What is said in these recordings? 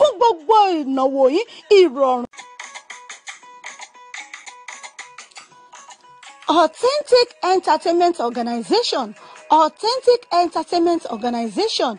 fún gbogbo ìnáwó yín ìrọ̀rùn. Authentic Entertainment Organization Authentic Entertainment Organization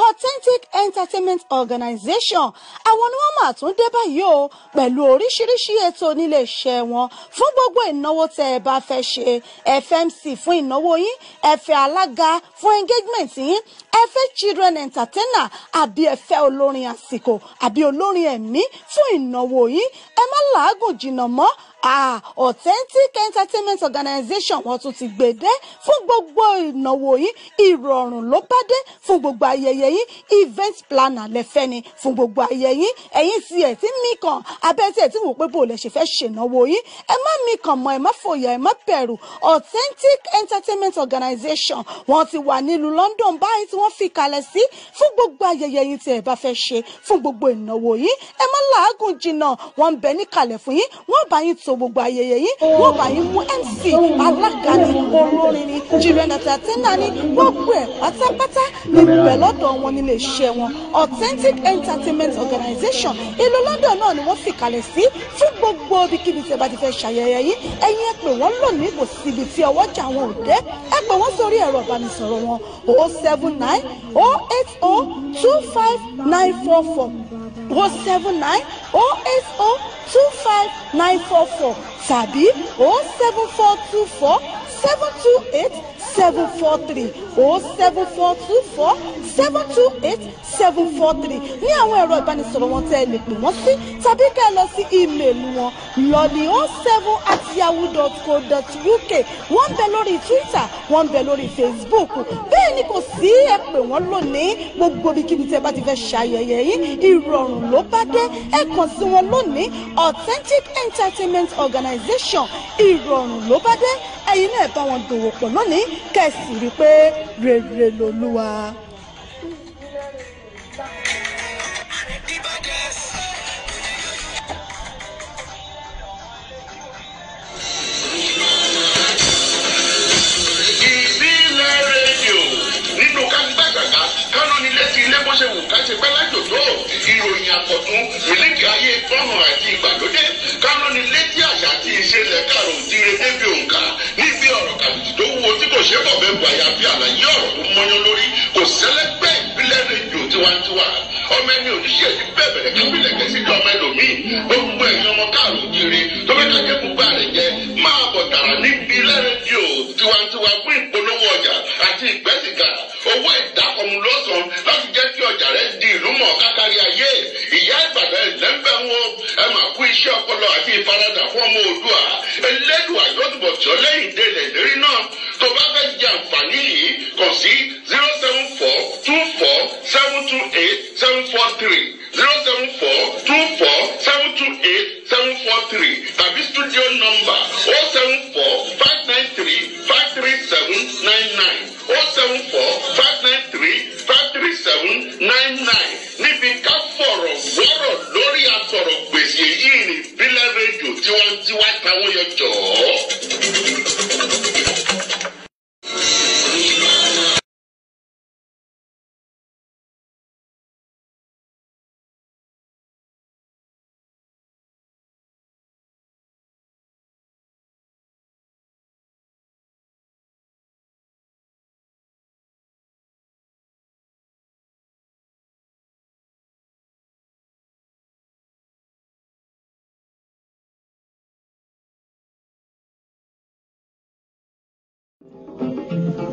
authentic entertainment organization àwọn ni wọ́n máa tún dé báyìí o pẹ̀lú oríṣiríṣi ètò nílé iṣẹ́ wọn fún gbogbo ìnáwó tẹ́ ẹ bá fẹ́ ṣe ẹ fẹ́ MC fún ìnáwó yín ẹ fẹ́ alága fún engagement yín ẹ fẹ́ children entertainer àbí ẹ fẹ́ olórin àsìkò àbí olórin ẹ̀mí fún ìnáwó yín ẹ má làágùn jìnnà mọ́ ah authentic entertainment organization wọ́n tún ti gbé dé fún gbogbo ìnáwó yín ìrọ̀rùn ló bá dé fún gbogbo ayẹyẹ yín event planner lẹ́fẹ́ ni fún gbogbo ayẹyẹ yín ẹ̀yin tí ẹ̀ ti mí kan abẹ́ tí ẹ̀ ti wò pé bò lẹ̀ ṣe fẹ́ ṣènáwó yín ẹ má mí kan mọ́ ẹ má fòyà ẹ má bẹ̀rù authentic entertainment organization wọ́n ti wà nílùú London báyìí tí wọ́n fi kalẹ̀ sí fún gbogbo ayẹyẹ yín tí ẹ bá fẹ́ ṣe fún gbogbo ìnáwó yín ẹ má làágùn jìnnà wọ́n ń bẹ níkàlẹ̀ fún yín wọ́n bá yín tó ṣètò gbogbo ayẹyẹ yìí oh. wọ́n bá yín mú MC alága ni olórin ni children entertainer ni gbogbo ẹ̀ pátápátá níbẹ̀ lọ́dọ̀ wọn nílé iṣẹ́ wọn authentic entertainment organization ìlú London náà ni wọ́n fìkàlẹ̀ sí fún gbogbo ibikíbi tí ẹ bá ti fẹ́ ṣàyẹyẹ yìí ẹ̀yin ẹ pè wọ́n lónìí kò síbi tí ọwọ́jà wọn ò dé ẹ pè wọ́n sórí ẹ̀rọ ìbánisọ̀rọ̀ wọn o oh seven nine o oh eight o two five nine four four. 079 080 25944 tàbí 07424 728 743 07424 728 743 ní àwọn ẹ̀rọ ìbánisọ̀rọ̀ wọn tẹ́ ẹ lè pè wọ́n sí tàbí kẹ́ ẹ lọ sí ímeèlì wọn lọ́ọ̀lì 07 at yahoo dot co dot uk wọ́n ń bẹ lórí twitter wọ́n ń bẹ lórí facebook bẹ́ẹ̀ ni kò sí ẹ pè wọ́n lónìí gbogbo ibikíbi tẹ́ bá ti fẹ́ ṣayẹyẹ yìí ìrọ̀rùn ló bá dé ẹ kàn sí wọn lónìí authentic entertainment organization ìrọ̀rùn ló bá dé ẹ̀yin náà bá wọn dòwò pọ̀ lónìí kẹ̀sì rí i pé rere lolúwa. ìbílẹ̀ rédíò nínú kánibàgàgà kánú ni ti ilé bó ṣe wù ká ṣe pẹ́ lájòjò ìròyìn àkọ́tún ìlékè ayé tọ́nà àti ìgbàlódé kánú nílé tí àṣà àti ìṣẹ̀lẹ̀ kàrò ti re débi òǹkà níbi ọ̀rọ̀ kàbìtì tó wúwo tí kò ṣe bọ̀ bẹ́ẹ̀ gbàyà bí àlàyé ọ̀rọ̀ tó mọ́yán lórí kò sẹ́lẹ́gbẹ́ ìpínlẹ̀ rédíò tiwantiwa ọmọ ẹni òṣìṣẹ́ ti bẹ̀bẹ̀rẹ̀ kábílẹ̀ kẹsí ju ọmọ ẹlòmíì gbogbo ẹ̀yin ọmọ káàró kiri tó fẹ́ kájẹ́ gbogbo àrẹ jẹ máa bọ̀ tààrà níbi ilé rédíò tiwantiwa fún ìpolówó ọjà àti ìgbẹ́sìgà owó ẹ̀dá lọ́sàn láti jẹ́ kí ọjà rẹ di ìlú mọ̀ kákárí ayé ìyá ìbàdàn ìlẹ́ńfẹ̀ wọn ẹ máa kú iṣẹ́ ọpọlọ àti ìfaradà fún ọmọ òdua ẹlẹ́dùn àyọ̀tùbọ̀ tí ó lẹ́yìn délẹ̀ lérí náà tó bá fẹ́ jẹ àǹfààní yìí kàn sí zero seven four two four seven two eight seven four three zero seven four two four seven two eight seven four three tàbí studio number o seven four five nine three five three seven nine nine o seven four five nine three five three seven nine nine níbi ká fọ̀rọ̀ wọ́rọ̀ lórí àtọ̀rọ̀ gbèsè yìí ní bílẹ̀ rédíò tiwantiwa táwọn yọ jọ̀ọ́.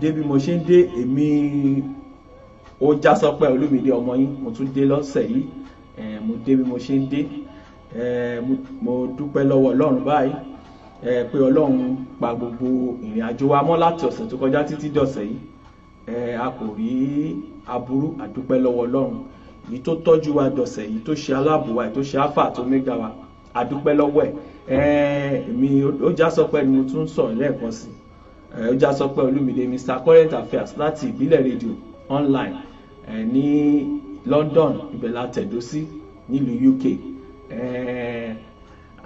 dé bí mo ṣe ń dé èmi ó já sọpẹ́ olúmídé ọmọ yín mo tún dé lọ́sẹ̀ yìí mo dé bí mo ṣe ń dé mo dúpẹ́ lọ́wọ́ ọlọ́run báyìí pé ọlọ́run pa gbogbo ìrìn àjò wa mọ́ láti ọ̀sẹ̀ tó kọjá títí dọ̀sẹ̀ yìí a kò rí aburú àdúpẹ́ lọ́wọ́ ọlọ́run èyí tó tọ́jú wa dọ̀sẹ̀ yìí tó ṣe aláàbò wa tó ṣe áfà tó mẹ́gà wa àdúpẹ́ lọ́wọ́ ẹ̀ èmi ó já sọpẹ́ ni mo tún sọ̀rọ̀ lẹ́ẹ̀kan sí i ọjà sọpẹ́ olúmídé mr current affairs láti ìbílẹ̀ radio online ní london ibẹ̀ la tẹ̀dó sí nílùú uk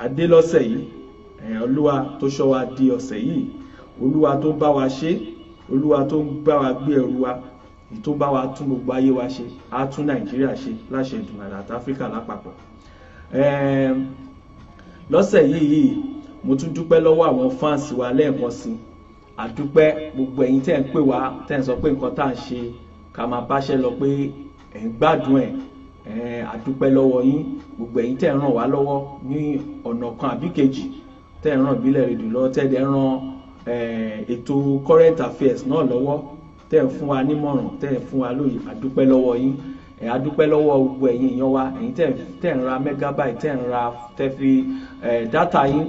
adé lọ́sẹ̀ yìí olúwa tó ṣọ́ di ọ̀sẹ̀ yìí olúwa tó bá wa ṣe olúwa tó ń bá wa gbé ẹrù wa tó bá wa tún gbogbo ayé wa ṣe á tún nàìjíríà ṣe láṣẹ ìdùnnà àti áfíríkà lápapọ̀ lọ́sẹ̀ yìí yìí mo tún dúpẹ́ lọ́wọ́ àwọn fans wa lẹ́ẹ̀kan sí i àdúpẹ́ gbogbo ẹ̀yin tẹ́ ń pè wá tẹ́ ń sọ pé nǹkan tá à ń ṣe ká máa báṣẹ́ lọ pé ẹ̀ ń gbádùn ẹ̀ àdúpẹ́ lọ́wọ́ yín gbogbo ẹ̀yin tẹ́ ń ràn wá lọ́wọ́ ní ọ̀nà kan àbí kejì tẹ́ ń ràn bílẹ̀ rèdò lọ́wọ́ tẹ́ ń ràn ètò current affairs náà lọ́wọ́ tẹ́ ń fún wa nímọ̀ràn tẹ́ ń fún wa lóye àdúpẹ́ lọ́wọ́ yín ẹ̀ àdúpẹ́ lọ́wọ́ gbogbo ẹ̀yin èèyàn wa ẹ̀yin tẹ́ ń ra megabyte tẹ́ ń ra tẹ́ fi data yín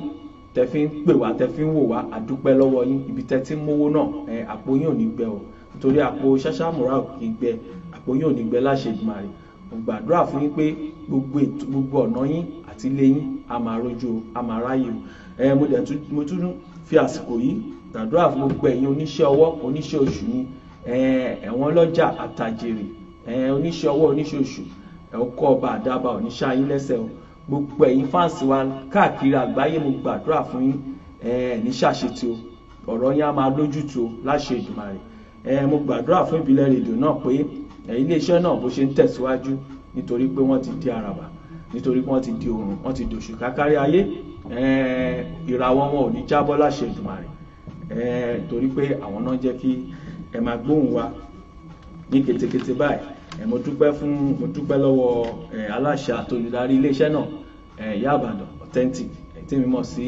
tẹ fi ń pè wá tẹ fi ń wò wá àdúpẹ́ lọ́wọ́ yín ibi tẹ ti ń mówó náà ẹ àpò yín ò ní gbẹ o nítorí àpò ṣáṣá mùrà kì í gbẹ àpò yín ò ní gbẹ láṣẹ ìgbàre mo gbàdúrà fún yín pé gbogbo ètò gbogbo ọ̀nà yín àti ilé yín a máa rojú o a máa ráyè o ẹ mo dẹ̀ mo tún fi àsìkò yìí gbàdúrà fún gbogbo ẹ̀yin oníṣẹ́ ọwọ́ oníṣẹ́ oṣù yín ẹ̀wọ̀n lọ́jà àtàjèrè oníṣẹ́ ọwọ́ oníṣẹ́ oṣù ẹ̀kọ́ ọba àdábà oníṣẹ́ ayín lẹ́sẹ̀ o gbogbo ẹ̀yin fáǹsì wa káàkiri àgbáyé mo gbàdúrà fún yín ní ṣàṣetì o ọ̀rọ̀ yín á máa lójútu o láṣẹ Èdùmàrè mo gbàdúrà fún ìbílẹ̀ rédíò náà pé iléeṣẹ́ náà bó ṣe ń tẹ̀síwájú nítorí pé wọ́n ti di àràbà nítorí pé wọ́n ti di oòrùn wọ́n ti dòṣù kákárí ayé ìràwọ̀ wọn ò ní jábọ́ láṣẹ Èdùmàrè torí pé àwọn náà jẹ́ kí ẹ máa gbóhùn wa ní ketekete báyìí mo dúpẹ́ fún mo dúpẹ́ lọ́wọ́ aláṣẹ àtolùdarí iléeṣẹ́ náà ìyá àbàdàn authentic tí mi mọ̀ sí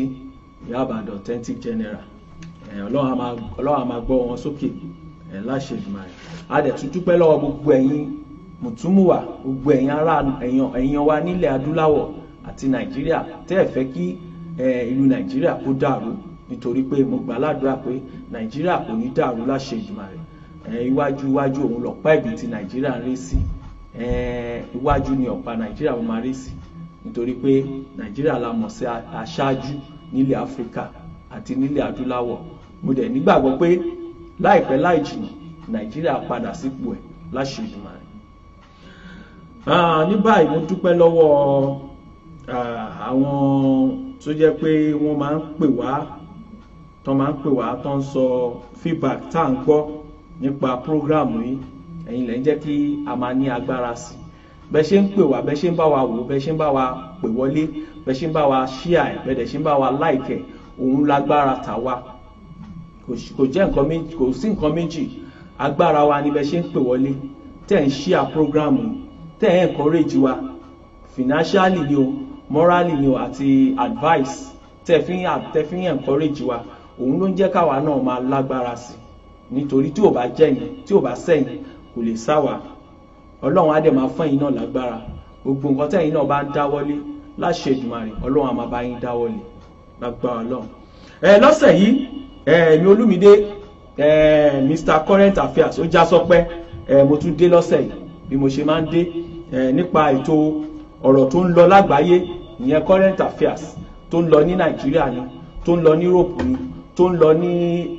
ìyá àbàdàn authentic general ọlọ́run a máa gbọ́ wọn sókè láṣẹ ìgbìmọ̀ rẹ̀ a dẹ̀ tún dúpẹ́ lọ́wọ́ gbogbo ẹ̀yin mùtúmùwà gbogbo ẹ̀yin ará ẹ̀yin wa nílẹ̀ adúláwọ̀ àti nàìjíríà tẹ́ ẹ̀ fẹ́ kí ìlú nàìjíríà kó dàrú nítorí pé mo gbà ládùúrà pé nàìjíríà kò ní dàrú láṣẹ ìgbìmọ̀ rẹ̀ Eh, iwájú iwájú òun lọ̀pá ẹ̀bùn ti nàìjíríà ń rí sí eh, iwájú ni ọ̀pá nàìjíríà wọn máa rí sí nítorí pé nàìjíríà la mọ̀ sí aṣáájú nílẹ̀ áfíríkà àti nílẹ̀ adúláwọ̀ mo dẹ̀ nígbàgbọ́ pé láìpẹ́ láì jìnnà nàìjíríà padà sípò ẹ̀ láṣẹ Èdùmàrè ah, ní báyìí mo dúpẹ́ lọ́wọ́ ah, àwọn tó jẹ́ pé wọ́n máa ń pè wá tán máa ń pè wá tán sọ feedback tá à ń gbọ́ nípa prógráàmù yìí ẹ̀yin lẹ́ ń jẹ́ kí a máa ní agbára sí bẹ́ ṣe ń pè wá bẹ́ ṣe ń bá wa wò bẹ́ ṣe ń bá wa pè wọlé bẹ́ ṣe ń bá wa ṣíà ẹ̀ bẹ́ dẹ̀ ṣe ń bá wa láìkẹ̀ òun lágbára tàwa kò jẹ́ nǹkan méjì kò sí nǹkan méjì agbára wa ni bẹ́ ṣe ń pè wọlé tẹ̀ ń ṣíà prógráàmù tẹ̀ ń encourage wa financially ni o morally ni o àti advice tẹ̀ fi ń encourage wa òun ló ń jẹ́ káwa náà máa lágbára sí i nítorí tí ò bá jẹ́ yẹn tí ò bá sẹ́yìn kò lè sáwà ọlọ́run á dẹ̀ máa fún ẹ̀yin náà lágbára gbogbo nǹkan tẹ̀yin náà bá ń dáwọ́lé láṣẹ Èdùmàrè ọlọ́run á máa bá yín dáwọ́lé lágbára ọlọ́run. ẹ lọ́sẹ̀ yìí ẹ̀mí Olúmídé Mr Current Affairs ó já sọpẹ́ mo tún dé lọ́sẹ̀ yìí bí mo ṣe máa ń dé nípa ètò ọ̀rọ̀ tó ń lọ lágbàáyé ìyẹn current affairs tó ń lọ ní Nàìjíríà ni tó ń lọ ní Europe tó ń lọ ní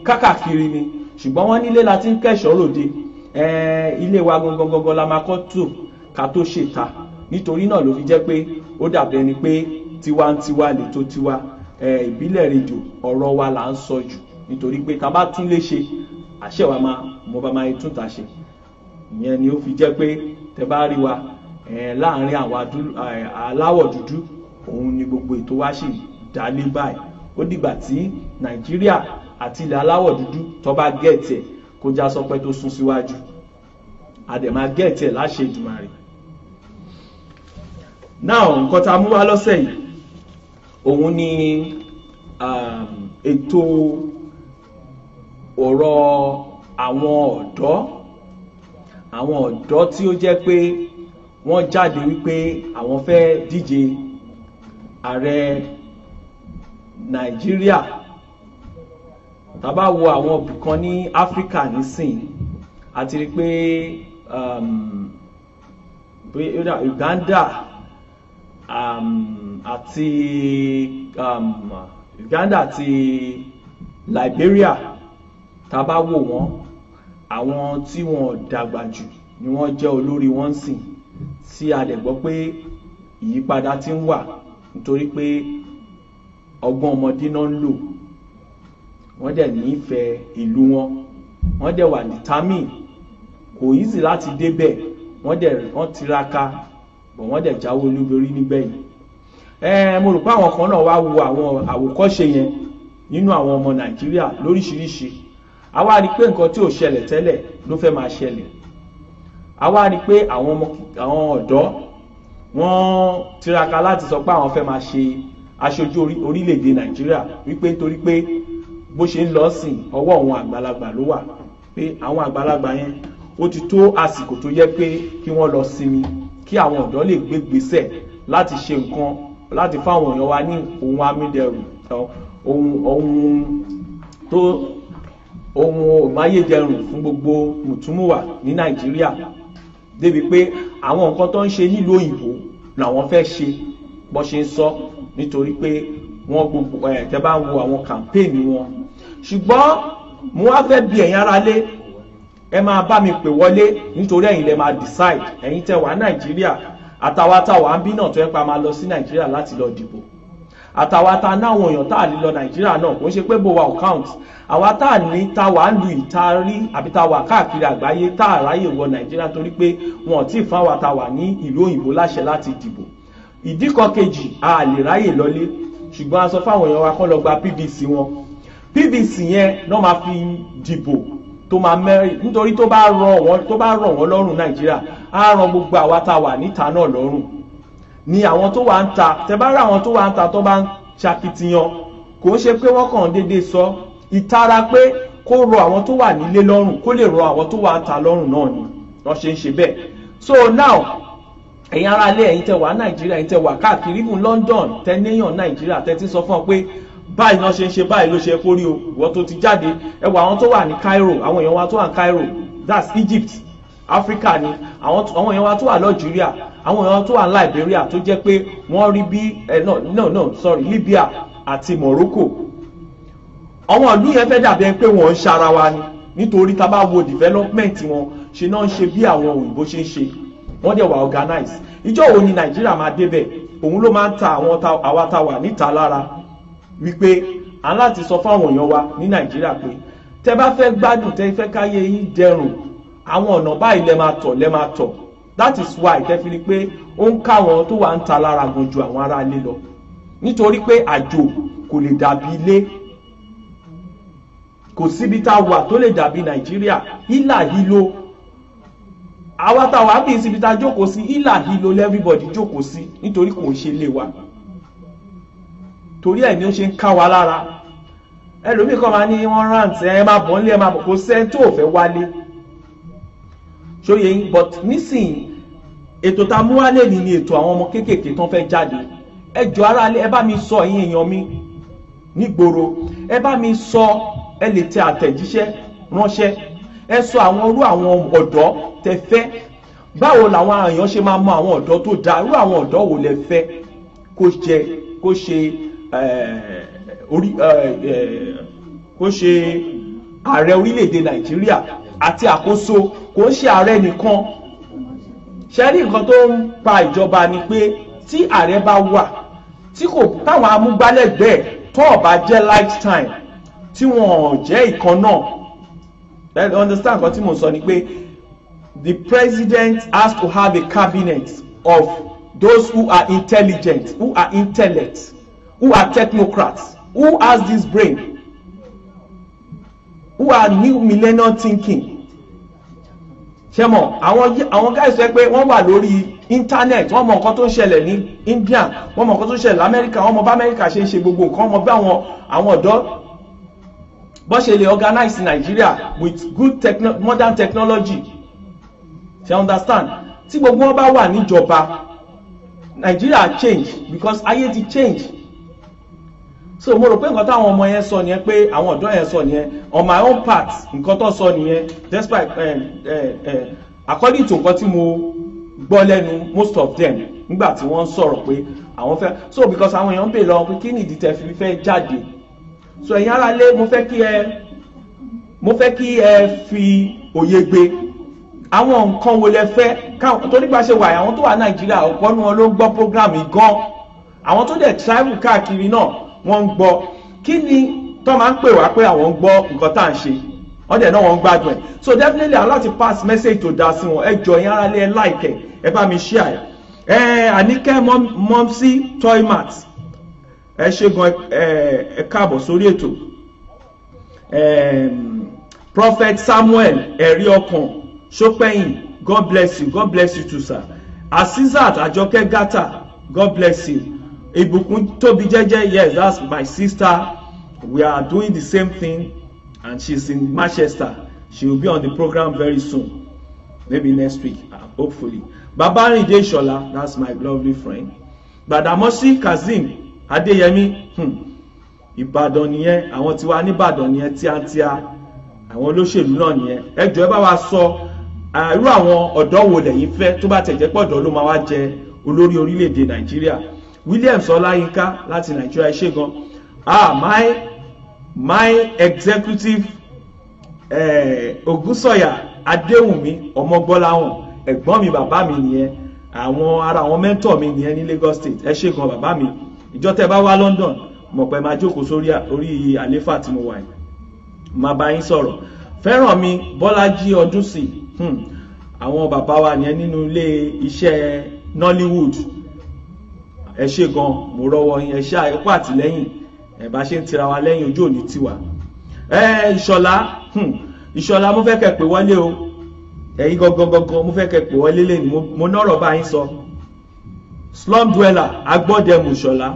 kákàkiri ni ṣùgbọ́n wọ́n nílé la ti ń kẹ́ṣọ́ lòde ilé wa gangan la máa kọ́ tò ká tó ṣe ta nítorí náà ló fi jẹ́ pé ó dàbí ẹni pé tiwantiwa lè tó tiwa ìbílẹ̀ rèjò ọ̀rọ̀ wa là ń sọ jù nítorí pé ta bá tún lè ṣe àṣẹ wa máa mo bá máa tún ta ṣe ìyẹn ni ó fi jẹ́ pé tẹ bá rí wa láàárín àwọn aláwọ̀ dúdú òun ni gbogbo ètò wa ṣì dálé báyìí ó dìgbà tí Nàìjíríà àti ilẹ̀ aláwọ̀ dúdú tó bá gẹ̀ẹ́tì ẹ̀ kó já sọpẹ́ tó sún síwájú àdèmá gẹ̀ẹ́tì ẹ̀ láṣẹ Èdùmàrè now nǹkan tá a mú wá lọ́sẹ̀ yìí òun ni um, ètò ọ̀rọ̀ àwọn ọ̀dọ́ àwọn ọ̀dọ́ tí ó jẹ́ pé wọ́n jáde wípé àwọn fẹ́ díje ààrẹ Nàìjíríà tá wo àwọn ibùkan ní áfíríkà nísìn a ti rí pé um, uganda um, àti um, uganda àti liberia tá wo wò wọ́n àwọn tí wọ́n dàgbà jù ni wọ́n jẹ́ olórí wọn sìn tí a dẹ̀ gbọ́ pé ìyípadà ti ń wà nítorí pé ọgbọ́n ọmọdé náà ń lò wọ́n dẹ̀ nífẹ̀ẹ́ ìlú wọn wọ́n dẹ̀ wà determine kò easy láti débẹ̀ wọ́n dẹ̀ wọ́n tiraka bọ̀ wọ́n dẹ̀ jáwé olúborí nígbẹ̀yìn ẹ̀ẹ́n mo rò pé àwọn kan náà wá wo àwọn àwòkọ́ṣe yẹn nínú àwọn ọmọ nàìjíríà lóríṣiríṣi àwa rí pé nǹkan tí ò ṣẹlẹ̀ tẹ́lẹ̀ ló fẹ́ máa ṣẹlẹ̀ àwa rí pé àwọn ọ̀dọ́ wọ́n tiraka láti sọ pé àwọn fẹ́ máa ṣe aṣojú orílẹ̀-èdè nàìjíríà wípé nítorí pé bó ṣe ń lọ sìn ọwọ́ àwọn àgbàlagbà ló wà pé àwọn àgbàlagbà yẹn ó ti tó àsìkò tó yẹ pé kí wọ́n lọ sinmi kí àwọn ọ̀dọ́ lè gbé gbèsè láti ṣe nǹkan láti fáwọn èèyàn wa ní ohun amídẹrù ohun ohun tó ohun òmáyédẹrùn fún gbogbo mùtúmùwà ní nàìjíríà débi pé àwọn nǹkan tó ń ṣe nílùú òyìnbó làwọn fẹ́ ṣe bó ṣe ń sọ nítorí pé wọ́n gbogbo ẹ̀ tẹ́ bá wo àwọn kàmpéènì wọn ṣùgbọ́n mo wá fẹ́ bi ẹ̀yin ara lé ẹ máa bá mi pè wọlé nítorí ẹ̀yin lẹ máa decide ẹ̀yin tẹ́ wà nàìjíríà àtàwa tá wà ń bí náà tó yẹ pa máa lọ sí nàìjíríà láti lọ dìbò àtàwa tá náwọn èèyàn tá à lè lọ nàìjíríà náà kò ń ṣe pé bó wa ò count àwa tá à ní tá wà ń lu ìta rí àbí tá wà káàkiri àgbáyé tá à ráyè wọ nàìjíríà torí pé wọn ò tí ì fáwọn tá wà ní ìlú òyìnbó láṣẹ láti dìbò ìdíkọ kejì a lè ráyè lọlé ṣùgbọ́n a fáwọn èèyàn wa kán lọ gba pvc wọn pvc yẹn náà máa fi dìbò tó máa mẹ́rin nítorí tó bá rọ̀ wọ́n tó bá rọ̀ wọ́n lọ́rùn nàìjíríà á ràn gbogbo àwa tá a wà níta náà lọ́rùn ni àwọn tó wà ń ta tẹ́bárà àwọn tó wà ń ta tó bá ń ṣakitiyan kò ń ṣe pé wọ́n kàn déédéé sọ ìtara pé kó rọ̀ àwọn tó wà nílé lọ́rùn kó lè rọ̀ àwọn tó wà ń ta lọ́rùn náà ni wọ́n ṣe ń ṣe bẹ́ẹ̀ so now ẹ̀yin aráalé ẹ̀yin tẹ́ wà nàìjíríà ẹ̀yin tẹ́ wà káàkiri even London tẹ́ níyàn nàìjíríà tẹ́ ti sọ fún ọ pé báyìí náà ṣe ń ṣe báyìí ló ṣe é kórí o ìwọ tó ti jáde ẹ wọ àwọn tó wà ní Cairo àwọn èèyàn wa tó wà ní Cairo that's Egypt Africa ni àwọn èèyàn wa tó wà Nigeria àwọn èèyàn tó wà ní Liberia tó jẹ́ pé wọ́n rí bí ẹ eh, no no no sorry Libya àti Morocco àwọn ìlú yẹn fẹ́ dàbí ẹ pé wọ́n ń ṣara wa ni nítorí tá a bá wo development wọn ṣe náà ń ṣe bí àwọn òyìnbó ṣe ń ṣe wọ́n dẹ̀ wà organize ìjọ wo ni Nàìjíríà máa débẹ̀ òun ló máa ń ta àwọn àwa ta wà níta lára wípé aláti sọ fáwọn èèyàn wa ní nàìjíríà pé tẹ bá fẹ́ gbádùn tẹ fẹ́ káyé yín dẹrùn àwọn ọ̀nà báyìí lẹ máa tọ̀ lẹ máa tọ̀ that is why tẹ fi rí pé ó ń káwọn tó wà ń ta lára gan ju àwọn ará ilé lọ nítorí pé àjò kò lè dàbí ilé kò síbi tá a wà tó lè dàbí nàìjíríà hílà hílo àwa tá bí síbi tá a jókòó sí hílà hílo lẹ́rìbọ̀dì jókòó sí nítorí kò ń ṣe ilé wa torí ẹ̀ ni ó ṣe ń ká wa lára ẹlòmíì kan máa ní wọ́n rántí ẹ máa bọ̀ nílé ẹ máa bọ̀ kó sẹ́ni tó fẹ́ wálé ṣóyè but nísìnyí ètò tá a mú wálé ni ni ètò àwọn ọmọ kéékèèké tán fẹ́ jáde ẹ jọ aráalé ẹ bá mi sọ ẹ̀yin èèyàn mi nígboro ẹ bá mi sọ ẹ lè tẹ àtẹ̀jíṣẹ́ ránṣẹ́ ẹ sọ àwọn irú àwọn ọ̀dọ́ tẹ fẹ́ báwo làwọn èèyàn ṣe máa mọ àwọn ọ̀dọ́ tó dáa irú àwọn ọ̀dọ́ wo lẹ fẹ́ kó jẹ kó ṣe Eh, orí eh, eh, kó ṣe ààrẹ orílẹ̀-èdè nàìjíríà àti àkóso kò ń ṣe ààrẹ nìkan ṣẹ́rí nǹkan tó ń pa ìjọba ni pé tí ààrẹ bá wà tí kò táwọn amúgbálẹ́gbẹ̀ẹ́ tó ọ̀bá jẹ́ lifetime tí wọ́n jẹ́ ìkan náà then understand nǹkan tí mo sọ ni pé the president has to have a cabinet of those who are intelligent who are intellect who are technocrats, who has this brain, who are new millennial thinking. ṣé mọ̀ àwọn àwọn guys sọ pé wọ́n wà lórí internet wọ́n mọ̀ nǹkan tó ń ṣẹlẹ̀ ní India wọ́n mọ̀ nǹkan tó ń ṣẹlẹ̀ lamẹ́ríkà wọ́n mọ̀ bá amẹ́ríkà ṣe ń ṣe gbogbo nǹkan wọ́n mọ̀ bí àwọn àwọn ọ̀dọ́ bó ṣe lè organize Nigeria with good techno modern technology ṣe understand tí gbogbo wọn bá wà níjọba Nigeria change because ayé ti change so mo rò pé nǹkan táwọn ọmọ yẹn sọ nìyẹn pé àwọn ọ̀dọ́ yẹn sọ nìyẹn on my own part nǹkan tó sọ nìyẹn despite eh, eh, eh, according to nǹkan tí mo gbọ́ lẹ́nu most of them nígbà tí wọ́n sọ̀rọ̀ pé àwọn fẹ́ so because àwọn èèyàn ń bèèrè lọ pé kí nìdí tẹ́ fi fẹ́ jáde so ẹ̀yin aráalé mo fẹ́ kí ẹ mo fẹ́ kí ẹ fi òye gbé àwọn nǹkan wo lẹ fẹ́ káwọn tó nígbà ṣe wà àwọn tó wà Nàìjíríà ọ̀pọ̀ nu wọn ló ń gbọ́ program yìí gan àwọn tó dẹ̀ travel káàkiri náà wọ́n ń gbọ́ kí ni tó máa ń pè wá pé àwọn ń gbọ́ nǹkan tá à ń ṣe wọ́n dẹ̀ náà wọ́n ń gbádùn ẹ̀ so definitely àwọn láti pass message tó da sí wọn ẹ jọ yín ara ẹ like ẹ bá mi share ẹ àníkẹ́ toy toymat ẹ ṣe gan ẹ káàbọ̀ sórí ètò prophet samuel ẹ̀rí ọkàn ṣópẹ́yìn god bless you god bless you too sir asisat àjọkẹ́ gata god bless you Ìbùkún Tóbi Jẹ́jẹ́ yes that's my sister we are doing the same thing and she's in Manchester she will be on the program very soon maybe next week uh, hopefully Babarinde Ishola that's my lovely friend Gbadamosi Kazim, Adeyemi hmm. Ìbàdàn nìyẹn àwọn tiwa nìbàdàn nìyẹn tíátíá àwọn olóṣèlú náà nìyẹn ẹ jọ̀ọ́ ẹ bá wa sọ irú àwọn ọ̀dọ́ wo lẹ̀yin fẹ́ tó bá tẹ̀ jẹ́ pọ̀ ọ̀dọ́ ló máa wá jẹ olórí orílẹ̀-èdè williams ọláyínká láti nàìjíríà ṣe gan ah my my executive eh, ògúnsọ̀yà adéwùnmí ọmọgbọ́láwọn ẹ̀gbọ́n mi bàbá mi nìyẹn àwọn ará àwọn mẹ́ńtọ̀ mi nìyẹn ní lagos state ẹ ṣe gan bàbá mi ìjọ tẹ́ bá wá london mọ̀ pé máa jókòó sórí orí àléfà tí mo wà yìí máa bá yín sọ̀rọ̀ fẹ́ràn mi bọ́lájí ọdún sí hmm. àwọn bàbá wa nìyẹn nínú ilé iṣẹ́ nollywood ẹ ṣe gan mo rọ́wọ́ yín ẹ ṣe àìkú àtìlẹ́yìn ẹ bá ṣe ń tira wa lẹ́yìn ojú òní tiwa ẹ ìṣọ̀lá hmm, ìṣọ̀lá mo fẹ́ kẹ́ pè wọlé o ẹ̀yin gangan gangan mo fẹ́ kẹ́ pè wọlé lẹ́yìn mo nọ̀rọ̀ bá yín sọ slum dweller agbọ́dẹ̀mù ìṣọ̀lá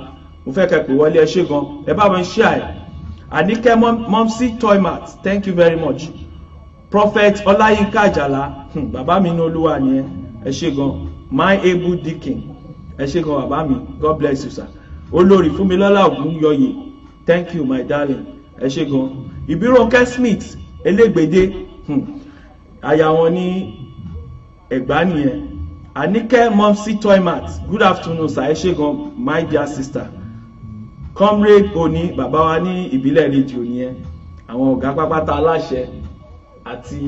mo fẹ́ kẹ́ pè wọlé ẹ ṣe gan ẹ bá wọn ṣe àyà Àníkẹ́ Momsi Toymat thank you very much Prophet Ọláyínká Àjàlá hmm, bàbá mi ní olúwa nìyẹn ẹ ṣe gan my able deacon ẹ ṣe kan bàbá mi god bless you sir olórí fúnmilọ́lá ògúnyọyè thank you my darling ẹ ṣe gan ìbíròǹkẹ́ smith elégbèdé àyà hmm. wọn ní ẹ̀gbá nìyẹn àníkẹ́ mọ́sí toymat good afternoon sir ẹ ṣe gan my dear sister comrade oni bàbá wa ní ìbílẹ̀ rédíò nìyẹn àwọn ọ̀gá pápátá aláṣẹ àti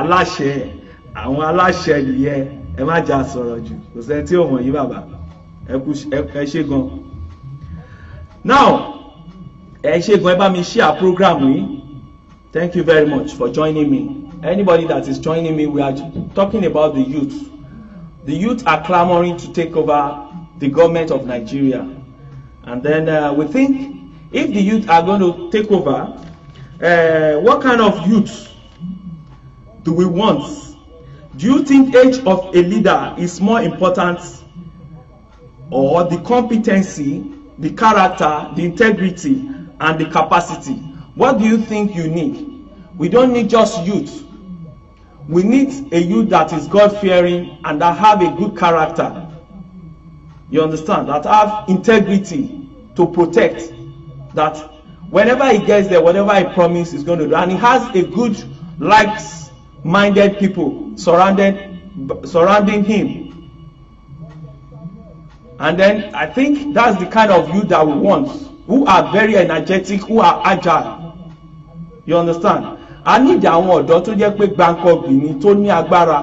aláṣẹ àwọn aláṣẹ nìyẹn ẹ má jà sọ̀rọ̀ jù kò sẹ́ni tí ò mọ̀ yí bàbá ẹ ṣe gan now ẹ ṣe gan ẹ bá mi share program yìí thank you very much for joining me anybody that is joining me we are talking about the youth the youth are clamoring to take over the government of Nigeria and then uh, we think if the youth are going to take over uh, what kind of youth do we want? Do you think age of a leader is more important or the competency, the character, the integrity, and the capacity. What do you think you need? We don't need just youth. We need a youth that is God-fearing and that have a good character. You understand? That have integrity to protect. That whenever he gets there, whatever he promises, he's going to do. And he has a good, likes-minded people surrounded, surrounding him And then I think that's the kind of youth that we want, who are very energetic, who are agile. You understand? A need àwọn ọ̀dọ́ tó jẹ́ pé gbàǹkọ̀gbì ni tó ní agbára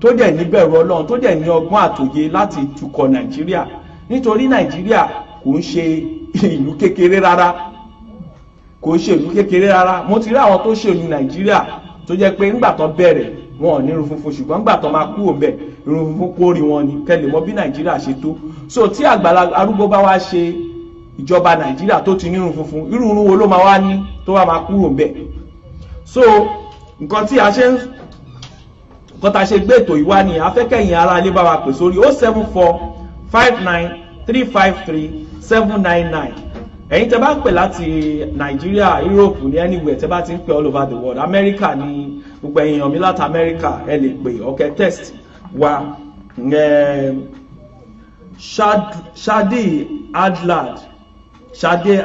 tó dẹ̀ níbẹ̀rù Ọlọ́run tó dẹ̀ ní ọgbọ́n àtòyé láti tukọ̀ Nàìjíríà nítorí Nàìjíríà kò ń ṣe ìlú kékeré rárá kò ń ṣe ìlú kékeré rárá mo ti rí àwọn tó ṣèlú Nàìjíríà tó jẹ́ pé ńgbà tó bẹ̀rẹ̀ wọn ò ní irun funfun ṣùgbọ́n gbà tó máa kú òun irun funfun kó rí wọn ni kẹ́lẹ̀ mọ́ bí nàìjíríà ṣe tó so tí àgbàlagbà arúgbó bá wá ṣe ìjọba nàìjíríà tó ti ní irun funfun irú irun wo ló máa wá ní tó wá máa kú òun so nǹkan tí a ṣe ń nǹkan tá a ṣe gbé ètò ìwá ni afẹ́kẹ̀yìn ara ilé bá wa pè sórí o oh seven four five nine three five three seven nine nine ẹ̀yin tẹ́ bá ń pè láti nàìjíríà europe ní anywhere tẹ́ bá ti ń pè all over the world america ní gbogbo èèyàn mi láti amẹ́ríkà ẹ lè pè ọ̀kẹ́ test wa ṣadé adlad ṣadé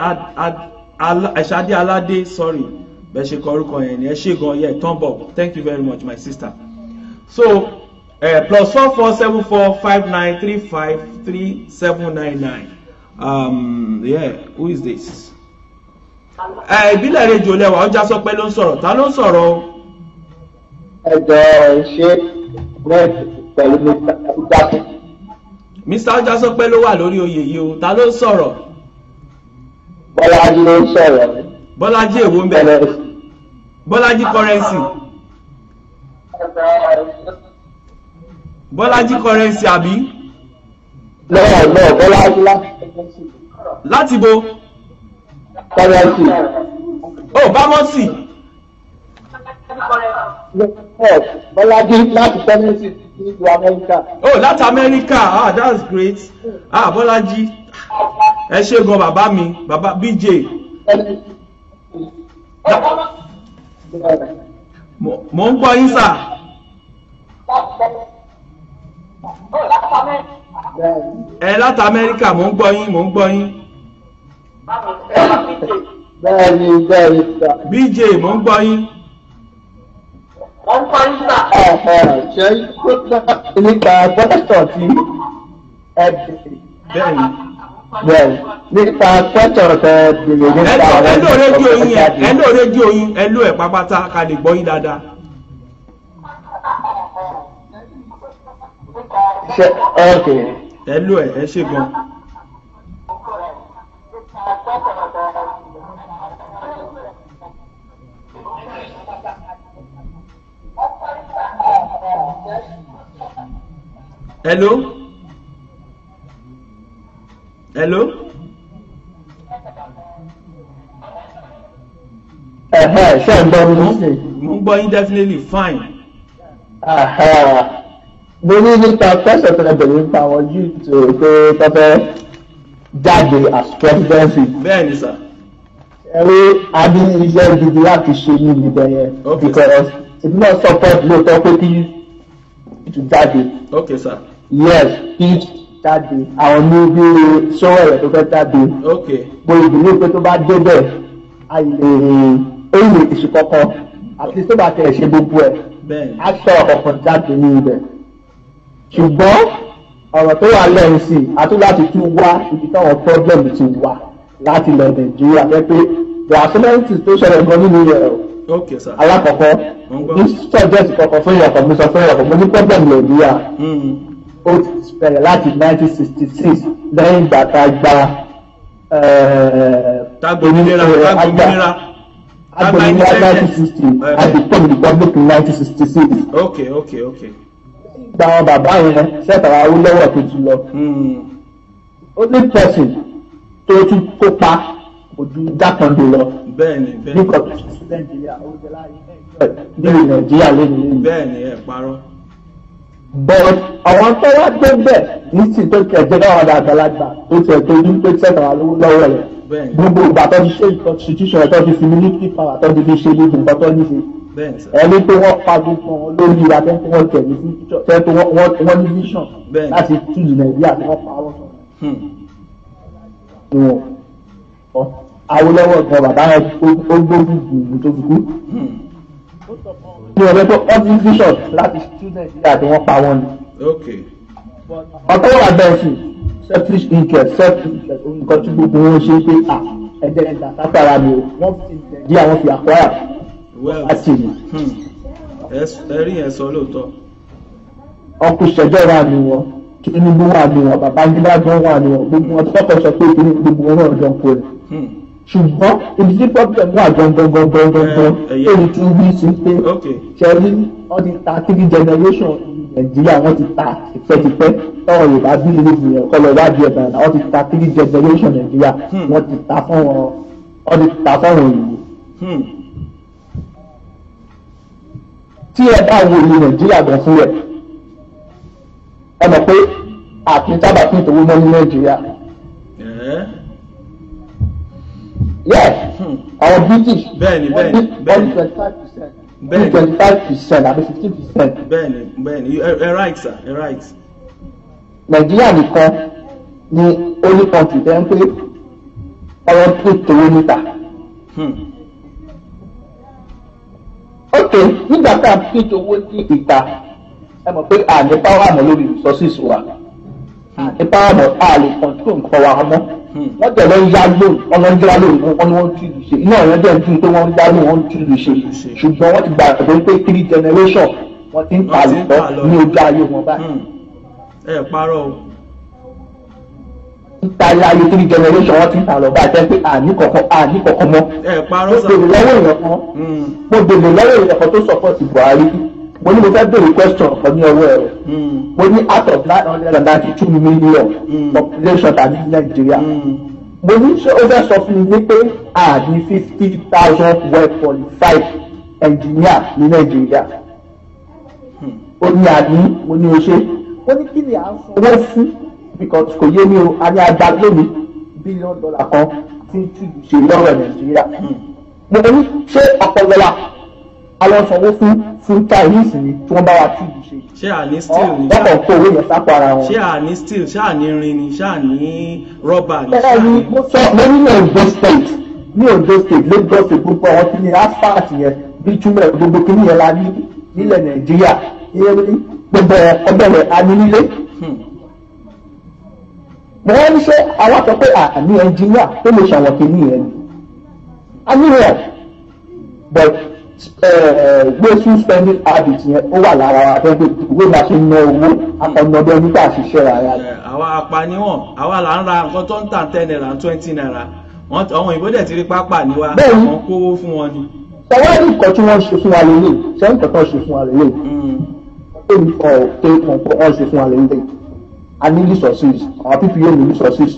ṣadé aládé sorry bẹ́ẹ̀ ṣe kọ orúkọ yẹn ni ẹ ṣe gan yẹ turn bob thank you very much my sister so uh, plus four four seven four five nine three five three seven nine nine um, yeah who is this. Eh, ìbílẹ̀ rẹ̀ jòlẹ̀ wà ọjà sọ pé ló ń sọ̀rọ̀ ta ló ń sọ̀rọ̀ o ẹjọ́ ṣé rẹ́ẹ̀tì pẹ̀lú mr jason. mr jason pẹ́ ló wà lórí oyè yìí o ta ló ń sọ̀rọ̀. bọ́lájí ló ń sọ̀rọ̀. bọ́lájí èwo ń bẹ bọ́lájí kọ́rẹ́nsì. bọ́lájí kọ́rẹ́nsì àbí. lọ́wọ́ náà bọ́lájí láti kọ́rẹ́nsì. láti bo. kọ́rẹ́nsì. ó oh, bámọ́sì. Bọ́lájí láti Tennessee ti Amẹ́ríkà. Oh, láti Amẹ́ríkà, ah, that's great. Ah, Bọ́lájí, ẹ ṣe gan bàbá mi, bàbá BJ. Mo ń gbọ́ yín sà. Ẹ láti Amẹ́ríkà, mo ń gbọ́ yín, mo ń gbọ́ yín. Bẹ́ẹ̀ni, bẹ́ẹ̀ni BJ, mo ń gbọ́ yín wọ́n kọ́ nígbà. ṣe nípa pẹ́tọ̀ tí ẹ bẹ̀rẹ̀ bẹ́ẹ̀ nípa pẹ́tọ̀ tẹ bèrè nípa ọ̀rẹ́ ẹ̀ ló rédíò yín ẹ̀ ló rédíò yín ẹ̀ ló ẹ̀ pápátá ká lè gbọ́ yín dáadáa. ṣe ọ̀kẹ́. ẹ ló ẹ̀ ẹ ṣe gan. hello hello. ẹ̀hẹ́ ṣé ń gbọ́ mi sí. mo ń gbọ́ yín definitely fine. mo ní nípa pẹ́sẹ̀ tó lè bẹ̀rẹ̀ nípa àwọn yìí tó pé tọ́fẹ́ jáde as presidency. bẹ́ẹ̀ni sà. ẹ rí adé iṣẹ́ gidi láti ṣe níbi bẹ̀yẹn. because it not support lóòótọ́ pé kí jáde. ok sir yes pitch jáde àwọn ní bí sọ́wọ́rẹ̀ tó fẹ́ jáde gbogbo ìdílé pé tó bá débẹ̀ a lè èyí èsì kọ́kọ́ àti tó bá tẹ̀ ṣe gbogbo ẹ̀ á sọ ọ̀kọ̀ọ̀kan jáde ní ibẹ̀ ṣùgbọ́n ọ̀rọ̀ tó wà lẹ́yìn sí i àti láti tún wá ibi táwọn problem ti wà láti lọ nàìjíríà fẹ́ pé the assemblies tó ṣẹlẹ̀ gan nínú rẹ̀ o alákọ̀ọ́kọ́ ní sọ̀jẹ́sì kọ̀ọ̀kan fún ìyàtọ̀ mi sọ fún ìyàtọ̀ mo ní problem nàìjíríà. Hmm ó ti bẹ̀rẹ̀ láti 1966 lẹ́yìn ìgbà tá a gba tágbónílera tágbónílera tágbónílera 1960 àti tóbi republic 1966. ok ok ok. gba àwọn bàbá yẹn ṣẹ́tàrà awúlọ́wọ̀ tó ti lọ. only hmm. person tó tún kópa kò ju jákàndó lọ. bẹ́ẹ̀ni bẹ́ẹ̀ni. ní kọ̀ọ̀tù nàìjíríà ó jẹ́ láàyè ẹ̀jọ́ ní nàìjíríà lónìí. bẹ́ẹ̀ni ẹ̀ parọ́ but àwọn tó wá gbé bẹ̀ ní sì tó kẹ̀ jẹ́ káwọn àgbàlagbà tó tiẹ̀ tó ní pé tẹ̀ wà lọ́wọ́ rẹ̀ gbogbo ìgbà tó ti ṣe constitution tó ti fi military power tó ti fi ṣe gbogbo nǹkan tó ní ṣe ẹni pé wọ́n pa gbogbo wọn lórí abẹ́ tí wọ́n tẹ̀ ní tẹ́ tó wọ́n ní vision láti tú nàìjíríà tí wọ́n pa wọ́n sọ. Hmm. Awólọ́wọ̀ gan bàbá yẹn ó gbógun gbùngbùn tó fi kú. Hmm. ó sọ fún ní ọ̀rẹ́ tó ọdún bishop láti student àti wọ́n pa wọn ni. ọ̀tọ́ wà bẹ́ẹ̀ sí selfish interest selfish interest nǹkan tí gbogbo wọn ṣe pé à ẹ̀jẹ̀ ẹ̀dá sátara ni o wọ́n fi nàìjíríà wọ́n fi àkọ́yà láti hmm. rí. ẹ̀rí yẹn sọ lóòótọ́. ọkùnrin ṣẹjọba ni wọn Tinubu wà ni wọn Babangida gan wà ni wọn gbogbo wọn tọkọ sọ pé Tinubu gbogbo wọn náà jọ ń pọ̀ ni ṣùgbọ́n ìdílé problem wà gangan eh, eh, èyí tí wí sí pé ṣẹ́rí wọ́n ti ta three generation nàìjíríà wọ́n ti ta tipẹ́tipẹ́ tọ́wọ́ yorùbá bí lè fi yẹn kọ́ lọ wájú ẹ̀ bàrà wọ́n ti ta three generation nàìjíríà hmm. wọ́n ti ta fọ́wọ́n wọ́n ti ta fọ́wọ́n òyìnbó. Hmm. tí ẹ bá wo ìlú nàìjíríà gan fún rẹ ẹ mọ̀ pé àti sábà fún ìtòwó mọ́ ní nàìjíríà. Eh? yes hmm. our duty bẹ́ẹ̀ni bẹ́ẹ̀ni bẹ́ẹ̀ni twenty five percent bẹ́ẹ̀ni twenty five percent àbí fifteen percent. bẹ́ẹ̀ni bẹ́ẹ̀ni ẹ right sir ẹ right. Nigeria, nìkan ni ó ní kọ́ńtì tẹ́ ń pé ọ̀rọ̀ tó tòwó níta. ok nígbà tá a fi tòwó ní ìta ẹ mọ̀ pé àní power mọ̀ lórí resources wa. Hmm. nípa ọ̀nà àlè kọ̀ǹtò nǹkan wa ọmọ hmm. wọ́n jẹ̀ lọ ń yá lò wọ́n lọ ń jẹ́ lò wọ́n ni wọ́n ti lù ṣe iná ọ̀rẹ́ jẹ́ ń tún pé wọ́n ń yá lò wọ́n ti lù ṣe hmm. ṣùgbọ́n wọ́n ti gbà pé pé three generation wọ́n ti ń ta àlùkò ní ojú ayé wọn báyìí. ẹ parọ́ o. ń ta ayé three generation wọ́n ti ń ta lọ báyìí pé àní kọ̀kọ́ àní kọ̀kọ́ mọ́. ẹ parọ́ sọ mo dèrè lọ́wọ́ mo ní mo fẹ́ béèrè question kan ní ọwọ́ ẹ̀rọ hmm. mo ní out of nine hundred and ninety two million hmm. population tàbí Nàìjíríà hmm. mo ní ṣé ó fẹ́ sọ fún mi ní pé a fifty thousand well qualified engineer ní Nàìjíríà ó ní àní mo ní o ṣe ó ní kí ni à ń sanwó fún because kò yé mi o a ní agbára mi bílíọ̀nù dọ́là kan tí tìlù ṣe lọ́rọ̀ Nàìjíríà mo ní ṣé ọ̀pọ̀lọpọ̀ àwọn sanwó fún fún tyrese ni tí wọ́n bá wa tìlù ṣe. ṣé àní steel ni ṣáà wọ́n kọ owó yẹn sápò ara wọn. ṣé àní steel ṣáà ní irin ni ṣáà ní rọ́bà ni. bẹ́ẹ̀ ni mo sọ mo ní ní Ondo state ní Ondo state Lagos state gbogbo àwọn tí ní asphalt yẹn bí túmọ̀ gbogbo kí nìyẹn la ní nílẹ̀ Nàìjíríà ìyẹn ní gbogbo ọbẹ̀ rẹ̀ a ní nílé. Hmm. mo wá ní ṣé àwọn sọ pé àní ẹnjìníà tó lè ṣàwọ̀kì ní ìyẹn ni. a ní rẹ̀ but gbèsè spending habit yẹn ó wà lára wa fẹ́ pé ìwé máa ṣe ná owó akọ̀nàdọ́ nígbà àṣìṣe rárá. àwa apaniwọn àwa là ń ra nǹkan tó ń tà ten naira twenty naira àwọn òyìnbó dẹ̀ ti rí pápá ní wa àwọn kówó fún wọn ni. sọwádìí nǹkan tí wọ́n ṣe fún wa lélẹ̀ ṣé nǹkan tó ṣe fún wa lélẹ̀ olùkọ́ mm. pé wọ́n kọ́ ọ́ ṣe fún wa lélẹ̀ a ní resources àwọn pípín yóò ní resources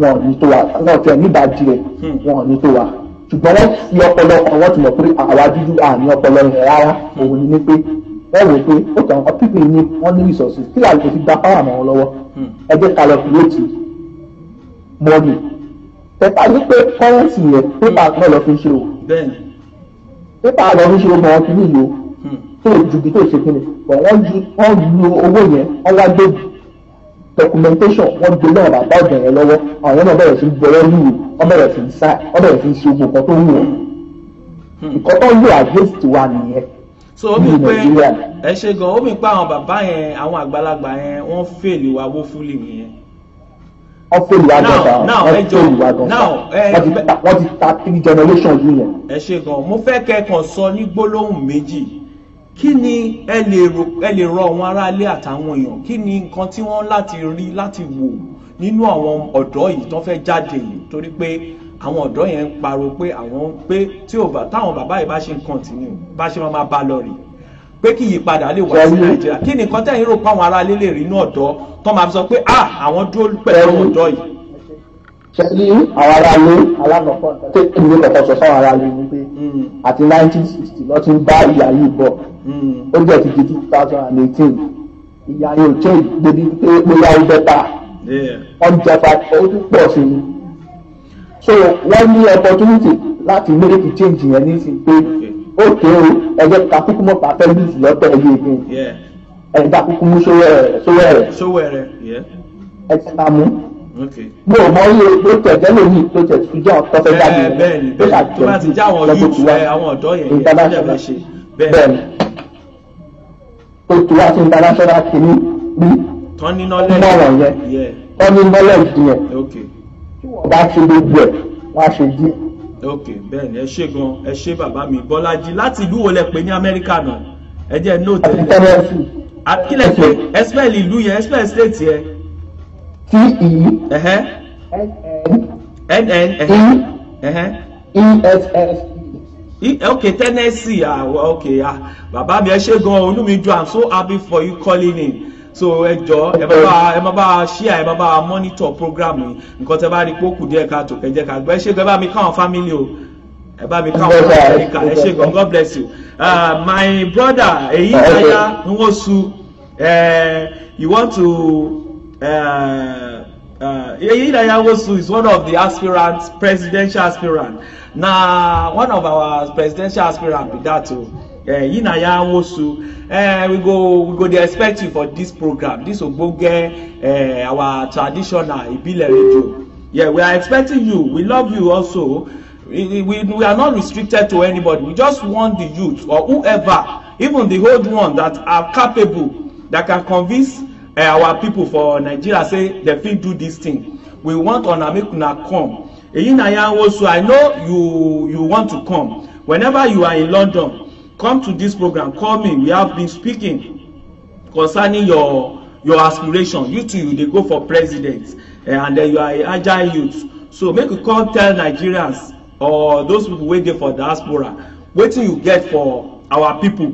wọn ò ní tó wa náà fẹ́ níbàdí rẹ̀ wọn ò ní tó wa ṣùgbọ́n wọ́n fi ọ̀pọ̀lọpọ̀ wọ́n ti mọ̀ pé àwa dúdú àmì ọpọlọ rẹ̀ rárá òun ni pé wọ́n wò pé ó kàn án pípé ni wọ́n ní resources kí làwọn kò fi gba power mọ́ wọn lọ́wọ́ hmm. ẹ jẹ́ ká lọ kúròtì mọ́ọ̀nì pẹ̀pà ní pé kọ́rẹ́ǹsì yẹn pépà náà lọ fi ṣe o pépà lọ fi ṣe o mọ̀ wọn kì í nílò tó ju bí tó ṣe kí ni wọ́n ju owó yẹn wọ́n wá gbé documentation wọ́n gbé náà bàbá ọ̀dọ̀ yẹn lọ́wọ́ àwọn náà bẹ̀rẹ̀ sí gbọ́rọ́ lùwẹ̀ wọ́n bẹ̀rẹ̀ sí sá wọ́n bẹ̀rẹ̀ sí ṣe ogun kan tó wù wọ́n nǹkan tó ń lò against wa nìyẹn so ó bí pé ẹ ṣe gan ó bí pé àwọn bàbá yẹn àwọn àgbàlagbà yẹn wọ́n fèlè wa wó fúlì nìyẹn. wọ́n fèlè wa gan náà wọ́n fèlè wa gan náà wọ́n ti ta three generations yìí yẹn. ẹ ṣe gan mo fẹ́ kẹ́kàn sọ ní gbólóhùn méjì kí ni ẹ lè rọ àwọn aráalé àtàwọn èèyàn kí ni nǹkan tí wọ́n láti rí láti wò nínú àwọn ọ̀dọ́ yìí tó fẹ́ jáde yìí torí pé àwọn ọ̀dọ́ yẹn ń pariwo pé àwọn pé tí ò bá táwọn bàbá yìí bá ṣe ń kọ̀ǹtínú bá ṣe máa bá lọ rèé pé kí ìyípadà lè wá sí nàìjíríà kí nìkan tẹ̀yìn rò pé àwọn ará lélẹ̀ rí inú ọ̀dọ́ tó máa sọ pé ah àwọn dúró pẹ̀lú ọ̀dọ́ yìí. ṣe rí àwọn ará ilé tó kí kọ̀kọ́ sọ fáwọn ará àti nineteen sixty lọ ti ń bá ìyá yìí bọ̀ ó jẹ́ ti di two thousand and eighteen ìyá yìí ò tí ì débi pé bóyá ó bẹ́ta ọjà pàtó ó tún pọ̀ sí i so wọ́n ní opportunity láti mérekì change yẹn ní sí pé ó kéwò ẹ̀jẹ̀ kakúkú mọ́ pàtẹ́bìlì lọ́tọ̀ ẹ̀yẹ ìgbìn ẹ̀dá kúkú mú sówẹ́rẹ̀ sówẹ́rẹ̀ ẹ̀jẹ̀ kà mú mi ò mọ iye tó tẹ̀jẹ́ lè ní tó tẹ̀ tó jẹ́ ọ̀tọ́ fẹ́ jáde tó ṣà tẹ̀ lọ́dún tó wá international bẹ́ẹ̀ni tó tó wá sí international kìíní bí mọ̀rọ̀ yẹn wọ́n ní knowledge yẹn ọba ṣe gbogbo ẹ̀ wọ́n á ṣe díẹ̀. ok bẹ́ẹ̀ni ẹ ṣe gan ẹ ṣe bàbá mi Bọ́lájí láti ìlú wo lẹ pè ní Amẹ́ríkà náà ẹ jẹ́ nóòtẹ́lẹ̀ kí lẹ pè ẹ spẹ́ẹ̀lì ìlú yẹn ẹ spẹ́ẹ̀lì stéètì yẹn. T E. N N. N N. Eh, eh, eh. E S S e. e. Okay, Tennessee. Ah, well, okay. Ah, bàbá mi ẹ ṣe gan inú I'm so happy for you calling in so ẹ jọ ẹ bá bá ẹ má bá ṣíà ẹ má bá monitor program yìí nǹkan tẹ bá rí pé ó kù díẹ̀ káàtó kẹjẹ ká gbọ́ ṣe gan bá mi káwọn family o ẹ bá mi káwọn Amẹ́ríkà ẹ ṣe gan God bless you uh, my brother èyí ìdáyà nwosu you want to uh, uh, Yehidayawosu is one of the aspirant presidential aspirant na one of our presidential aspirant be that o Yehidayawosu uh, eh, we go we go dey expect you for this program this ogbonge uh, eh, our traditional ibile radio yeah we are expecting you we love you also we, we we are not restricted to anybody we just want the youth or whoever even the old one that are capable that can convince uh, our people for nigeria say dem fit do dis thing we want una make una come eyinayanwo so i know you you want to come whenever you are in london come to this program call me we have been speaking concerning your your aspiration you too you dey go for president uh, and then you are a agile youth so make you come tell nigerians or those people wey dey for diaspora wetin you get for our people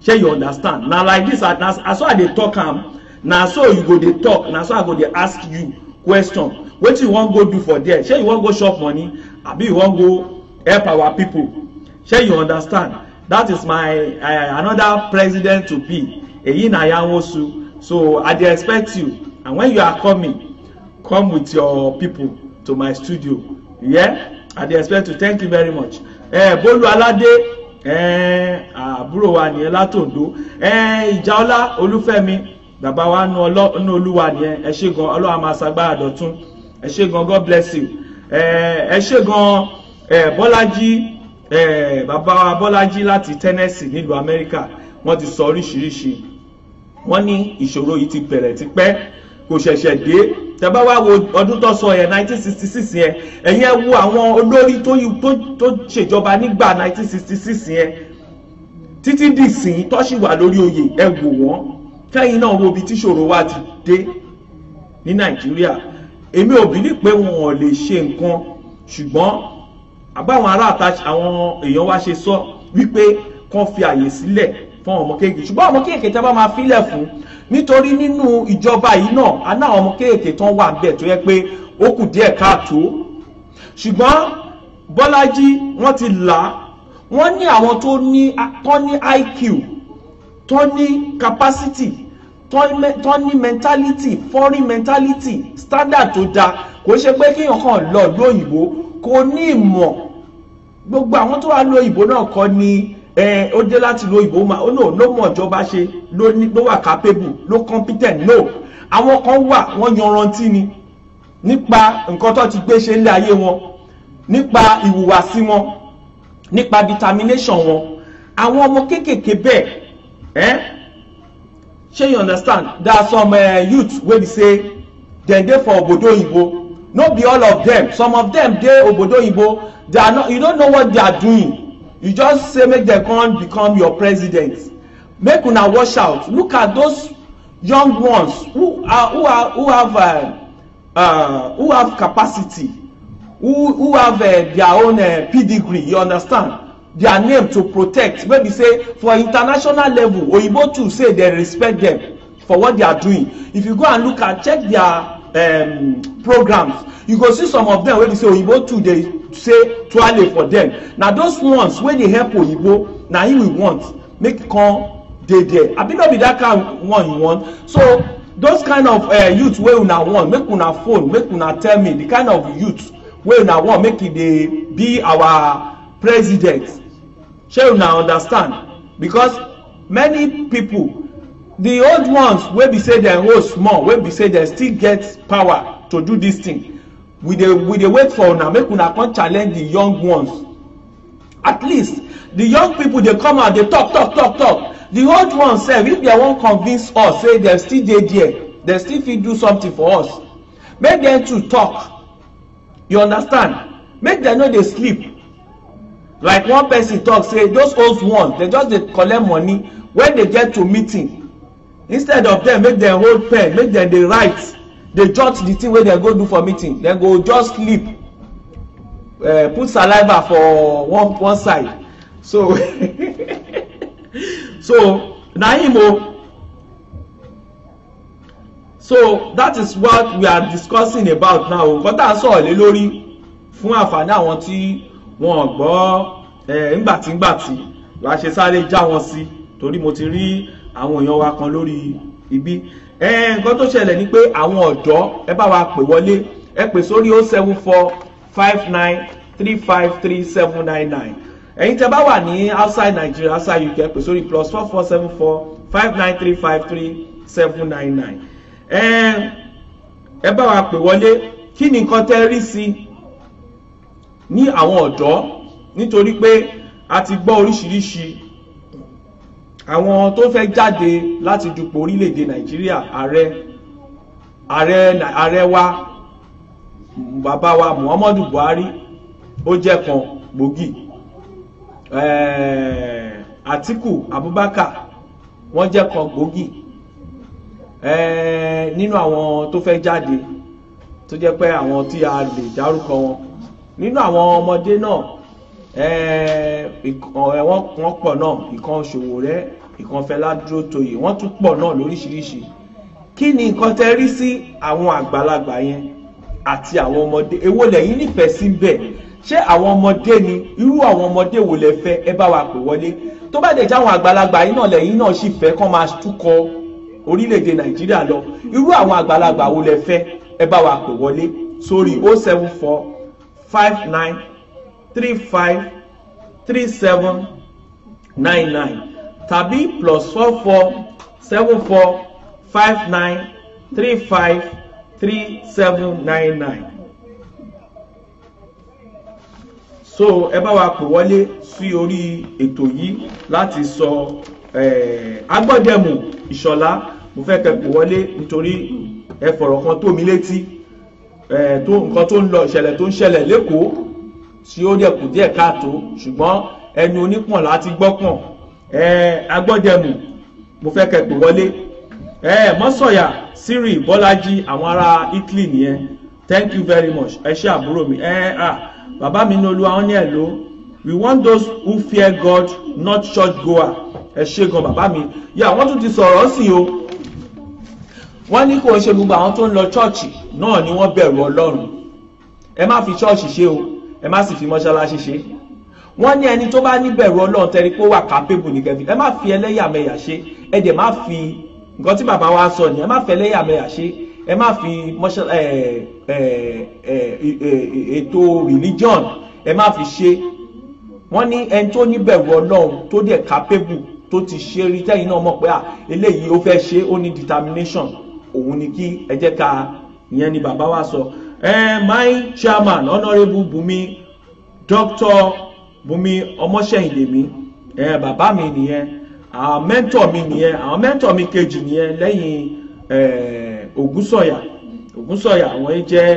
shey you understand na like this na so i dey talk am na so you go dey talk na so i go dey ask you question wetin you wan go do for there shey you wan go chop money abi you wan go help our people shey you understand that is my uh, another president to be eyi na yanwosu so i dey expect you and when you are coming come with your people to my studio yeah i dey expect you thank you very much eh, bolu alade eh, àbúrò eh, ah, wa nìyẹn látòǹdó eh, ìjà ọlá bàbá wa nu ọlọ́nu olúwa nìyẹn ẹ ṣé gan ọlọ́wà máa ṣàgbára dọ̀tún ẹ ṣé gan god bless you ẹ ṣé gan bọ́lájí bàbá wa bọ́lájí láti Tennessee nílùú Amẹ́ríkà wọ́n ti sọ oríṣiríṣi wọ́n ní ìṣòro yìí ti bẹ̀rẹ̀ tipẹ́ kò ṣẹ̀ṣẹ̀ dé tẹ́bá wá wo ọdún tó sọ yẹn 1966 yẹn ẹ̀yin ẹ wo àwọn olórí tó ṣèjọba nígbà 1966 yẹn títí dìsín tó ṣì wà lórí oyè ẹ wò wọ́n kẹ́yìn náà wo ibi tíṣòro wa ti dé ní nàìjíríà èmi ò bìlí pé wọn ò lè ṣe nǹkan ṣùgbọ́n àbáwọn aráàta àwọn èèyàn wa ṣe sọ wípé kán fi àyè sílẹ̀ fún ọmọ kéèké ṣùgbọ́n ọmọ kéèké tí a bá máa filẹ̀ fún nítorí nínú ìjọba yìí náà a ná ọmọ kéèké tán wà bẹ́ẹ̀ tó yẹ pé ó kù díẹ̀ káàtó ṣùgbọ́n Bọ́lájí wọ́n ti là á wọ́n ní àwọn tó ní tán ní IQ tán ní capacity tó ní mentality foreign mentality standard tó dáa kò ṣe pé kéèyàn kàn lọ ìlú òyìnbó kò ní ìmọ̀ gbogbo àwọn tó wà lọ òyìnbó náà kọ́ ni ẹ ó dé láti lo ìbò ma ó náà ló mọ ṣe ló wà capable ló competent no àwọn kan wà wọ́n yanrantí ni nípa nǹkan tó ti gbé ṣe ilé ayé wọn nípa ìhùwàsí wọn nípa determination wọn àwọn ọmọ kéékèèké bẹ́ẹ̀ shey you understand there are some uh, youths wey be say dem dey for obodo oyinbo no be all of dem some of dem dey obodo oyinbo they are not you don't know what they are doing you just say make dem come become your president make una watch out look at those young ones who are who are who have uh, uh, who have capacity who who have uh, their own uh, pedigree you understand their name to protect wey be say for international level oyibo too say dem respect dem for what they are doing if you go and look and check their um, programs you go see some of them wey be say oyibo too dey say tuale for them na those ones wey dey help oyibo na him we want make come dey there abi no be that kind of one you want so those kind of uh, youth wey una want make una phone make una tell me the kind of youth wey una want make e dey be our president shey una understand because many people the old ones wey be say dem hold small wey be say dem still get power to do this thing we dey we dey wait for una make una come challenge the young ones at least the young people dey come out dey talk talk talk talk the old ones sef if dem wan convince us say dem still dey there dem still fit do something for us make dem too talk you understand make dem no dey sleep like one person talk say those old ones dey just dey collect money when they get to meeting instead of them make them hold pen make them dey write dey jot the thing wey dem go do for meeting dem go just sleep uh, put saliva for one one side so so na him o so that is what we are discussing about now nǹkan tá a sọ̀rọ̀ lé lórí fún àǹfààní àwọn tí wọn gbọ́ ńgbàtíngbàtí la ṣe sáré já wọn sí torí mo ti rí àwọn èèyàn wa kan lórí ibi nǹkan tó ṣẹlẹ̀ ni pé àwọn ọ̀dọ́ ẹ bá wa pè wọlé ẹ pè sórí 07459353799 ẹ̀yin tẹ́ bá wà ní outside Nigeria outside UK ẹ pè sórí plus 447459353799 ẹ bá wa pè wọlé kí ni nǹkan tẹ́ rí sí i ní àwọn ọ̀dọ́ nítorí pé a ti gbọ́ oríṣiríṣi àwọn tó fẹ́ jáde láti dupò orílẹ̀-èdè nàìjíríà ààrẹ ààrẹ ààrẹ wa bàbá wa muhammadu buhari ó jẹ́ kan gbòógì eh, atiku abubakar wọ́n jẹ́ kan gbòógì eh, nínú àwọn tó fẹ́ jáde tó jẹ́ pé àwọn tí a lè dárúkọ wọn nínú àwọn ọmọdé náà wọ́n pọ̀ náà ìkan Ṣòwòrẹ́ ìkan Fẹlá Dúrótoyè wọ́n tún pọ̀ náà lóríṣiríṣi kí ni nǹkan tẹ́ rí sí àwọn àgbàlagbà yẹn àti àwọn ọmọdé ewo lẹ̀yin nífẹ̀ẹ́ sí bẹ́ẹ̀ ṣé àwọn ọmọdé ni irú àwọn ọmọdé wo lẹ fẹ́ ẹ bá wa pè wọlé tó bá dẹ̀ jẹ́ àwọn àgbàlagbà yìí náà lẹ̀yin náà sì fẹ́ kán máa túkọ̀ orílẹ̀-èdè nàìjíríà lọ irú àwọn àgbàlagbà wo lẹ fẹ́ ẹ bá wa pè wọlé sórí 074 five nine three five three seven nine nine tàbí plus four four seven four five nine three five three seven nine nine. so ẹ bá wa pè wọlé sí orí ètò yìí láti sọ agbọ́dẹ̀mù ìṣọ̀lá mo fẹ́ kẹ́ pè wọlé nítorí ẹ fọ̀rọ̀ kan tó mi létí. Eh, nǹkan tó ń lọ ìṣẹ̀lẹ̀ tó ń ṣẹlẹ̀ lẹ́kọ̀ọ́ tí ó dẹ̀ díẹ̀ káàtó ṣùgbọ́n ẹni onípọ̀n láti gbọ́pọ̀n eh, agbọ́dẹ̀mù mo fẹ́ kẹ́pẹ́ wọlé eh, mọ́sọ̀yà siri bọ́lájí àwọn ará Italy nìyẹn thank you very much ẹ ṣé àbúrò mi bàbá mi ní olúwa wọn ní ẹ̀ ló we want those who fear God not church goer ẹ ṣé gan bàbá mi yà wọ́n tún ti sọ̀rọ̀ sí o wọ́n ní kò ṣe gbogbo àwọn tó ń lọ ṣọ́ọ̀ṣì náà ni wọ́n bẹ̀rù ọlọ́run ẹ má fi ṣọ́ọ̀ṣì ṣe o ẹ má sì fi mọ́ṣáláṣí ṣe wọ́n ní ẹni tó bá ní bẹ̀rù ọlọ́run tẹ́rí pé ó wà kápébù ní kẹfì ẹ má fi ẹlẹ́yàmẹ̀yà ṣe ẹ dẹ̀ má fi nǹkan tí bàbá wa sọ nìyẹn ẹ má fi ẹlẹ́yàmẹ̀yà ṣe ẹ má fi ètò religion ẹ má fi ṣe wọ́n ní ẹni tó ní bẹ̀rù ọlọ́run tó dẹ̀ kápébù tó ti ṣe rí tẹ́yìn náà mọ̀ pé à eléyìí ó fẹ́ ṣe ó ní determination òun ni kí ẹ jẹ́ ká ìyẹn ni bàbá wa sọ my chairman honourable Bumi, Doctor Bumi Ọmọṣẹ́yìndèmí ẹ bàbá mi nìyẹn àwọn mẹ́ńtọ̀ mi nìyẹn àwọn mẹ́ńtọ̀ mi kejì nìyẹn lẹ́yìn Ògúnsọ̀yà Ògúnsọ̀yà àwọn yìí jẹ́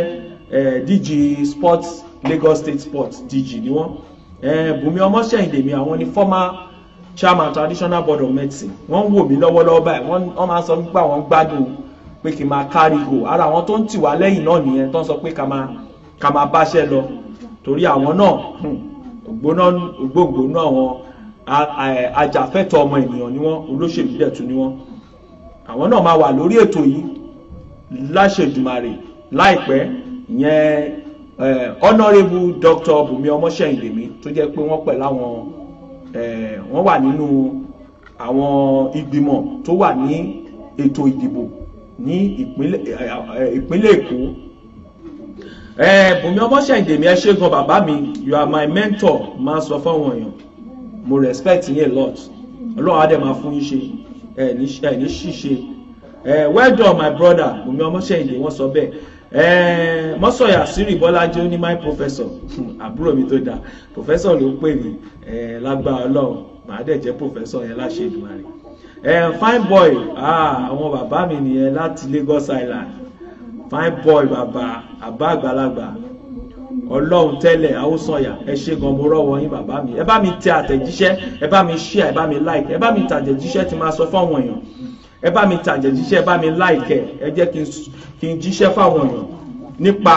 DG sports Lagos State sports DG ni wọ́n Bùnmi Ọmọṣẹ́yìndèmí àwọn ni former chairman traditional board of medicine wọ́n ń wò mí lọ́wọ́lọ́wọ́ báyìí wọ́n máa sọ nípa àwọn gbádùn pé kí n máa kárígò ara àwọn tó ń tì wá lẹ́yìn náà nìyẹn tó ń sọ pé ká máa ká máa báṣẹ́ lọ torí àwọn náà hmm, ògbóǹgbò náà wọn ajàfẹ́tọ̀ ọmọ ènìyàn ni wọ́n olóṣèlú dẹ̀ tún ni wọ́n àwọn náà máa wà lórí ètò yìí láṣẹ̀dùmàrè láìpẹ́ ìyẹn honourable doctor bùnmi ọmọṣẹ́yìn lèmi tó jẹ́ pé wọ́n pẹ̀ láwọn wọ́n wà nínú àwọn ìgbìmọ̀ tó wà ní ètò ìdìbò ní ìpínlẹ̀ èkó bùnmi ọmọṣẹ́ǹdè mi ẹ ṣé gan bàbá mi you are my mentor máa sọ fáwọn èèyàn mo respect yín a lot ọlọ́run á dẹ̀ máa fún yín ṣe ẹ ní ṣíṣe well done my brother bùnmi ọmọṣẹ́ǹdè wọ́n sọ bẹ́ẹ̀ mọ́sọ̀yà sírì bọ́lájí ó ní my professor àbúrò mi tó dáa professor ló pè mí lágbára ọlọ́run màá dẹ̀ jẹ́ professor yẹn láṣẹ ìdùnnú rẹ̀ ẹ eh, fine boy ah, àwọn bàbá mi nìyẹn láti Lagos Island fine boy bàbá àbá àgbàlagbà ọlọ́run tẹ́lẹ̀ àwòsànyà ẹ ṣe gan mo rọ́wọ́ yín bàbá mi ẹ bá mi tẹ àtẹ̀jíṣẹ́ ẹ bá mi share ẹ bá mi like ẹ bá mi tàjẹ̀jíṣẹ́ tí máa sọ fáwọn èèyàn ẹ bá mi tàjẹ̀jíṣẹ́ ẹ bá mi like ẹ jẹ́ kí n jíṣẹ́ fáwọn èèyàn nípa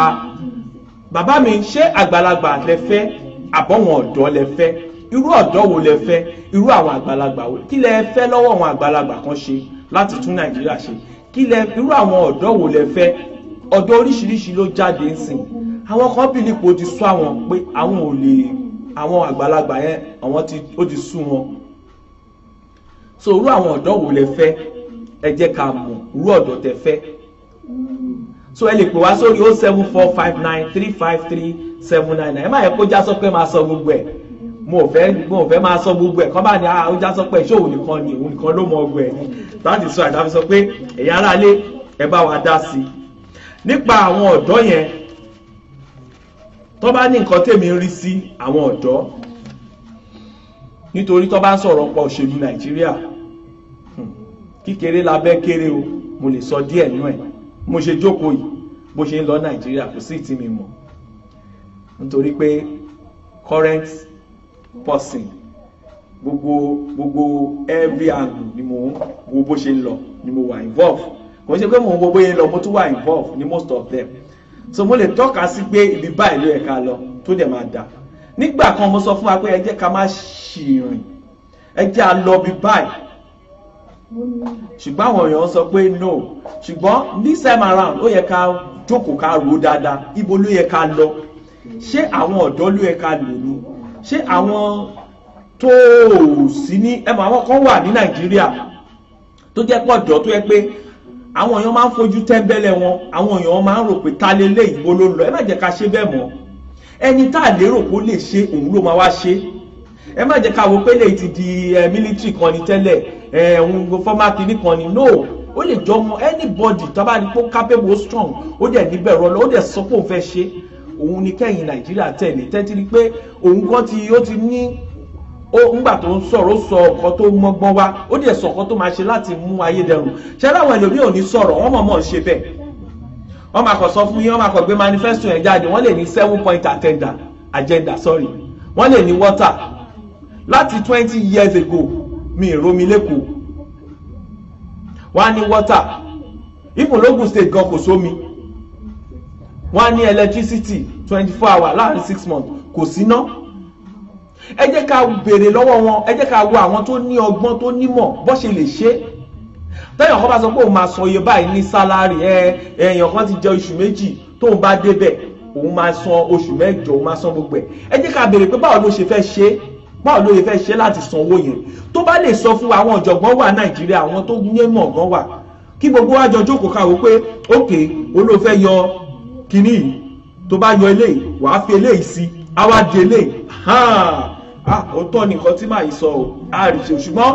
bàbá mi ṣé àgbàlagbà lẹ fẹ́ àbọ̀wọ̀n ọ̀dọ́ lẹ fẹ́ irú ọ̀dọ́ wo lẹ fẹ́ irú àwọn àgbàlagbà wo kí lẹ fẹ́ lọ́wọ́ àwọn àgbàlagbà kan ṣe láti tún nàìjíríà ṣe kí lẹ irú àwọn ọ̀dọ́ wo lẹ fẹ́ ọ̀dọ́ oríṣiríṣi ló jáde ń sìn àwọn kan bí nípò ti sọ àwọn pé àwọn ò lè àwọn àgbàlagbà yẹn àwọn ti ó ti sú wọn so irú àwọn ọ̀dọ́ wo lẹ fẹ́ ẹ jẹ́ ká mọ̀ irú ọ̀dọ́ tẹ fẹ́ so ẹ lè pè wá sórí o oh seven four five nine three five three seven nine nine ẹ má yẹ kó já sọ pé máa sọ gbogbo ẹ̀ mo fẹ́ mo fẹ́ máa sọ gbogbo ẹ̀ kọ́ bá ní ah, ó já sọ pé ṣé òun nìkan ni òun nìkan ló mọ ọgbọ ẹ̀ láti sọ àdáfi sọ pé ẹ̀yin aráalé ẹ bá wa dá sí i nípa àwọn ọ̀dọ́ yẹn tó bá ní nǹkan tèmi ń rí sí àwọn ọ̀dọ́ nítorí tó bá ń sọ̀rọ̀ pa òṣèlú nàìjíríà hmm, kíkéré labẹ́ kéré o mo lè sọ díẹ̀ nínú ẹ̀ mo ṣe jókòó yìí bó ṣe ń lọ nàìjíríà kò sí ìtì mi mọ̀ nítorí pé current person gbogbo gbogbo every angle ni mo wo bó ṣe ń lọ ni mo wà involve kò ń ṣe pé mo wo bóyá ń lọ mo tún wà involve ni most of them so mo lè tọ́ka sí pé ibi báyìí ló yẹ ká lọ tó dẹ̀ máa dà nígbà kan mo sọ fún wa pé ẹ jẹ́ ká má ṣìrìn ẹ jẹ́ a lọ bí báyìí ṣùgbọ́n àwọn èèyàn sọ pé no ṣùgbọ́n this time around ó yẹ ká jókòó ká rò dáadáa ibo ló yẹ ká lọ ṣé àwọn ọ̀dọ́ ló yẹ ká lò ní ṣé àwọn tó sí ní ẹmọ àwọn kan wà ní nàìjíríà tó jẹ́ pọ̀jọ́ tó yẹ pé àwọn èèyàn máa ń fojú tẹ́ńbẹ́lẹ̀ wọn àwọn èèyàn máa ń rò pé ta lé léyìí bó ló lọ ẹ má jẹ́ ká ṣe bẹ́ẹ̀ mọ́ ẹni tá a lérò kó lè ṣe òun ló máa wá ṣe ẹ má jẹ́ ká wo pé lè ti di military kan ní tẹ́lẹ̀ ẹ̀hún fọ́mà kìíní kan ní no ó lè jọ mọ anybody tó bá ní kó capable strong ó dẹ̀ níbẹ̀rọ lọ ó dẹ̀ sọ pé òun fẹ́ ṣe òun ni kẹ́yìn nàìjíríà tẹ̀lé tẹ́tí rí pé òun kan ti ó ti ní ó ńgbà tó ń sọ̀rọ̀ ó sọ ọ̀kan tó mọ́gbọ́n wá ó dẹ̀ sọ tó máa ṣe láti mú ayé dẹrùn ṣẹlẹ̀ àwọn ẹlòmíì ò sọ̀rọ̀ wọ́n mọ̀ mọ̀ ṣe bẹ́ẹ̀ wọ́n máa kọ̀ sọ fún yín wọ́n máa kọ̀ gbé manifesto yẹn jáde wọ́n lè ní seven point agenda agenda sorry wọ́n lè ní water láti twenty years ago mi ìromi lẹ́kọ̀ọ́ wọ́n á ní water ìfòlógùn state gan kò sómi wọ́n á ní electricity twenty four hour, láàrin six months kò síná ẹ jẹ́ ká béèrè lọ́wọ́ wọn ẹ jẹ́ ká wo àwọn tó ní ọgbọ́n tó nímọ̀ bó ṣe lè ṣe é tẹ́yàn kan bá sọ pé òun máa san iye báyìí ní sálárì ẹ èèyàn kan ti jẹ oṣù méjì tóun bá débẹ̀ òun máa san oṣù mẹ́jọ òun máa san gbogbo ẹ̀ ẹ jẹ́ ká béèrè pé báwo ló ṣe fẹ́ ṣe é báwo ló ṣe fẹ́ ṣe láti san owó yẹn tó bá lè sọ fún àwọn ọ̀jọ̀gbọ́n wà nàìjíríà àwọn tó yẹn mọ̀ wà kí gbogbo wa jókòó ká pé ókè olóòfẹ́ yọ kíní yìí tó bá yọ eléyìí wàá fi eléyìí sí á wá di eléyìí ah, òótọ́ nìkan tí màá yìí sọ ò á rí ṣe ṣùgbọ́n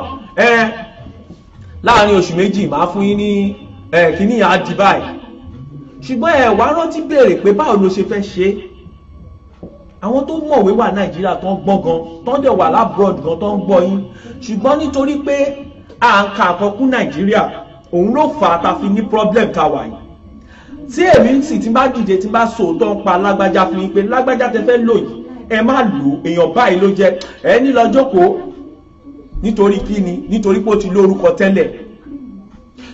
láàrin oṣù méjì màá fún yín ní kíní yìí á di báyìí ṣùgbọ́n ẹ wá rántí béèrè pé báwo ló ṣe fẹ́ ṣe é àwọn tó mọ̀wé wà nàìjíríà tó ń gbọ́ gan tó ń dẹ̀ wà lábroad gan tó ń gbọ́ yín ṣùgbọ́n nítorí pé à ń ka àkọkún nàìjíríà òun ló fà á ta fi ní problem ta wà yìí tí èmi ń sì ti bá dìde ti bá sòótọ́ ń pa lágbájá fún yín pé lágbájá tẹ fẹ́ lò yìí ẹ má lò èèyàn báyìí ló jẹ́ ẹ ní lọ jókòó nítorí kí ni nítorí pé ó ti lórúkọ tẹ́lẹ̀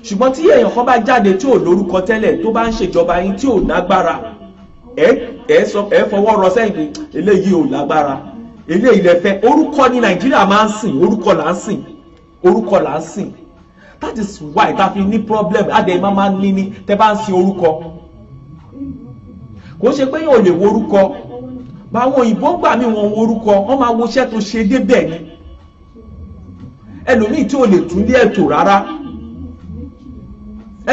ṣùgbọ́n tí èèyàn kan bá jáde tí ò lórúkọ tẹ́lẹ̀ tó bá ń ṣèjọba yín tí ò lágbára ẹ fọwọ́ rọ sẹ́yìn pé eléyìí ò lágbára eléyìí lẹ fẹ́ orúkọ ni Nàìjíríà máa ń sìn orúkọ là ń sìn orúkọ là ń sìn that is why ta fi ní problem adé má máa ń lé ní tẹ bá ń sin orúkọ kò ṣe pé yóò lè worúkọ báwọn òyìnbó gbà mí wọn worúkọ wọn máa wo iṣẹ́ tó ṣe débẹ̀ ni ẹlòmíì tí ò lè túnlé ètò rárá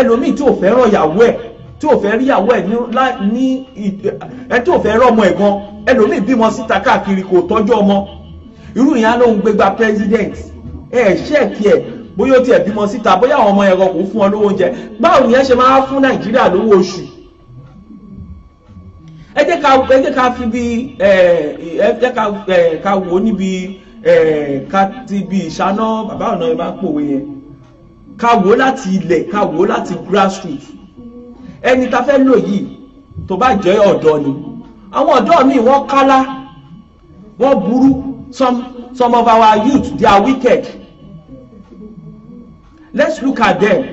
ẹlòmíì tí ò fẹ́ràn ìyàwó ẹ̀ tí ò fẹ́ rí ìyàwó ẹ̀ ní ẹ tí ò fẹ́ rọ́mọ ẹ̀ gan ẹlòmíì bímọ síta káàkiri kò tọ́jú ọmọ irú ìyá ló ń gbégbá president ẹ ṣẹ́ẹ̀kì ẹ̀ bóyá ó tiẹ̀ bímọ síta bóyá àwọn ọmọ ẹ̀rọ kò fún ọ lówó oúnjẹ báwo nìyẹn ṣe máa fún nàìjíríà lówó oṣù ẹ jẹ́ ká ẹ jẹ́ ká fi bí ẹ jẹ́ ká ẹ ká wò níbi ẹ ká ti bí ìṣáná bàbá ọ̀nà ẹ máa ń pòwe yẹn ká wò láti ilẹ̀ ká wò láti grassroots ẹni tá fẹ́ lò yìí tó bá jẹ́ ọ̀dọ́ ni àwọn ọ̀dọ́ mi wọ́n kálá wọ́n burú some some of our youth they are wicked let's look at them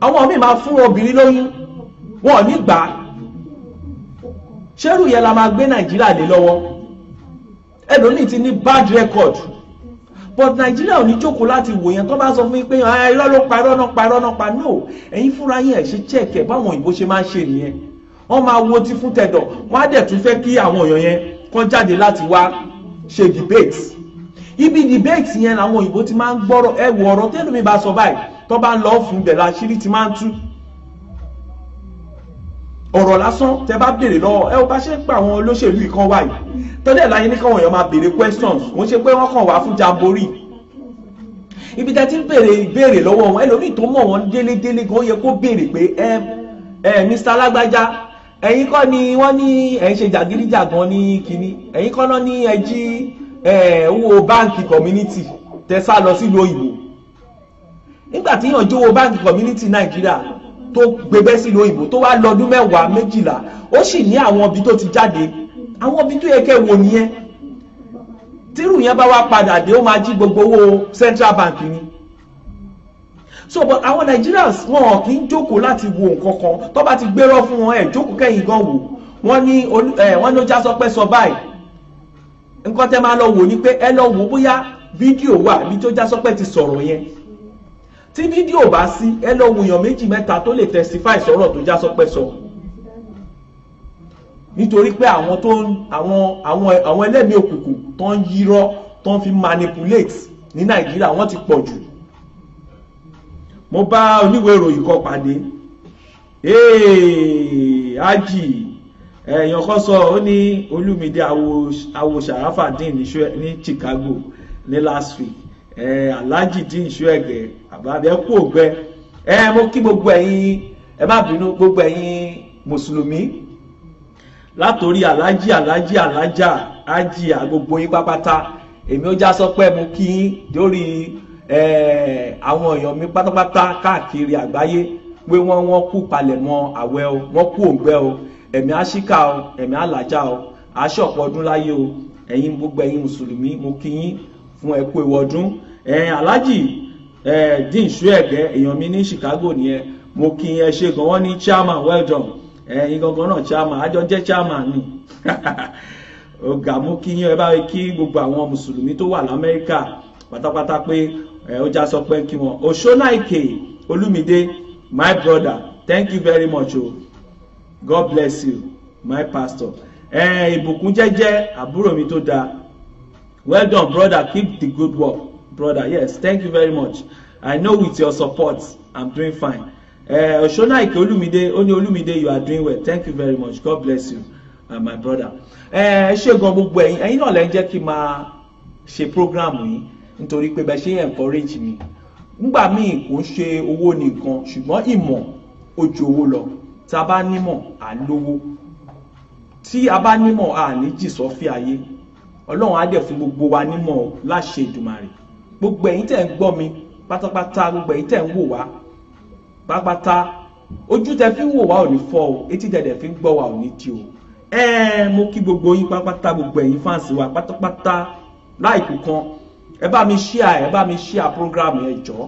àwọn míì máa fún obìnrin lóyún wọn ò ní gbà á ṣerú yẹn la máa gbé nàìjíríà lé lọ́wọ́ ẹlòmíì ti ní bad record but nàìjíríà ò ní jókòó láti wò yẹn tó bá sọ fún yín pé ah, irọ́ ló pa irọ́ náà pa irọ́ náà pa no ẹ̀yin fúnra yín ẹ̀ ṣe check ẹ̀ báwọn òyìnbó ṣe máa ń ṣe nìyẹn wọ́n máa wo ti fún tẹ̀dọ̀ wọ́n á dẹ̀ tún fẹ́ kí àwọn èèyàn yẹn kàn jáde láti wá ṣe debate ibi debate yẹn làwọn òyìnbó ti máa ń gbọ́rọ̀ ẹ wọ ọ̀rọ̀ tẹ́lómi bá sọ tó bá ń lọ fún bẹ̀ láṣírí ti máa ń tú ọ̀rọ̀ lásán tẹ bá béèrè lọ́wọ́ ẹ o bá ṣe ń pa àwọn olóṣèlú ìkan wáyé tọ́lẹ̀ láyé ní káwọn èèyàn máa béèrè questions wọ́n ṣe pé wọ́n kàn wá fún jamboree ibi tẹ ti ń béèrè ìbéèrè lọ́wọ́ wọn ẹlòmíì tó mọ̀ wọ́n délédélé gan yẹ kó béèrè pé ẹ ẹ Mr. alágbájá ẹ̀yin kọ́ ni wọ́n ní ẹ̀ ń ṣe jàgídíjàgan ní kínní ẹ̀yin kọ́ náà ní ẹ jí owó báǹkì community tẹ sá lọ sílùú òyìnbó nígbà tí yàn jówó báńkì community nàìjíríà tó gbẹgbẹ́ sílùú òyìnbó tó wá lọ́dún mẹ́wàá méjìlá ó sì ní àwọn ibi tó ti jáde àwọn ibi tó yẹ kẹ́ wò nìyẹn tírù yẹn bá wá padà dé ó máa jí gbogbo owó central bank ni so but àwọn Nigerians wọn kì í jókòó láti wo nǹkan kan tó bá ti gbérọ́ fún wọn ẹ̀ jókòó kẹ́yìn gan wò wọ́n ní wọ́n ní ó já sọ pé sọ báyìí nǹkan tẹ́ máa lọ wò ni pé ẹ lọ wò bóyá fídíò wà bí já sọ pé ti sọ̀rọ̀ yẹn tí fídíò bá sí ẹ lọ wo èèyàn méjì mẹ́ta tó lè testify sọ̀rọ̀ tó já sọpẹ́ sọ nítorí pé àwọn tó àwọn àwọn àwọn ẹlẹ́mìí òkùnkùn tó ń yírọ́ tó ń fi manipulate ní nàìjíríà wọ́n ti pọ̀ jù mo bá oníwèé ìròyìn kan pàdé ájì èèyàn kan sọ ó ní olúmídé àwòṣàráfàdín ní Chicago ní last week ẹ alaji di ìṣó ẹ̀gẹ́ àbábẹ́ kú ògbẹ ẹ mo kí gbogbo ẹ̀yin ẹ má bínú gbogbo ẹ̀yin mùsùlùmí látòrí aláàjì aláàjì aláàjà ájì àgbogbo yín pápátá èmi ó já sọ pé mo kí yín lórí àwọn èèyàn mi pátápátá káàkiri àgbáyé pé wọ́n wọ́n kú palẹ̀mọ́ àwẹ̀ o wọ́n kú òǹgbẹ o ẹ̀mí àṣìkà o ẹ̀mí àlàjá o aṣọ ọ̀pọ̀ ọdún láyé o ẹ̀yin gbogbo ẹ̀yin mùsùlùmí mo kí yín fún ẹ̀kú ìwọ̀dún alájì alhaji dean suege èèyàn mi ní Chicago nìyẹn mo kí ẹ ṣe gan wọn ní chairman well done ẹ̀yin gangan náà chairman àjọ jẹ́ chairman ni ọ̀gá mo kí yín ẹ bá kí gbogbo àwọn mùsùlùmí tó wà l'Amẹ́ríkà pátápátá pé ẹ ó já sọ pé kí wọn Òṣónàìkè Olúmídé my brother thank you very much o God bless you my pastor ẹ ìbùkún jẹ́jẹ́ àbúrò mi tó dáa well done brother keep the good work brother yes thank you very much i know with your support i'm doing fine eh, osonaike olumide oni olumide you are doing well thank you very much god bless you uh, my brother eh, ẹ ṣe gan gbogbo ẹ̀yin ẹ̀yin náà lẹ ń jẹ́ kí n máa ṣe program yìí nítorí pé bẹ́ẹ̀ ṣe ń encourage mi ngbà míì kò ń ṣe owó nìkan ṣùgbọ́n ìmọ̀ ó owó lọ tá a bá nímọ̀ à ń lówó tí a bá nímọ̀ à ní jìsọ́fì ayé ọlọ́run á dẹ̀ fún gbogbo wa nímọ̀ láṣẹ Èdùmàrè gbogbo ẹ̀yin tẹ̀ ń gbọ́ mi pátápátá gbogbo ẹ̀yin tẹ̀ ń wò wá pátápátá ojú tẹ fi ń wò wá ò ní fọ́ o etí tẹ̀ dẹ̀ fi ń gbọ́ wá ò ní di o ẹ mo kí gbogbo yín pátápátá gbogbo ẹ̀yin fáǹsì wa pátápátá láìkú kan ẹ bá mi ṣíà ẹ bá mi ṣíà prógráàmù ẹ jọ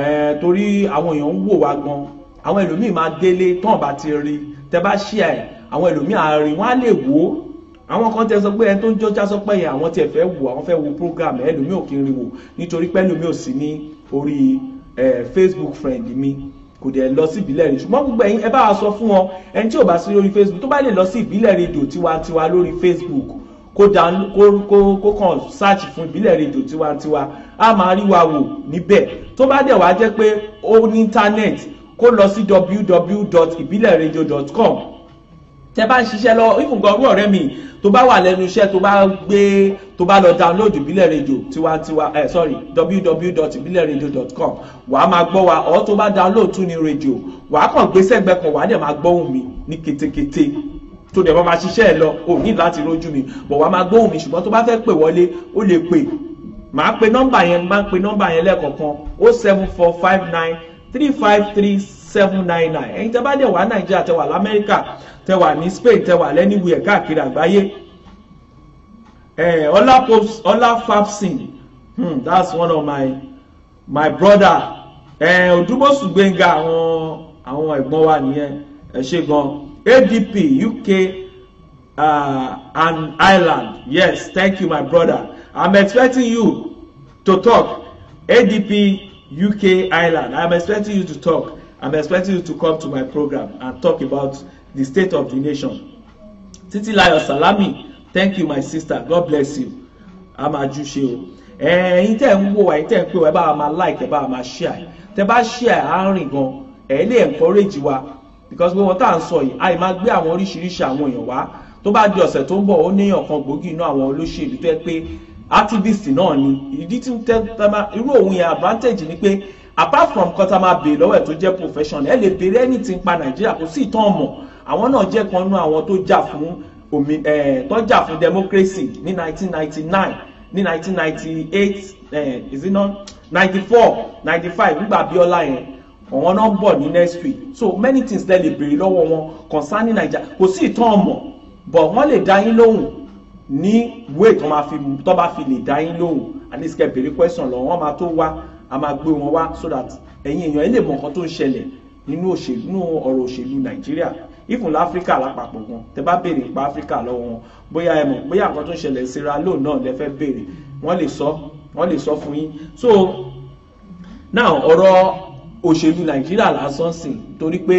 ẹ torí àwọn èèyàn ń wò wá gan àwọn ẹlòmíì máa délé tán bá ti rí tẹ bá ṣíà ẹ àwọn ẹlòmíì á wọn á lè wò ó àwọn kan tẹ sọ pé ẹni tó ń jọjá sọ pé yẹn àwọn tiẹ̀ fẹ́ wò àwọn fẹ́ wo program ẹlòmíì ò kí n rí wò nítorí pé ẹlòmíì ò sí ní orí facebook friend mi kò dẹ̀ lọ sí ìbílẹ̀ rẹ̀ ṣùgbọ́n gbogbo ẹ̀yin ẹ bá wa sọ fún wọn ẹni tí ò bá sí lórí facebook tó bá lè lọ sí ìbílẹ̀ rédíò tiwantiwa lórí facebook kó kó kàn search fún ìbílẹ̀ rédíò tiwantiwa a máa rí wa wò níbẹ̀ tó bá dẹ̀ wá jẹ́ pé ó ní internet kó lọ sí www.ibileradio.com tẹ bá ń ṣiṣẹ́ lọ even gan ọ̀rẹ́ mi tó bá wà lẹ́nu iṣẹ́ tó bá gbé tó bá lọ download ìbílẹ̀ radio tiwantiwa ẹ eh, sorry www.ibileradio.com wàá máa gbọ́ wa ọ̀ tó bá download tún ní radio wàá kàn gbé sẹ́gbẹ́ kan wàá dẹ̀ máa gbọ́ ohùn mi ní kétékété tó dẹ̀ bá máa ṣiṣẹ́ ẹ lọ ò ní láti rójú mi bọ̀ wàá máa gbọ́ ohùn mi ṣùgbọ́n tó bá fẹ́ pè wọlé ó lè pè máa pe nọ́mbà yẹn máa pe nọ́mbà yẹn lẹ́ẹ̀kọ̀ọ̀kan 07459 three five three seven nine nine ẹ̀yin tẹ́ bá dẹ̀ wá nàìjíríà tẹ́ wà lamẹ́ríkà tẹ́ wà ní spain tẹ́ wà lẹ́niwìẹ̀ káàkiri àgbáyé ọláfàbsìn hmm, that's one of my my brother odúmọ̀sù gbẹ̀ngà àwọn àwọn ẹ̀gbọ́n wa nìyẹn ẹ ṣé gan adp uk uh, and ireland yes thank you my brother i'm expecting you to talk adp uk ireland am expecting you to talk I am expecting you to come to my program and talk about the state of the nation titilayo salami thank you my sister god bless you amajuse o eh, ẹ̀yin tẹ́ ń wò wá ẹ̀yin tẹ́ ń pè wá ẹ bá wa like ẹ bá share tẹ́ bá share á rìn gan ẹ lè encourage wa because gbogbo tá à ń sọ yìí àì máa gbé àwọn oríṣiríṣi àwọn èèyàn wá tó bá di ọ̀sẹ̀ tó ń bọ̀ ó níyàn kan gbòógì inú àwọn olóṣèlú tó yẹ pé activist náà ni ìdí tí irú òun yẹn advantage ni pé apart from kọ́ta máa béèrè lọ́wọ́ ẹ̀ tó jẹ́ profession ẹ lè béèrè anything pa nàìjíríà kò sí ìtàn ọmọ àwọn náà jẹ́ kan nú àwọn tó jà fún omi ẹ̀ tó jà fún democracy ní 1999 ní 1998 ẹ̀ is it not 94 95 nígbà Abíọ́lá yẹn àwọn náà bọ̀ ní next week so many things lè lè béèrè lọ́wọ́ wọn concerning Naija kò sí ìtàn ọmọ but wọ́n lè dá yín lóhùn ní wéè tó máa fi tó bá fi lè dá yín lóhùn àníṣe bèrè question lọ wọn máa tó wá a máa gbé wọn wá so that ẹ̀yin èèyàn ẹ lè mọ nǹkan tó ń ṣẹlẹ̀ nínú òṣèlú nínú ọ̀rọ̀ òṣèlú nàìjíríà even láfíríkà lápapọ̀ gan tẹ bá béèrè nípa áfíríkà lọ́wọ́ wọn bóyá ẹ mọ̀ bóyá nǹkan tó ń ṣẹlẹ̀ síra lóun náà lẹ fẹ́ béèrè wọ́n lè sọ wọ́n lè sọ fún yín so now ọ̀rọ̀ òṣèlú nàìjíríà lásán sìn torí pé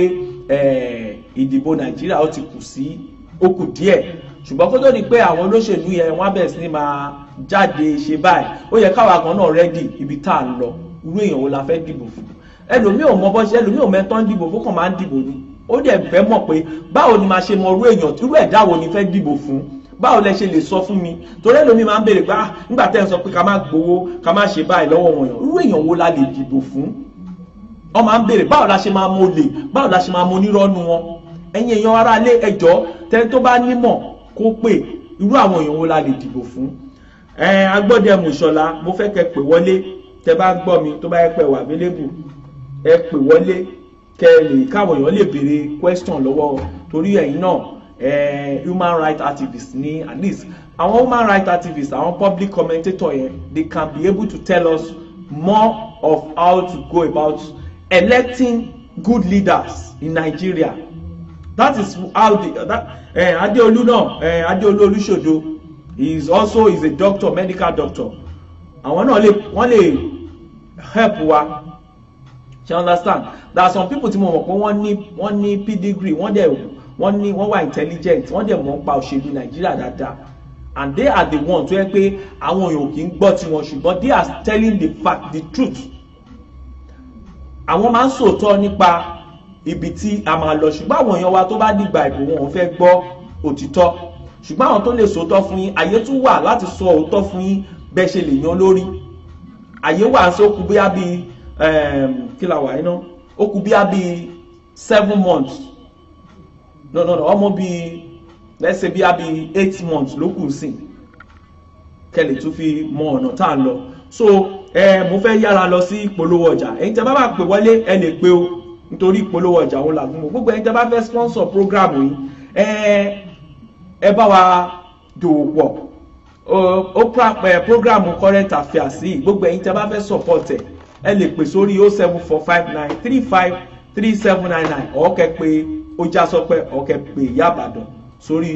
eh, ìdìbò nàìjíríà ó ti kù sí ó díẹ̀ ṣùgbọ́n kó tó di pé àwọn olóṣèlú yẹn wọ́n á bẹ̀rẹ̀ sí ni máa jáde ṣe báyìí ó yẹ káwa gan náà rẹ́dì ibi tá à ń lọ irú èèyàn wo la fẹ́ dìbò fún ẹlòmíì ò mọ bọ́ṣẹ́ ẹlòmíì ò mẹ́tọ́ ń dìbò fún kàn máa ń dìbò ni ó dẹ̀ fẹ́ mọ̀ pé báwo ni máa ṣe mọ irú èèyàn irú ẹ̀dá wo ni fẹ́ dìbò fún báwo lẹ ṣe lè sọ fún mi torí ẹlòmíì máa ń béèrè pé ah nígbà tẹ́ ẹ sọ pé ká má gbowó ká má ṣe báyìí lọ́wọ́ wọn yàn irú èèyàn wo la lè dìbò fún wọ́n máa ń béèrè báwo la ṣe máa mọ olè báwo la ṣe máa mọ onírọ́nu wọn ẹ̀yin èèyàn aráalé ẹjọ́ tẹ́ni tó bá nímọ̀ kó pè irú àwọn èèyàn wo la lè dìbò fún ẹ agbọ́dẹ mùsọ̀lá mo fẹ́ kẹ́ pè wọlé tẹ bá gbọ́ mi tó bá yẹ pẹ́ wà bélébù ẹ pè wọlé kẹ́ lè káwọn èèyàn lè béèrè question lọ́wọ́ torí ẹ̀yin náà human rights activists ní at least àwọn human rights activists àwọn public commentators, yẹn they can be able to tell us more of how to go about electing good leaders in Nigeria that is how the uh, that uh, adeolu náà uh, adeolu olúṣòdo he is also is a doctor medical doctor àwọn náà lè wọ́n lè help wa she understand there are some people tí mo mọ̀ pé wọ́n ní wọ́n ní pedigree wọ́n dẹ̀ wọ́n ní wọ́n wà intelligent wọ́n dẹ̀ mọ̀ pa òṣèlú nàìjíríà dáadáa and they are the ones tó yẹ pé àwọn èèyàn kì í gbọ́ tiwọn ṣùgbọ́n they are telling the fact the truth àwọn máa ń sòótọ́ nípa ibi tí a máa lọ ṣùgbọ́n àwọn èèyàn wa tó bá dìgbà ìbò wọn ò fẹ́ gbọ́ òtítọ́ ṣùgbọ́n àwọn tó lè sòótọ́ fún yín àyè tún wà láti sọ òótọ́ fún yín bẹ́ẹ̀ ṣe lè yan lórí àyè wà sí ó kù bí ehm, kí la wà iná ó kù bí seven months no no no ọmọ bí let's say bí àbí eight months ló kù sí kẹlẹ̀ tún fi mọ ọ̀nà tá à lọ so eh, mo fẹ́ yára lọ sí ìpolówó ọjà ẹ̀yin tẹ́ bá bá pè wọlé ẹ lè pe o nítorí ìpolówó ọjà òun làgùn mọ́ gbogbo ẹni tẹ́ sponsor program yìí ẹ ẹ bá wa dòwò pọ̀ ó program current affairs yìí gbogbo ẹni tẹ́ bá fẹ́ support ẹ̀ ẹ lè pè sórí o seven four five nine three five three seven nine nine ọ̀ọ́kẹ́ pé ó já sọpẹ́ ọ̀ọ́kẹ́ pé ìyá àbàdàn sórí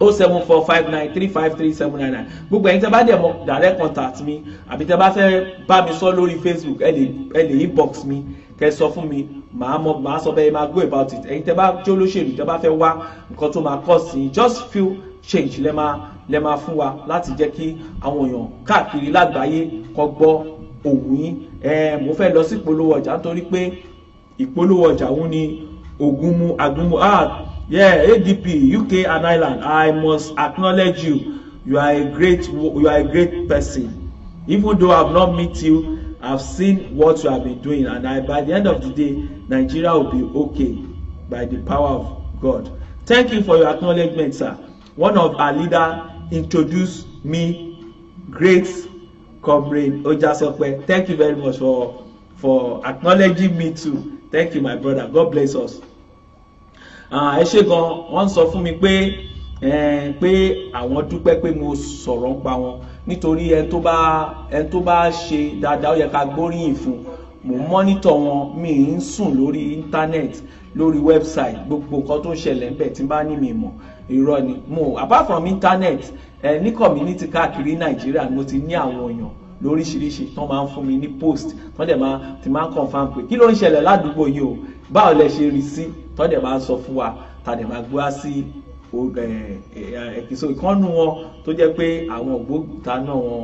o seven four five nine three five three seven nine nine gbogbo ẹ̀yin tẹ́ bá dẹ̀ mọ̀ direct contact mi àbí tẹ́ bá fẹ́ bá mi sọ lórí facebook ẹ lè ẹ lè inbox mi kẹ sọ fún mi màá mọ màá sọ bẹ́ẹ̀ máa go about it ẹ̀yin tẹ́ bá tí olóṣèlú tẹ́ bá fẹ́ wá nǹkan tó máa kọ́ sí just feel change lẹ́ máa lẹ́ máa fún wa láti jẹ́ kí àwọn èèyàn káàkiri lágbàáyé kọ́ gbọ́ òun yín ẹ̀ mo fẹ́ lọ sí ìpolówó ọjà nítorí pé ìpolówó ọjà òun ni ogunmu agunmu ah, adp uk and ireland i must acknowledge you you are a great you are a great person even though i have not met you I've seen what you have been doing and I by the end of the day Nigeria will be okay by the power of God. Thank you for your acknowledgement sir. One of our leader introduced me great comrade Ojasope. Thank you very much for for acknowledging me too. Thank you my brother. God bless us. Ah, ẹ ṣe gan wọ́n sọ fún mi pé eh, pé àwọn dúpẹ́ pé mo sọ̀rọ̀ ń pa wọn nítorí ẹni tó bá ẹni tó bá ṣe dáadáa ó yẹ ká gbóríyìn fún mò ń mọ́nítọ̀ wọn mi ń sùn lórí íńtánẹ́ẹ̀tì lórí wẹ́bsáìtì gbogbo nǹkan tó ń ṣẹlẹ̀ ńbẹ̀ tí bá ní mi mọ̀ irọ́ ni mo apart from internet ẹ ní community káàkiri nàìjíríà mo ti ní àwọn èèyàn lóríṣiríṣi tán máa ń fún mi ní post tán dẹ̀ máa ti máa ń confam pé kí ló ń ṣẹlẹ̀ ládùúgbò yìí o báwo lẹ ṣe rí sí tán dẹ̀ máa ń sọ fún wa tá dẹ̀ máa gbọ́ sí ẹ̀kíso eh, eh, ah, ìkànnù wọn tó jẹ́ pé àwọn ògbóǹta náà wọn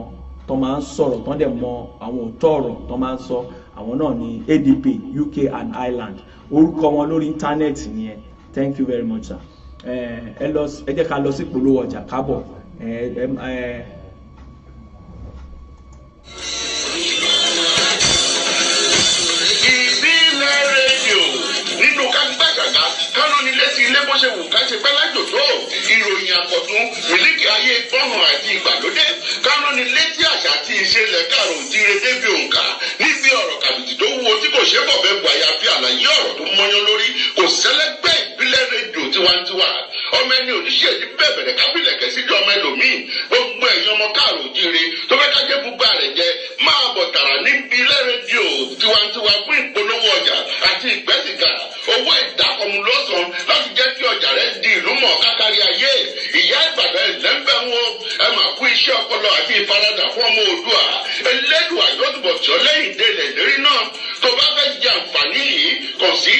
tó máa ń sọ̀rọ̀ tó dẹ̀ mọ àwọn òótọ́ ọ̀rọ̀ tó máa ń sọ àwọn náà ní ADP UK and Ireland orúkọ wọn lórí íńtánẹ́ẹ̀tì nìyẹn thank you very much sir eh, ẹ lọ ẹ jẹ́ ká lọ sí ìpolówó ọjà kábọ̀ ìbílẹ̀ rédíò nínú kágbá kánú nílé sí ilé bó ṣe wù ká ṣe pẹ́ lájò tó ìròyìn àkọ́tún mílíkì ayé fọ́hùn àti ìgbàlódé kánú nílé tí àṣà ti ṣe lẹ́kàrò òdire débi òǹkà níbi ọ̀rọ̀ kàbìtì tó wúwo tí kò ṣe bọ̀bẹ̀ bu àyàfi àlàyé ọ̀rọ̀ tó mọ́yán lórí kò sẹ́lẹ́gbẹ̀ẹ́ ìpínlẹ̀ rédíò tiwantiwa ọmọ ẹni oníṣẹ́ yìí bẹ̀bẹ̀rẹ̀ kábílẹ̀kẹ́ sídìí ọmọ ẹlòmíì gbogbo ẹ̀yin ọmọ káàrò jíire tó fẹ́ ká jẹ́ bùgbà rẹ̀ jẹ máa bọ̀ tààrà ní ìpínlẹ̀ rédíò tiwantiwa fún ìpolówó ọjà àti ìgbẹ́sìgà owó ìdákọ̀mùlọ́sàn láti jẹ́ kí ọjà rẹ̀ di ìlú kákárí ayé ìyá ìbàdàn ẹ̀lẹ́ńbẹ̀ wọn ẹ máa kú iṣẹ́ ọpọlọ àti ìfaradà fún ọmọ òdua ẹlẹ́dùn àyọ̀tùbọ̀tì ọlẹ́yìn délẹ̀ lérí náà tó bá fẹ́ jẹ àǹfààní yìí kàn sí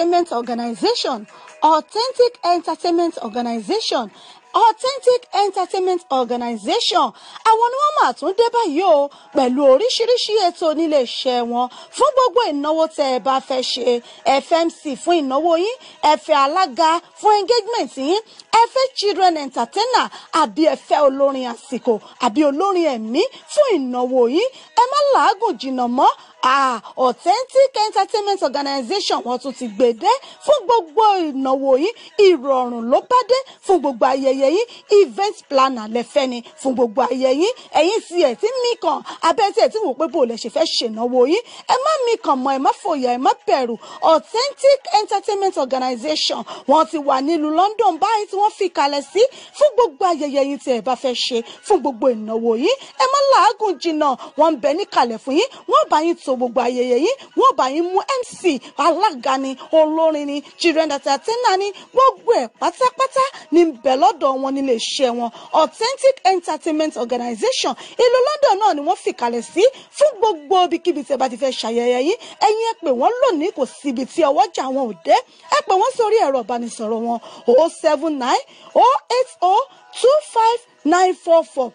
entertainment organization authentic entertainment organization authentic entertainment organization àwọn ni wọ́n máa tún dé báyìí o pẹ̀lú oríṣiríṣi ètò oníléeṣẹ́ wọn fún gbogbo ìnáwó tẹ́ ẹ bá fẹ́ ṣe ẹ fẹ́ MC fún ìnáwó yín ẹ fẹ́ alága fún engagement yín ẹ fẹ́ children entertainer àbí ẹ fẹ́ olórin àsìkò àbí olórin ẹ̀mí fún ìnáwó yín ẹ má làágùn jìnnà mọ́ ah authentic entertainment organization wọ́n tún ti gbé dé fún gbogbo ìnáwó yín ìrọ̀rùn ló bá dé fún gbogbo ayẹyẹ yín event planner lẹ́fẹ́ ni fún gbogbo ayẹyẹ yín ẹ̀yin sì ẹ̀ tí mí kan abẹ́tẹ̀ tí wò pé bò lẹ ṣe fẹ́ ṣènáwó yín ẹ má mí kan mọ́ ẹ má fòyà ẹ má bẹ̀rù authentic entertainment organization wọ́n ti wà nílùú London báyìí tí wọ́n fi kalẹ̀ sí fún gbogbo ayẹyẹ yín tí ẹ bá fẹ́ ṣe fún gbogbo ìnáwó yín ẹ má làágùn jìnnà wọ́n ń bẹ ṣètò gbogbo ayẹyẹ yìí wọ́n bá yín mú mc alága ni olórin ni children entertainer ni gbogbo ẹ̀ pátápátá ní bẹ̀ lọ́dọ̀ wọn nílé iṣẹ́ wọn authentic entertainment organization ìlú London náà ni wọ́n fìkàlẹ̀ sí fún gbogbo ibikíbi tí ẹ bá ti fẹ́ ṣàyẹyẹ yín ẹ̀yin ẹ pè wọ́n lónìí kò síbi tí ọwọ́jà wọn ò dé ẹ pè wọ́n sórí ẹ̀rọ ìbánisọ̀rọ̀ wọn o oh seven nine o oh eight o oh two five nine four four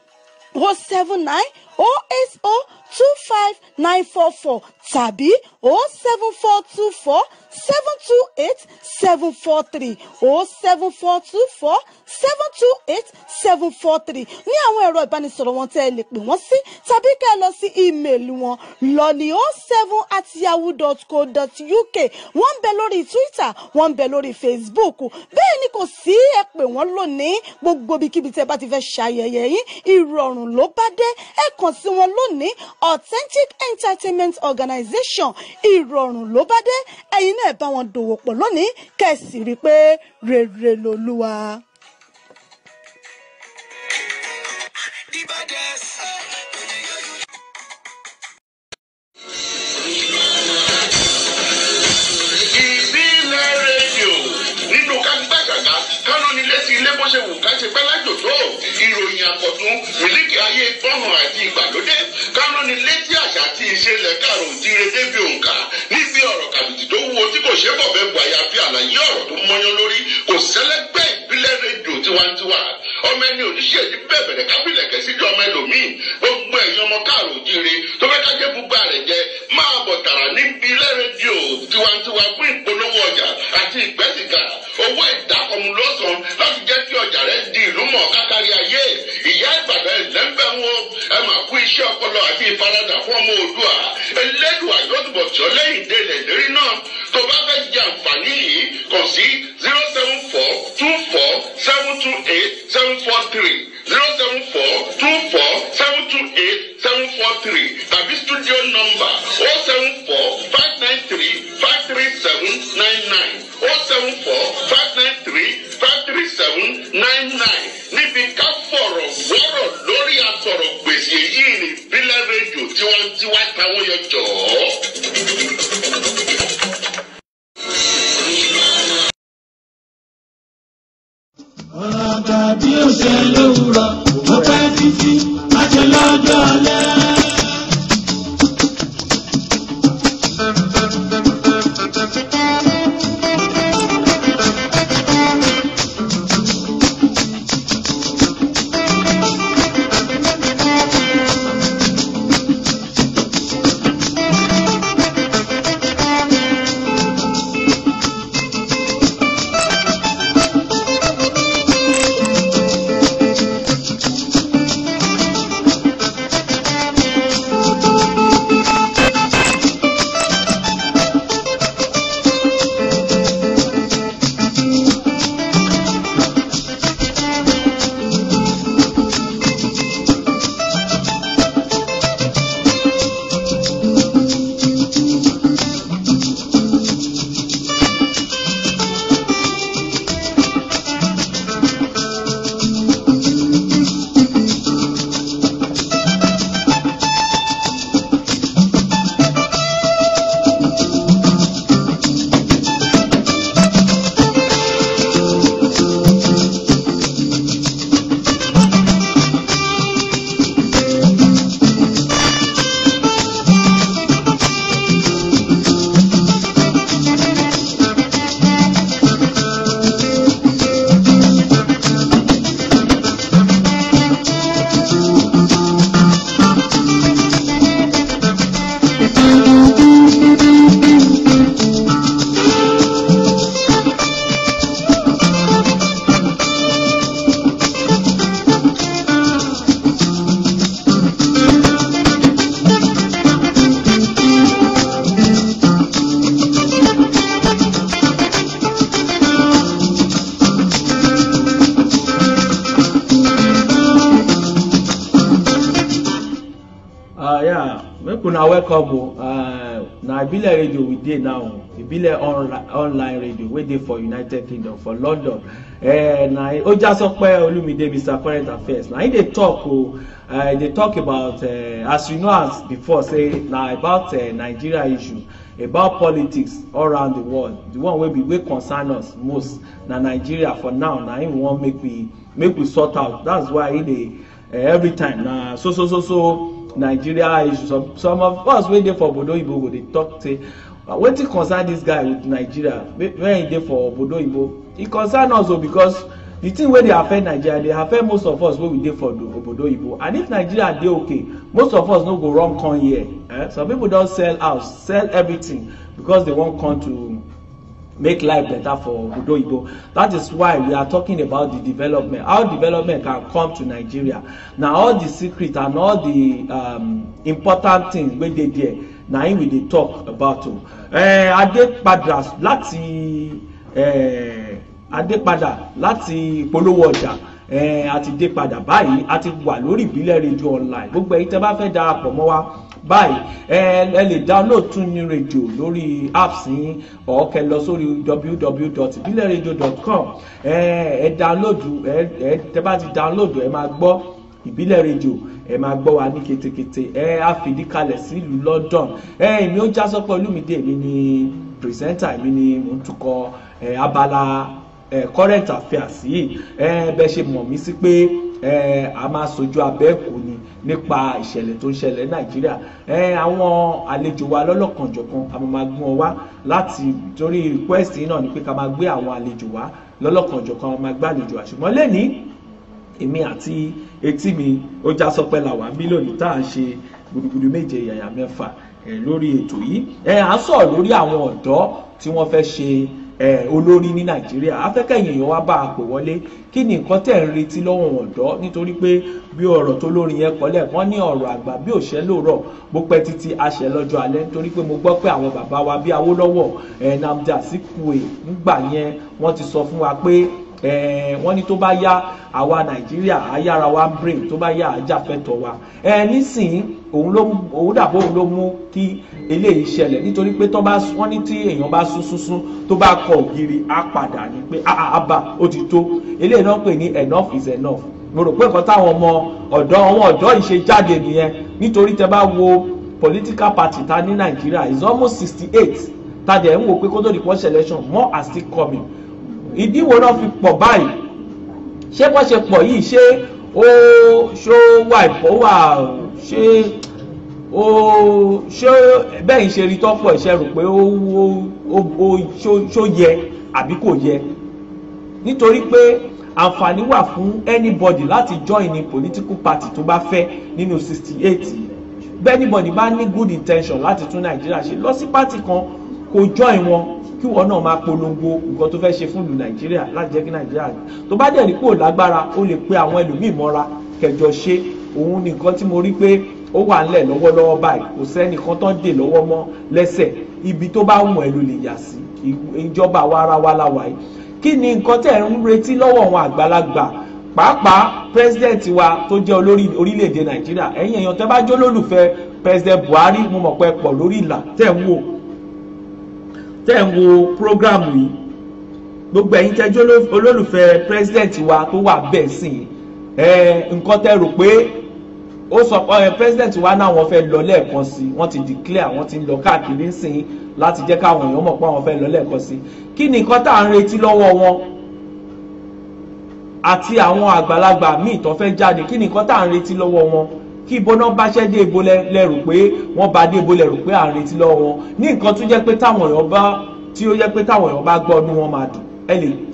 o seven nine oh eight oh two five nine four four tàbí oh seven four two four seven two eight seven four three oh seven four two four seven two eight seven four three ní àwọn ẹ̀rọ ìbánisọ̀rọ̀ wọn tẹ́ ẹ lè pè wọ́n sí tàbí kẹ́ ẹ lọ sí ímeèlì wọn lọ ní oh seven at yahoo dot co dot uk wọ́n ń bẹ lórí twitter wọ́n ń bẹ lórí facebook bẹ́ẹ̀ ni kò sí ẹ pè wọ́n lónìí gbogbo ibikíbi tẹ́ bá ti fẹ́ ṣayẹyẹ yín ìrọ̀rùn ló bá dé ẹ kàn sí wọn lónìí authentic entertainment organization ìrọ̀rùn ló bá dé ẹ̀yin náà bá wọn dòwò pọ̀ lónìí kẹ̀sì rí i pé rere lolúwa. ìbàdàn sọ. wọ́n ṣe wù ká ṣe pẹ́ lájòjò ìròyìn àkọ́tún mílíkì ayé tọ́nà àti ìgbàlódé kánú ni létí àṣà àti ìṣẹ̀lẹ̀ kàrò òjire débi òǹkà níbi ọ̀rọ̀ kàbìtì tó wúwo tí kò ṣe bọ̀ bẹ́ẹ̀ bu àyàfi àlàyé ọ̀rọ̀ tó mọ́yán lórí kò sẹ́lẹ́gbẹ́ ìpínlẹ̀ rédíò tiwantiwa ọmọ ẹni oníṣẹ́ yìí bẹ̀bẹ̀rẹ̀ kábílẹ̀kẹ́ sí ọmọ ẹlòmíì gbogbo ẹ̀yin ọmọ káàrò jíire tó fẹ́ kájẹ́ búgbà rẹ̀ jẹ máa bọ̀ tààrà níbi ilé rédíò tiwantiwa fún ìpolówó ọjà àti ìgbẹ́sìgà owó ìdákọ̀mù lọ́sàn láti jẹ́ kí ọjà rẹ̀ di ìlú mọ̀ kákàrí ayé ìyá ìbàdàn ẹ̀lẹ́ńbẹ̀ wọn ẹ máa kú iṣẹ́ ọpọlọ àti ìfaradà fún ọmọ òdua ẹlẹ́dùn àjọdùbọ̀ tí ó lẹ́yìn dé ilẹ̀ lérí náà tó bá fẹ́ jẹ àǹfààní yìí kàn sí zero seven four two four seven two two eight seven four three zero seven four two four seven two eight seven four three tàbí studio number oh seven four five nine three five. dey now ìbílẹ̀ online radio wey dey for united kingdom for london na ó já sọpẹ́ olumide mr current affairs na he dey talk o he dey talk about uh, as you know as before say na about uh, nigeria issue about politics all around the world the one wey be wey concern us most na nigeria for now na him wan make we make we sort out that's why he dey uh, every time na so so so so nigeria issue some some of us wey dey for Bodo oyibo go dey talk say Ah, wetin concern dis guy with nigeria when he dey for obodo oyibo e concern us o oh, because the thing wey dey affect nigeria dey affect most of us wey we dey for obodo oyibo and if nigeria dey okay most of us no go run come here eh? some people don sell house sell everything because they wan come to make life better for obodo oyibo that is why we are talking about the development how development can come to nigeria na all the secret and all the um, important things wey dey there na him we dey talk about o eh, Adépadà láti eh, Adépadà láti polówó ọjà eh, àti Adépadà báyìí a ti wà lórí ìbílẹ̀ rédíò online gbogbo èyí tẹ́ bá fẹ́ darapọ̀ mọ́ wa báyìí ẹ ẹ lè download tún ní rédíò lórí apps yín or kẹ́ lọ sórí www.ibileradio.com ẹ eh, ẹ download ẹ ẹ tẹ́ bá ti download ẹ máa gbọ́ ìbílẹ̀ rédíò ẹ máa gbọ́ wa ní ketekete ẹ á fìdí kalẹ̀ sílùú London ẹ èmi ó jásọ pẹ̀lú mi dé èmi ni pírẹsẹ́ńtà èmi ni mò ń abala ẹ current affairs yìí ẹ bẹ́ẹ̀ ṣe mọ̀ mí sí pé ẹ a máa sojú abẹ́ kò ní nípa ìṣẹ̀lẹ̀ tó ń ṣẹlẹ̀ Nàìjíríà ẹ àwọn àlejò wa lọ́lọ́kanjọ̀kan a máa gún ọ wá láti torí request yìí náà ni pé ká máa gbé àwọn àlejò wa lọ́lọ́kanjọ̀kan a máa gbàlejò àṣùgbọ́n lẹ́nìí èmi àti etí mi ó já sọpẹ́ làwà mílíọ̀nù tá à ń ṣe gudugudu méje yàyà mẹ́fà lórí ètò yìí à ń sọ̀rọ̀ lórí àwọn ọ̀dọ́ tí wọ́n fẹ́ ṣe olórí ní nàìjíríà afẹ́kẹ̀yìn èèyàn wá bá a pè wọlé kí ni nǹkan tẹ̀ ń retí lọ́wọ́ ọ̀dọ́ nítorí pé bí ọ̀rọ̀ tó lórin yẹn kọ́lẹ̀ wọ́n ní ọ̀rọ̀ àgbà bí òṣẹ́ lòrọ̀ bó pẹ́ títí aṣẹ lọ́jọ́ alẹ́ nítorí pé mo gbọ́ pé àwọn bàbá wa bí Awólọ́wọ̀ Nnamdi Azikiwe nígbà yẹn wọ́n ti sọ fún wa pé Eh, wọ́n ní tó bá yá àwa nàìjíríà ayára wa brain tó bá yá ajáfẹ́tọ̀ wa eh, nísìnyí òun ló òun dàbò òun ló mú kí eléyìí ṣẹlẹ̀ nítorí pé tó bá wọ́n ní tí èèyàn bá sún sún sún tó bá kọ ògiri á padà ní pé àbá ah, ah, ah, ó ti tó eléyìí náà pè ní enough is enough mo rò pé nǹkan táwọn ọmọ ọ̀dọ́ àwọn ọ̀dọ́ ìṣe jáde nìyẹn nítorí tẹ bá wo political party ta ní nàìjíríà is almost sixty eight tàdé ń wò pé kó tó di first election more are still coming ìdí wo náà fi pọ̀ báyìí ṣé bọ́ ṣe pọ̀ yìí ṣé ó ṣó wà ìpọ̀ wà ṣé ó ṣé bẹ́ẹ̀ ṣe rí tọ́pọ̀ ẹ̀ṣẹ̀ rò pé ó ó ṣó yẹ àbí kò yẹ nítorí pé àǹfààní wà fún anybody láti join ní political party tó bá fẹ́ nínú sixty eight bẹ́ẹ̀ anybody bá ní good intention láti tún nàìjíríà ṣe lọ sí party kan kó join wọn kí wọn náà máa polongo nǹkan tó fẹ́ ṣe fún ìlú nàìjíríà láti jẹ́ kí nàìjíríà tó bá dẹ̀ rí pò lágbára ó lè pe àwọn ẹlòmíì mọ́ra kẹjọ ṣe òun nìkan tí mo rí pé ó wà ńlẹ̀ lọ́wọ́lọ́wọ́ báyìí kò sẹ́nìkan tán dè lọ́wọ́ mọ́ lẹ́sẹ̀ ibi tó bá wùn ẹ́ lè yà sí ìjọba wa ara wa la wà yìí kí ni nǹkan tẹ̀ ń retí lọ́wọ́ àwọn àgbàlagbà pàápàá president wa tó jẹ́ olórí orílẹ̀-èdè nàìjíríà ẹ̀yin èèyàn tẹ́ bá jó lólùfẹ́ president buhari mo mọ̀ pé pọ̀ lórí ìlà tẹ̀ ń wò tẹ́ ń wo prógrámù yìí gbogbo ẹ̀yin tẹ́jú olólùfẹ́ pírẹ́sidẹ̀ntì wa tó wà bẹ́ẹ̀ sí ẹ nǹkan tẹ́ rò pé ó sọ ẹ pírẹ́sidẹ̀ntì wa náà wọ́n fẹ́ lọ lẹ́ẹ̀kan sí wọ́n ti declare wọ́n ti lọ káàkiri sìn láti jẹ́ káwọn èèyàn mọ̀ pé àwọn fẹ́ lọ lẹ́ẹ̀kan sí kí ni nǹkan tá à ń retí lọ́wọ́ wọn àti àwọn àgbàlagbà míì tó fẹ́ jáde kí ni nǹkan tá à ń retí lọ́wọ́ wọn kí ìbò náà bá ṣẹ́ dé ìbò lẹ́rù pé wọ́n bá dé ìbò lẹ́rù pé à ń retí lọ́wọ́ wọn ní nǹkan tó jẹ́ pé táwọn èèyàn bá tí ó jẹ́ pé táwọn èèyàn bá gbọ́ ọdún wọn máa dùn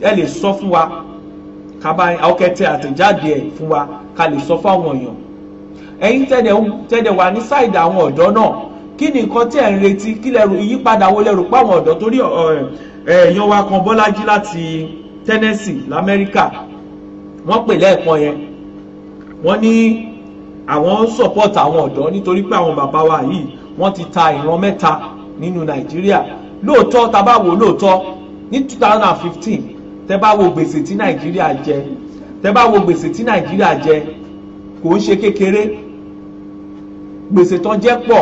ẹ lè sọ fún wa kaba ọkẹtẹ àtẹ̀jáde ẹ̀ fún wa ká lè sọ fáwọn èèyàn ẹ̀yin tẹ́dẹ̀ wà ní sáìdì àwọn ọ̀dọ́ náà kí ni nǹkan tí ẹ̀ ń retí kí lẹ́rù ìyípadà wo lẹ́rù pé àwọn ọ̀dọ́ torí èèyàn wa kan Bọ́lájí láti Tennessee l'Amẹ́ríkà wọ́n pè lẹ́ẹ̀kan yẹn wọ́n ní àwọn support àwọn ọ̀dọ́ nítorí pé àwọn bàbá wa yìí wọ́n ti ta ìran mẹ́ta nínú nàìjíríà lóòótọ́ tá bá wò lóòótọ́ ní two thousand and fifteen tẹ́ bá wo gbèsè tí nàìjíríà jẹ tẹ́ bá wo gbèsè tí nàìjíríà jẹ kò ń ṣe kékeré gbèsè tán jẹ́ pọ̀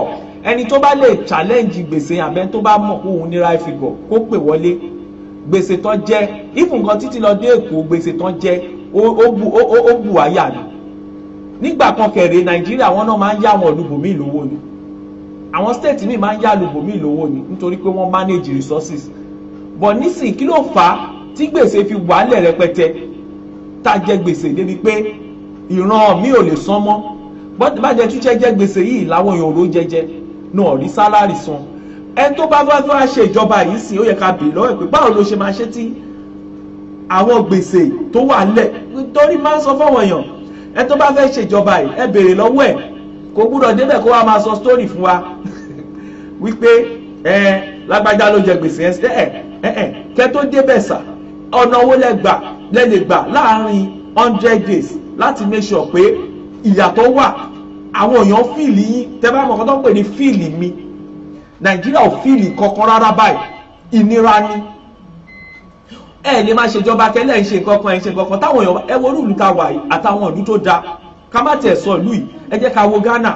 ẹni tó bá lè challenge gbèsè àbẹ́ tó bá mọ̀ kó òun ní right figure kó pè wọlé gbèsè tán jẹ if nǹkan títí lọ dé èkó gbèsè tán jẹ ó bù àyà mi nígbà kan kẹ̀rẹ̀ nàìjíríà wọn náà máa ń yá àwọn olùbòmí lówó ni àwọn state míì máa ń yá olùbòmí lówó ni nítorí pé wọ́n manage resources but nísìnyí kí ló fà á tí gbèsè fi wàálẹ̀ rẹpẹtẹ tá a jẹ gbèsè débi pé ìran mi ò lè san mọ́ bàjẹ́ tún jẹ́ jẹ́ gbèsè yìí láwọn èèyàn òró jẹjẹ náà rí sálárì san ẹni tó bá fẹ́ fẹ́ ṣe ìjọba yìí sì ó yẹ ká bèèrè lọ́wọ́ pé báwo ló ṣe máa ṣe tí àwọn gbèsè tó wà lẹ̀ torí máa ń sọ fáwọn èèyàn ẹ tó bá fẹ́ ṣèjọba yìí ẹ béèrè lọ́wọ́ ẹ̀ kò gbúdọ̀ débẹ̀ kó wá máa sọ story fún wa wípé ẹ lágbájá ló jẹ gbèsè ẹ ẹ ẹ ẹ kẹ tó débẹ̀ sà ọ̀nà owó lẹ́gbà lẹ́lẹ̀ gbà láàrin hundred days láti make sure pé ìyàtọ̀ wà àwọn èèyàn fíìlì yín tẹ́ bá mọ̀ kọ́ tó ń pè ní fíìlì mi Nàìjíríà ò fíìlì kankan rárá báyìí ìnira ni ẹ lè má ṣèjọba kẹlẹ ń ṣe nǹkan kan ẹ ń ṣe nǹkan kan táwọn èèyàn ẹ wo ìlú ta wà yìí àtàwọn ìlú tó da ká má tiẹ̀ sọ ìlú yìí ẹ jẹ́ ká wo Ghana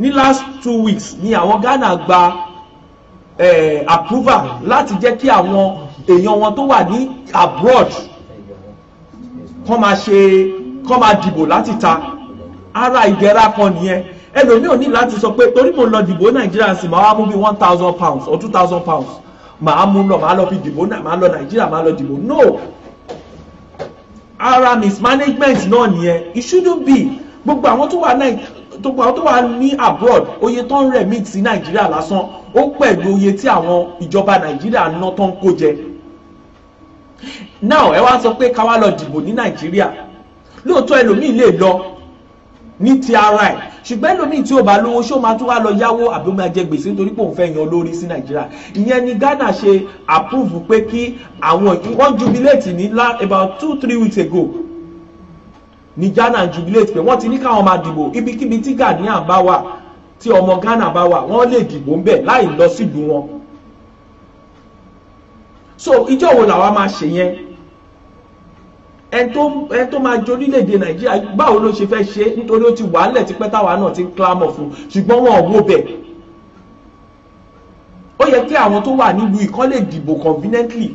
ní last two weeks ni àwọn Ghana gba eh, approval láti jẹ́ kí àwọn èèyàn wọn tó wà ní abroad kán máa ṣe kán máa dìbò láti ta ara ìgẹ̀ra kan nìyẹn ẹlòmíràn ní láti sọ pé torí mo lọ dìbò Nàìjíríà sì máa wá mú bí one thousand pounds or two thousand pounds màá mú lọ màá lọ fi dìbò màá lọ nàìjíríà màá lọ dìbò no ara mismanagement náà nìyẹn it shouldn't be gbogbo àwọn tó wà náà gbogbo àwọn tó wà ní abroad oye tó ń rẹ̀ mí ti nàìjíríà lásán ó pẹ̀lú oye tí àwọn ìjọba nàìjíríà ná tó ń kó jẹ now ẹ wá sọ pé ká wá lọ dìbò ní nàìjíríà lóòótọ́ ẹlòmíì lè lọ ní ti ara ẹ̀ ṣùgbọ́n ẹlòmíì tí ó bá lówó ṣó máa tún wá lọ yáwó àbí máa jẹ gbèsè nítorí pé òun fẹ́ yan olórí sí nàìjíríà ìyẹn ni ghana ṣe approve pé kí àwọn wọ́n jubilate ní la about two three weeks ago ní ghana jubilate pé wọ́n ti ní káwọn máa dìbò ibikíbi tí ghanaian bá wà tí ọmọ ghana bá wà wọ́n lè dìbò ń bẹ̀ láì lọ sílùú wọn so ìjọ wo làwa máa ṣe yẹn ẹni tó máa jẹ orílẹ̀-èdè nàìjíríà báwo ló ṣe fẹ́ ṣe nítorí ó ti wà á lẹ̀ tipẹ́ táwa náà ti ń clamor fún ṣùgbọ́n wọn ò wó bẹ̀ ó yẹ kí àwọn tó wà nílùú ìkọ́ lè dìbò conveniently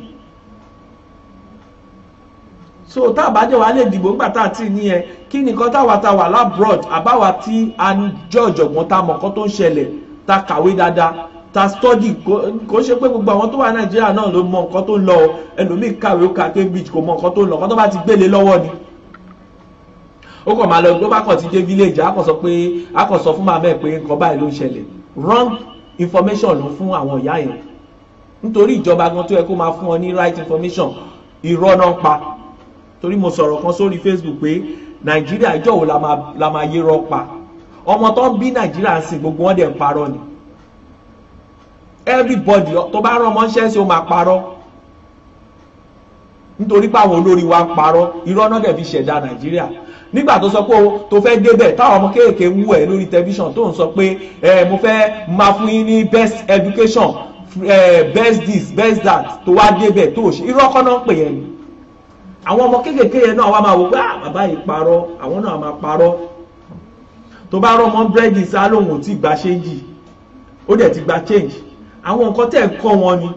so tá a bá jẹ́ wàá lè dìbò nígbà tá a ti ní ẹ kí nìkan táwa ta wà lábroad àbáwa tí a jẹ́ ọ̀jọ̀gbọ́n tá a mọ̀kọ́ tó ń ṣẹlẹ̀ ta kàwé dáadáa ta study kò ṣe pé gbogbo àwọn tó wà nàìjíríà náà ló mọ nǹkan tó ń lọ ẹlòmíì kàwé ó ka cambridge kò mọ nǹkan tó ń lọ nǹkan tó bá ti gbélé lọ́wọ́ ni ó kàn máa lọ ló bá kàn ti dé village a kàn sọ pé a kàn sọ fún màmá ẹ pé nǹkan báyìí ló ń ṣẹlẹ̀ wrong information ló fún àwọn ìyá yẹn nítorí ìjọba gan tó yẹ kó máa fún ọ ní right information irọ́ náà pa torí mo sọ̀rọ̀ kan sórí facebook pé nàìjíríà ìjọ́ wo la máa yé rọ́ pa ọmọ tó ń bí nàìjíríà ń sìn gbogbo wọn dẹ̀ ń parọ́ ni everybody tó bá rán ọmọ ṣẹ́ sí ó máa parọ́ nítorí pé àwọn olórí wa parọ́ irọ́ náà dẹ̀ fi ṣẹ̀dá nàìjíríà nígbà tó sọ pé tó fẹ́ débẹ̀ táwọn ọmọ kéèké wú ẹ̀ lórí tẹlifíṣàn tó ń sọ pé ẹ mo fẹ́ máa fún yín ní best education eh, best this best that tó wá débẹ̀ tó ṣe irọ́ kọ́ náà pè yẹn ni àwọn ọmọ kéèké yẹn náà wá máa wò pé ah bàbá yìí parọ́ àwọn náà máa parọ́ tó bá rán ọmọ búrẹ́dì sá lóhùn ò tí gba ṣéǹjì ó dẹ̀ ti gba change àwọn nǹkan tẹ̀ ń kọ́ wọn ni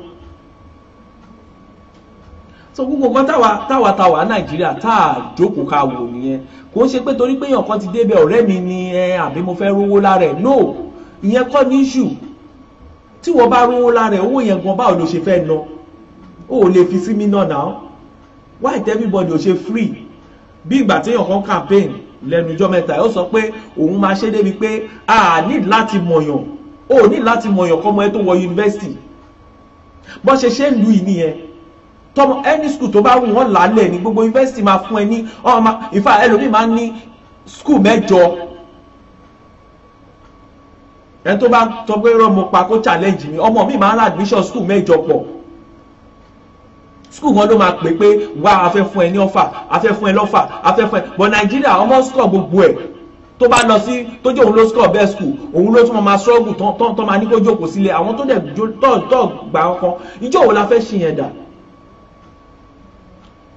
so gbogbo nǹkan táwa táwa táwa nàìjíríà tá a jókòó ká wò nìyẹn kò ń ṣe pé torí pé èèyàn kan ti débẹ̀ ọ̀rẹ́ mi ni ẹ àbí mo fẹ́ rówó lára ẹ̀ no ìyẹn kọ́ ní ṣù tí wọ́n bá rówó lára ẹ̀ owó yẹn gan báwo ló ṣe fẹ́ ná o ò lè fi sí mi náà náà why everybody ò ṣe free bí ìgbà téèyàn kan campaign lẹ́nu ọjọ́ mẹ́ta ẹ̀ ó sọ pé òun máa ṣe débi pé a need láti mọ̀yàn o ní láti mọ̀ èèyàn kọ́mọ ẹ tó wọ yunifásitì bó ṣe ṣe ń lu ìní yẹn tọmọ ẹni skul tó bá wù wọ́n lálẹ́ ní gbogbo yunifásitì máa fún ẹ ní ọmọ ìfà ẹlòmíì máa ń ní skul mẹ́jọ ẹ tó bá tọ rọmọ pa kó challenge mi ọmọ mi máa ń admission skul mẹ́jọ pọ̀ skul wọn ló máa pè pé wá a fẹ́ fún ẹ ní ọ̀fà a fẹ́ fún ẹ lọ́fà a fún ẹ bọ̀ nàìjíríà ọmọ skul gbogbo ẹ̀ tó bá lọ sí tó jẹ́ òun ló score best school òun ló tún máa struggle tán tán máa ní kó jókòó sílẹ̀ àwọn tó dẹ̀ tọ̀ tọ̀ gbà ọkàn ìjọ òun la fẹ́ ṣe yẹn dà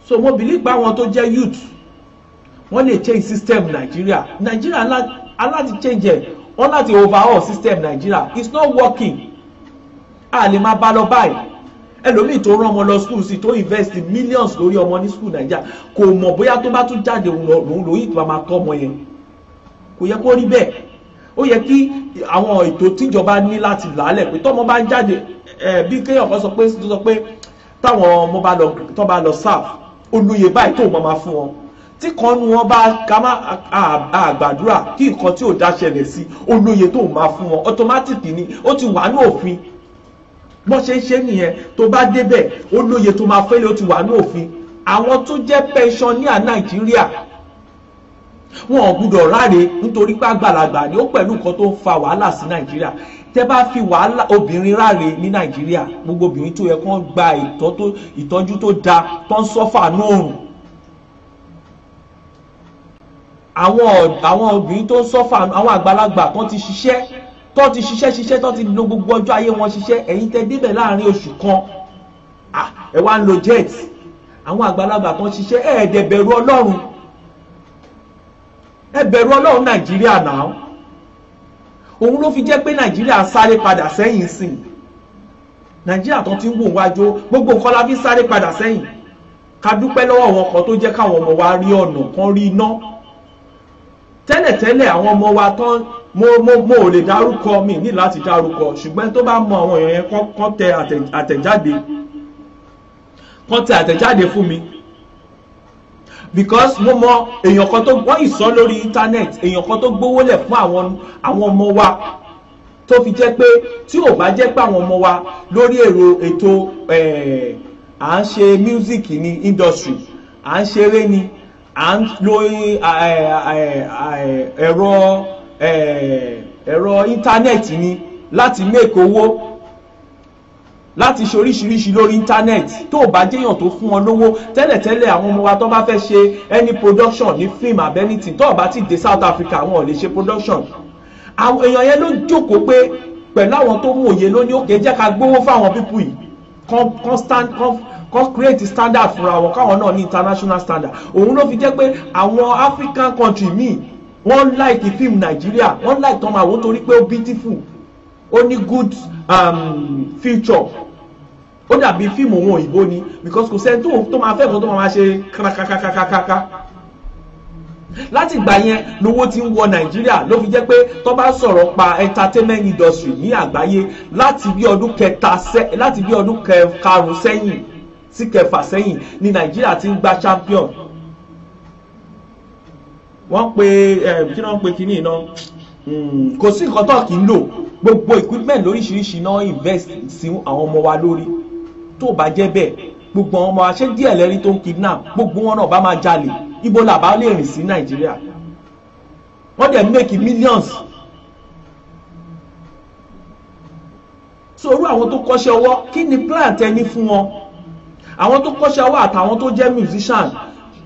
so mo believe pa àwọn tó jẹ́ youth wọ́n lè change system Nigeria Nigeria aláti change ẹ̀ wọ́n láti overhaul system Nigeria it's not working a lè máa bá lọ báyìí ẹlòmíì tó rán ọmọ lọ school sí tó invest millions lórí ọmọ ní school Nigeria kò mọ̀ bóyá tó bá tún jáde lòun lòun yìí tó bá máa tọ́ ọmọ yẹn kò yẹ kó rí bẹ́ẹ̀ ó yẹ kí àwọn ètò tíjọba ní láti làálẹ̀ pé tọ́mọ bá ń jáde ẹ̀ bí kéèyàn kan sọ pé sọ pé táwọn ọmọ bá lọ tọ́ bá lọ sáf olóye báyìí tó máa fún wọn tí kan nu wọn bá ká má àgbàdúrà kí nǹkan tí ò dá ṣẹlẹ̀ sí olóye tó máa fún wọn ọtọmátìkì ni ó ti wà ní òfin bọ́n ṣe ń ṣe nìyẹn tó bá débẹ̀ ó lóye tó máa fẹ́lẹ̀ ó ti wà ní òfin àwọn tó jẹ́ pẹ́ńsọ́níà nàìjíríà wọn ò gbúdọ̀ ráre nítorí pé àgbàlagbà ni ó pẹ̀lú nǹkan tó ń fa wàhálà sí nàìjíríà tẹ́ bá fi wàhálà obìnrin ráre ní nàìjíríà gbogbo obìnrin tó yẹ kán gba ìtọ́jú tó dáa tó ń sọ́fà nóòrùn àwọn obìnrin tó ń sọ́fà àwọn àgbàlagbà kan ti ṣiṣẹ́ tó ti ṣiṣẹ́ ṣiṣẹ́ tó ti lo gbogbo ọjọ́ ayé wọn ṣiṣẹ́ ẹ̀yin tẹ́ débẹ̀ láàrin oṣù kan ẹ wá ń lo jet àwọn àgbàlagbà kan ṣiṣẹ́ ẹ̀ẹ́dẹ̀bẹ̀rù ọlọ́run ẹ bẹ̀rù ọlọ́run nàìjíríà náà òun ló fi jẹ́ pé nàìjíríà sáré padà sẹ́yìn sí i nàìjíríà tó ti ń wò wájú gbogbo nǹkan la fi sáré padà sẹ́yìn ká dúpẹ́ lọ́wọ́ wọn kan tó jẹ́ káwọn ọmọ wa rí ọ̀nà kan rí iná tẹ́lẹ̀tẹ́lẹ̀ àwọn ọmọ wa tán mo mo mo ò lè dárúkọ mi ní láti dárúkọ ṣùgbọ́n tó bá mọ àwọn èèyàn yẹn kọ́ tẹ àtẹ̀jáde kọ́ tẹ àtẹ̀jáde fún mi because mo mọ èèyàn kan tó wọ́n ìsọ lórí internet èèyàn kan tó gbówólẹ̀ fún àwọn àwọn ọmọ wa tó fi jẹ́ pé tí ò bá jẹ́ pé àwọn ọmọ wa lórí èrò ètò eh, à ń ṣe music ní industry à ń ṣeré ni à ń lo eh, eh, ẹ̀rọ ẹ̀rọ íńtánẹ́ẹ̀tì ni láti make owó láti ṣe oríṣiríṣi lórí íńtánẹ́ẹ̀tì tó o bá jẹ́yàn tó fún wọn lówó tẹ́lẹ̀tẹ́lẹ̀ àwọn ọmọ wa tó bá fẹ́ ṣe any production ní film abẹ́nitì tó o bá ti dé South Africa àwọn ò lè ṣe production àwọn èèyàn yẹn ló jókòó pé pẹ̀lú àwọn tó mú òye lónìí òkè jẹ́ ká gbówó fáwọn pípù yìí kan create standard fúnra wọn káwọn náà ní international standard òun ló fi jẹ́ pé àwọn African country míì wọ́n like film Nàìjíríà wọ́n like tọ́mọ àwọn torí pé ó beautiful ó ní good um, future ó dàbí fíìmù òun òyìnbó ni because kò sẹ́ni tó máa fẹ́ kan tó máa ṣe kàkàkàkàkàkà láti ìgbà yẹn lówó ti ń wọ nàìjíríà ló fi jẹ́ pé tó bá sọ̀rọ̀ pa entertainment industry ní àgbáyé láti bí ọdún kẹta sẹ́ láti bí ọdún karùn-ún sẹ́yìn sí kẹfà sẹ́yìn ni nàìjíríà ti ń gba champion wọ́n pe eh, kí ni wọ́n pe kí ni Hmm, kò sí nǹkan tó kì í lò gbogbo equipment lóríṣiríṣi náà invest sí àwọn ọmọ wa lórí tó bá jẹ́ bẹ́ẹ̀ gbogbo àwọn ọmọ wa ṣé díẹ̀ lẹ́rí tó ń kidnap gbogbo wọn náà bá máa jalè ibo làbá lè rìn sí nàìjíríà wọ́n dẹ̀ make millions sorú àwọn tó kọ́ṣẹ́ ọwọ́ kí ni plan tẹni fún wọn àwọn tó kọ́ṣẹ́ ọwọ́ àtàwọn tó jẹ́ musician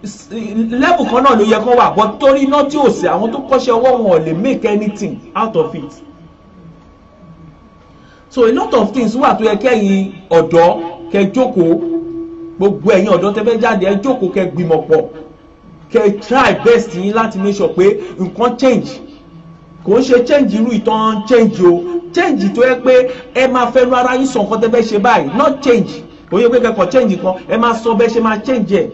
Level kan náà ló yẹ kán wà but torí iná tí ò sí àwọn tó kọ́ṣẹ́ ọwọ́ wọn ò lè make anything out of it so a lot of things wà tó yẹ kẹ́yìn ọ̀dọ́ kẹ́ jókòó gbogbo ẹ̀yin ọ̀dọ́ tẹ́ fẹ́ jáde ẹ jókòó kẹ́ gbìmọ̀ pọ̀ kẹ́ try best yín láti make sure pé nǹkan change kò ń ṣe change irú ìtàn change o change tó yẹ pé ẹ máa fẹ́ lu ara yín sọ nǹkan ṣe báyìí not change kò yẹ pé kẹ́kọ̀ọ́ change kan ẹ máa sọ bẹ́ẹ̀ ṣe máa change ẹ̀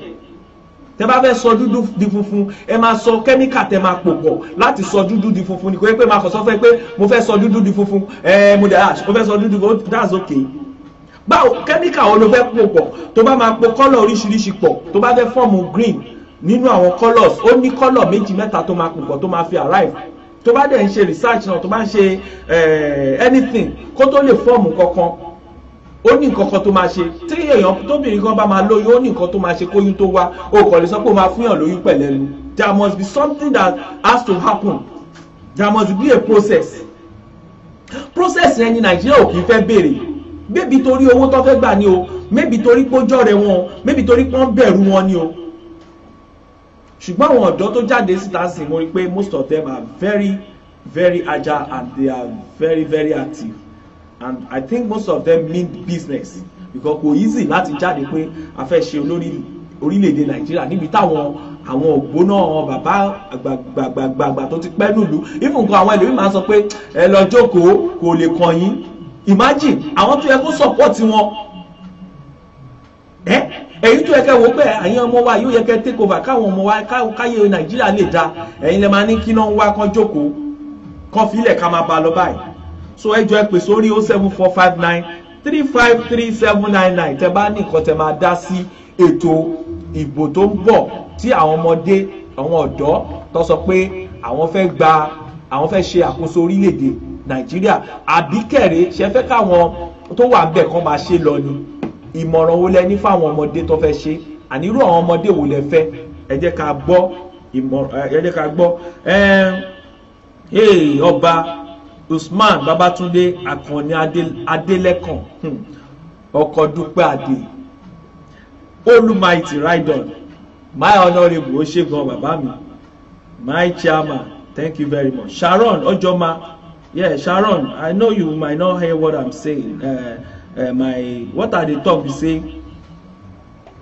tẹ bá fẹ́ sọ dúdú di funfun ẹ máa sọ kẹ́míkà tẹ máa pò pọ̀ láti sọ dúdú di funfun ni kò yẹ pé máa kọ̀ sọ fẹ́ pé mo fẹ́ sọ dúdú di funfun ẹ mo dẹ̀ ash mo fẹ́ sọ dúdú oh, that's okay báwo kẹ́míkà wo ló fẹ́ pò pọ̀ tó bá máa po kọ́lọ̀ oríṣiríṣi pọ̀ tó bá fẹ́ fọ́ọ̀mù green nínú àwọn colours ó ní kọ́lọ̀ méjì mẹ́ta tó máa pò pọ̀ tó máa fi arrive tó bá dẹ̀ ń ṣe research náà tó bá ń ṣe eh, anything kó tó lè fọ́ọ̀mù kankan ó ní nǹkan kan tó máa ṣe tí èèyàn tóbìnrin kan bá máa lóyún ó ní nǹkan tó máa ṣe kóyún tó wá o kò lè sọ pé o máa fún yàn lóyún pẹ̀lẹ́nu there must be something that has to happen there must be a process process yẹn ni nàìjíríà ò kì í fẹ́ béèrè maybe torí owó tó fẹ́ gbà ni o maybe torí pójọ́ rẹ̀ wọn maybe torí pọ́n bẹ̀rù wọn ni o ṣùgbọ́n àwọn ọ̀dọ́ tó jáde síta sí mo rí i pé most of them are very very agile and they are very very active and i think most of them mean business because kò easy láti jáde pé a fẹ́ ṣe olórí orílẹ̀-èdè nàìjíríà níbi táwọn àwọn ògbóná àwọn bàbá gbàgbàgbàgbà tó ti pẹ́ nùlú even kan àwọn ẹlòmíì máa sọ pé ẹ lọ jókòó kò lè kàn imagine àwọn tó yẹ kó support wọn ẹ èyí tó yẹ kẹ́ wò pé àyìn ọmọ wa yóò yẹ kẹ́ take over káwọn ọmọ wa káyé nàìjíríà lè dáa ẹ̀yin lè máa ní kí náà ń wá kán jókòó kán fi ilẹ̀ ká máa ba lọ báyìí so ẹjọ́ ẹ pè sórí o oh seven four five nine three five three seven nine nine tẹ bá ní nǹkan tẹ máa dá sí ètò ìbò tó ń bọ̀ tí àwọn ọmọdé àwọn ọ̀dọ́ tó sọ pé àwọn fẹ́ gba àwọn fẹ́ ṣe àkóso orílẹ̀-èdè nàìjíríà àbíkẹ̀rẹ̀ ṣe fẹ́ káwọn tó wà bẹ̀ kán máa ṣe lọ ni ìmọ̀ràn wo lẹ ní fáwọn ọmọdé tó fẹ́ ṣe ànírú àwọn ọmọdé wo lẹ fẹ́ ẹ jẹ́ ká gbọ́ ìmọ̀ràn ẹ jẹ́ ká gbọ́ ọba usman babatunde akànnì adélẹ́kàn hmm, ọkọ̀ dúpẹ́ adé olùmáìtì raidon my honourable ó ṣe mi my chairman thank you very much sharon Ojoma, yeah sharon i know you might not hear what i'm saying uh, uh, my what i dey talk be say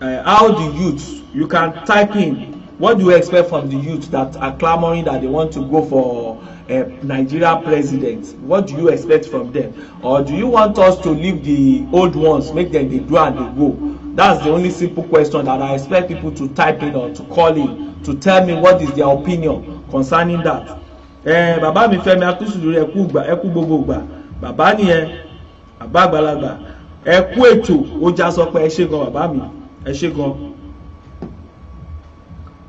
uh, how the youth you can type in what do you expect from the youth that are clamoring that they want to go for Eh, Nigeria president what do you expect from them or do you want us to leave the old ones make them dey do and dey go that's the only simple question that I expect people to type in or to call in to tell me what is their opinion concerning that eh, bàbá mi Fẹ́mi Akínsùn ẹ kú gbà ẹ gbogbo gbà bàbá nìyẹn bàbá àgbàlagbà ẹ ètò ó sọ pé ẹ ṣe gan bàbá mi ẹ ṣe gan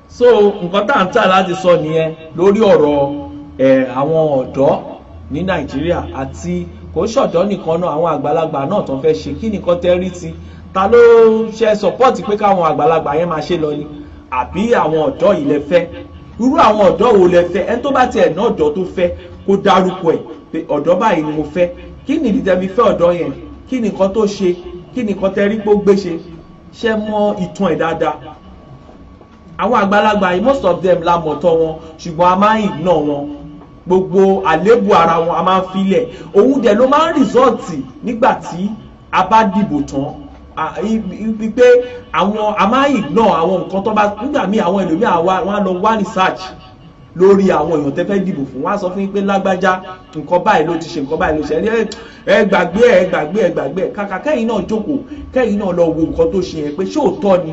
so nǹkan tá à ń tà láti sọ nìyẹn lórí ọ̀rọ̀ àwọn ọ̀dọ́ ní nàìjíríà àti kò ṣọ̀dọ́ nìkan náà àwọn àgbàlagbà náà tó fẹ́ ṣe kí nìkan tẹ́rí ti ta ló ṣe support pé káwọn àgbàlagbà yẹn máa ṣe lọ ni àbí àwọn ọ̀dọ́ yìí lẹ fẹ́ irú àwọn ọ̀dọ́ wo lẹ fẹ́ ẹni tó bá tiẹ̀ ná ọ̀dọ́ tó fẹ́ kó dárúkọ ẹ̀ pé ọ̀dọ́ báyìí ni mo fẹ́ kí ni ìdíje mi fẹ́ ọ̀dọ́ yẹn kí nìkan tó ṣe kí nìkan tẹ́rí pé ó gbé ṣe ṣe mọ ìtàn ẹ̀ dáadáa àwọn àgbàlagbà yìí most of them la mọ̀tọ́ wọn ṣùgbọ́n a máa ń ignore wọn gbogbo àléébù ara wọn a máa ń filẹ̀ òun dẹ̀ ló máa ń rìsọ́ọ̀tì nígbà tí a bá dìbò tán wípé àwọn a máa ignore àwọn nǹkan tó bá nígbà míì àwọn ẹlòmíì àwa wọn á lọ wá research lórí àwọn èèyàn tẹ́ fẹ́ dìbò fún wa sọ fún yín pé lágbájá nǹkan báyìí ló ti ṣe nǹkan báyìí ló ṣe ẹ gbàgbé ẹ gbàgbé ẹ gbàgbé kàkà kẹ́yìn náà jókòó kẹ́yìn náà lọ wo nǹkan tó ṣe yẹn pé ṣé òótọ́ ni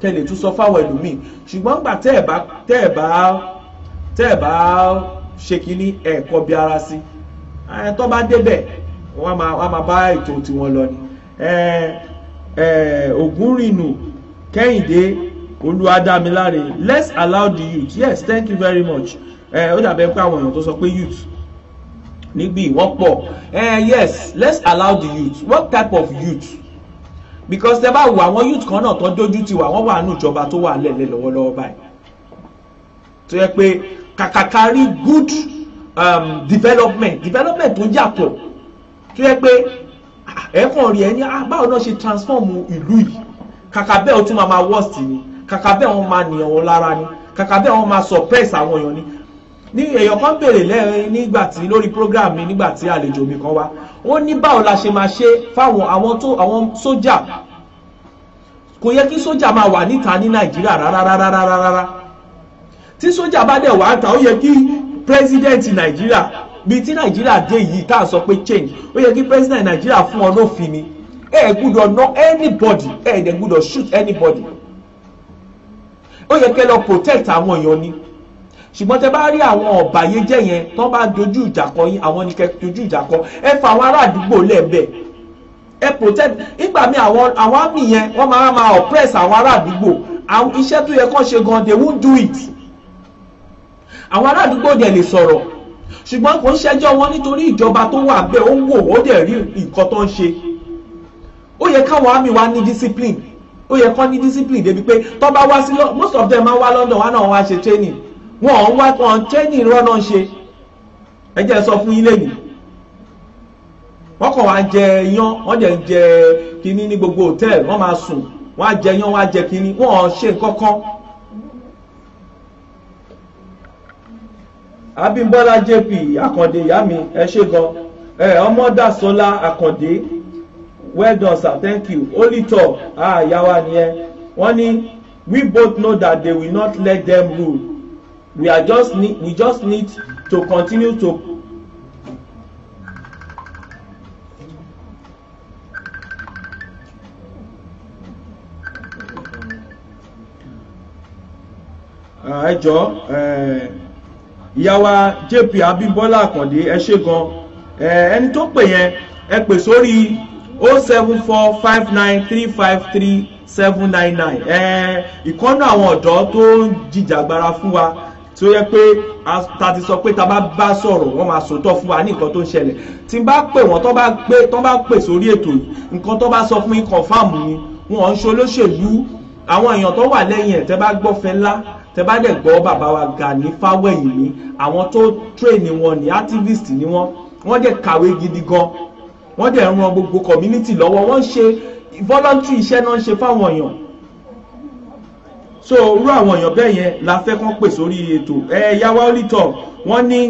kẹ́ lè tún sọ fáwọn ẹlòmíì ṣùgbọ́n gbà tẹ́ ẹ̀ bá tẹ́ ẹ̀ bá tẹ́ ẹ̀ bá ṣe kínní ẹ̀kọ́ bí ara sí tó bá débẹ̀ wọ́n máa bá ètò tiwọn lọ ni ògúnrìnnù kẹ́hìndé olúwadámiláre let's allow the youth yes thank you very much ó dàbẹ̀ pé àwọn èèyàn tó sọ pé youth níbí wọ́n pọ̀ yes let's allow the youth what type of youth because tẹ bá wo àwọn youth kan náà tó dójú tì wá wọ́n wà nù ìjọba tó wà lẹ́lẹ́ lọ́wọ́lọ́wọ́ báyìí tó yẹ pé kàkàkárí good um, development development tó yàtọ̀ tó yẹ pé ẹ̀ẹ́kàn rí ẹ ní ah, báwo náà ṣe transform ìlú yìí kàkà bẹ́ẹ̀ ó tún máa máa worst ni kàkà bẹ́ẹ̀ wọ́n máa nìyàn wọn lára ni kàkà bẹ́ẹ̀ wọ́n máa suppress àwọn èèyàn ni ní èèyàn kan béèrè lẹ́yìn nígbà tí lórí program mi nígbà tí àlejò mi kan wá ó ní báwo la ṣe máa ṣe fáwọn àwọn tó àwọn sójà kò yẹ kí sójà máa wà níta ní nàìjíríà rárá rárá rárá rárá tí sójà bá dẹ̀ wá ta ó yẹ kí pírẹsidẹ́ǹtì nàìjíríà bíi tí nàìjíríà dé yìí tá a sọ pé change ó yẹ kí pírẹsidẹ́ǹtì nàìjíríà fún ọ lófin ni ẹ gbúdọ̀ ná anybody ẹ dẹ̀ gbúdọ̀ shoot anybody ó yẹ kẹ́ lọ protect àwọn èèyàn ni ṣùgbọ́n tẹ bá rí àwọn ọ̀bàyéjẹ́ yẹn tán bá dojú ìjà kọ yín àwọn ni kẹ́ dojú ìjà kọ ẹ fa àwọn ará àdúgbò lẹ́ẹ̀bẹ̀ ẹ protect nígbà míì àwọn àwọn àmì yẹn wọ́n máa máa oppress àwọn ará àdúgbò iṣẹ́ tó yẹ kán ṣe gan they won't do it àwọn ará àdúgbò dẹ̀ lè sọ̀rọ̀ ṣùgbọ́n kò ń ṣẹjọ́ wọn nítorí ìjọba tó wà bẹ́ẹ̀ ó ń wò ó dẹ̀ rí nǹkan tó ń ṣe ó yẹ káwọn àmì wa ní discipline ó yẹ kán ní discipline débi pé tó wá sí most of them máa wá London wá náà wá ṣe training wọn ò wá wọn training rọ́nà ṣe ẹ jẹ́ sọ fún yín lẹ́nu wọ́n kàn wá jẹ iyán wọ́n dẹ̀ ń jẹ kínní ní gbogbo hòtẹ́ẹ̀lì wọ́n máa sùn wọ́n á jẹ iyán wọ́n á jẹ kínní wọ́n ṣe nǹkan kan abímbọ́lá jp àkàndé ìyá ẹ ṣé gan ẹ ọmọdàsọlá àkàndé well done sir thank you Only olùtọ̀ àyàwá nìyẹn wọ́n ní we both know that they will not let them rule we are just need we just need to continue to ah, ẹjọ́ uh, eh, ìyáwá jp abímbọ́lá àkàndé ẹ ṣe gan ẹni tó pè yẹn ẹ pè sórí nine ẹ ìkọ́nà àwọn ọ̀dọ́ tó ń jìjàgbara fún wa tí ó yẹ pé ta ti sọ pé ta bá bá sọ̀rọ̀ wọ́n máa sòótọ́ fún wa ní nǹkan tó ń ṣẹlẹ̀ tí n bá pè wọ́n tó bá pè sórí ètò nǹkan tó bá sọ fún yín confam ni wọn ò ń ṣolóṣèlú àwọn èèyàn tó wà lẹ́yìn ẹ̀ tẹ́ bá gbọ́fẹ́ ńlá tẹ bá dẹ̀ gbọ́ bàbá wa Gani Fáwẹ́yìmí àwọn tó train wọn ní activist ni wọ́n wọ́n dẹ̀ kàwé gidi gan wọ́n dẹ̀ ran gbogbo community lọ́wọ́ wọ́n ṣe voluntary iṣẹ́ náà ṣe fáwọn èèyàn so irú àwọn èèyàn bẹ́ẹ̀ yẹn la fẹ́ kán pè sórí ètò ẹ yàwá olítọ̀ wọ́n ní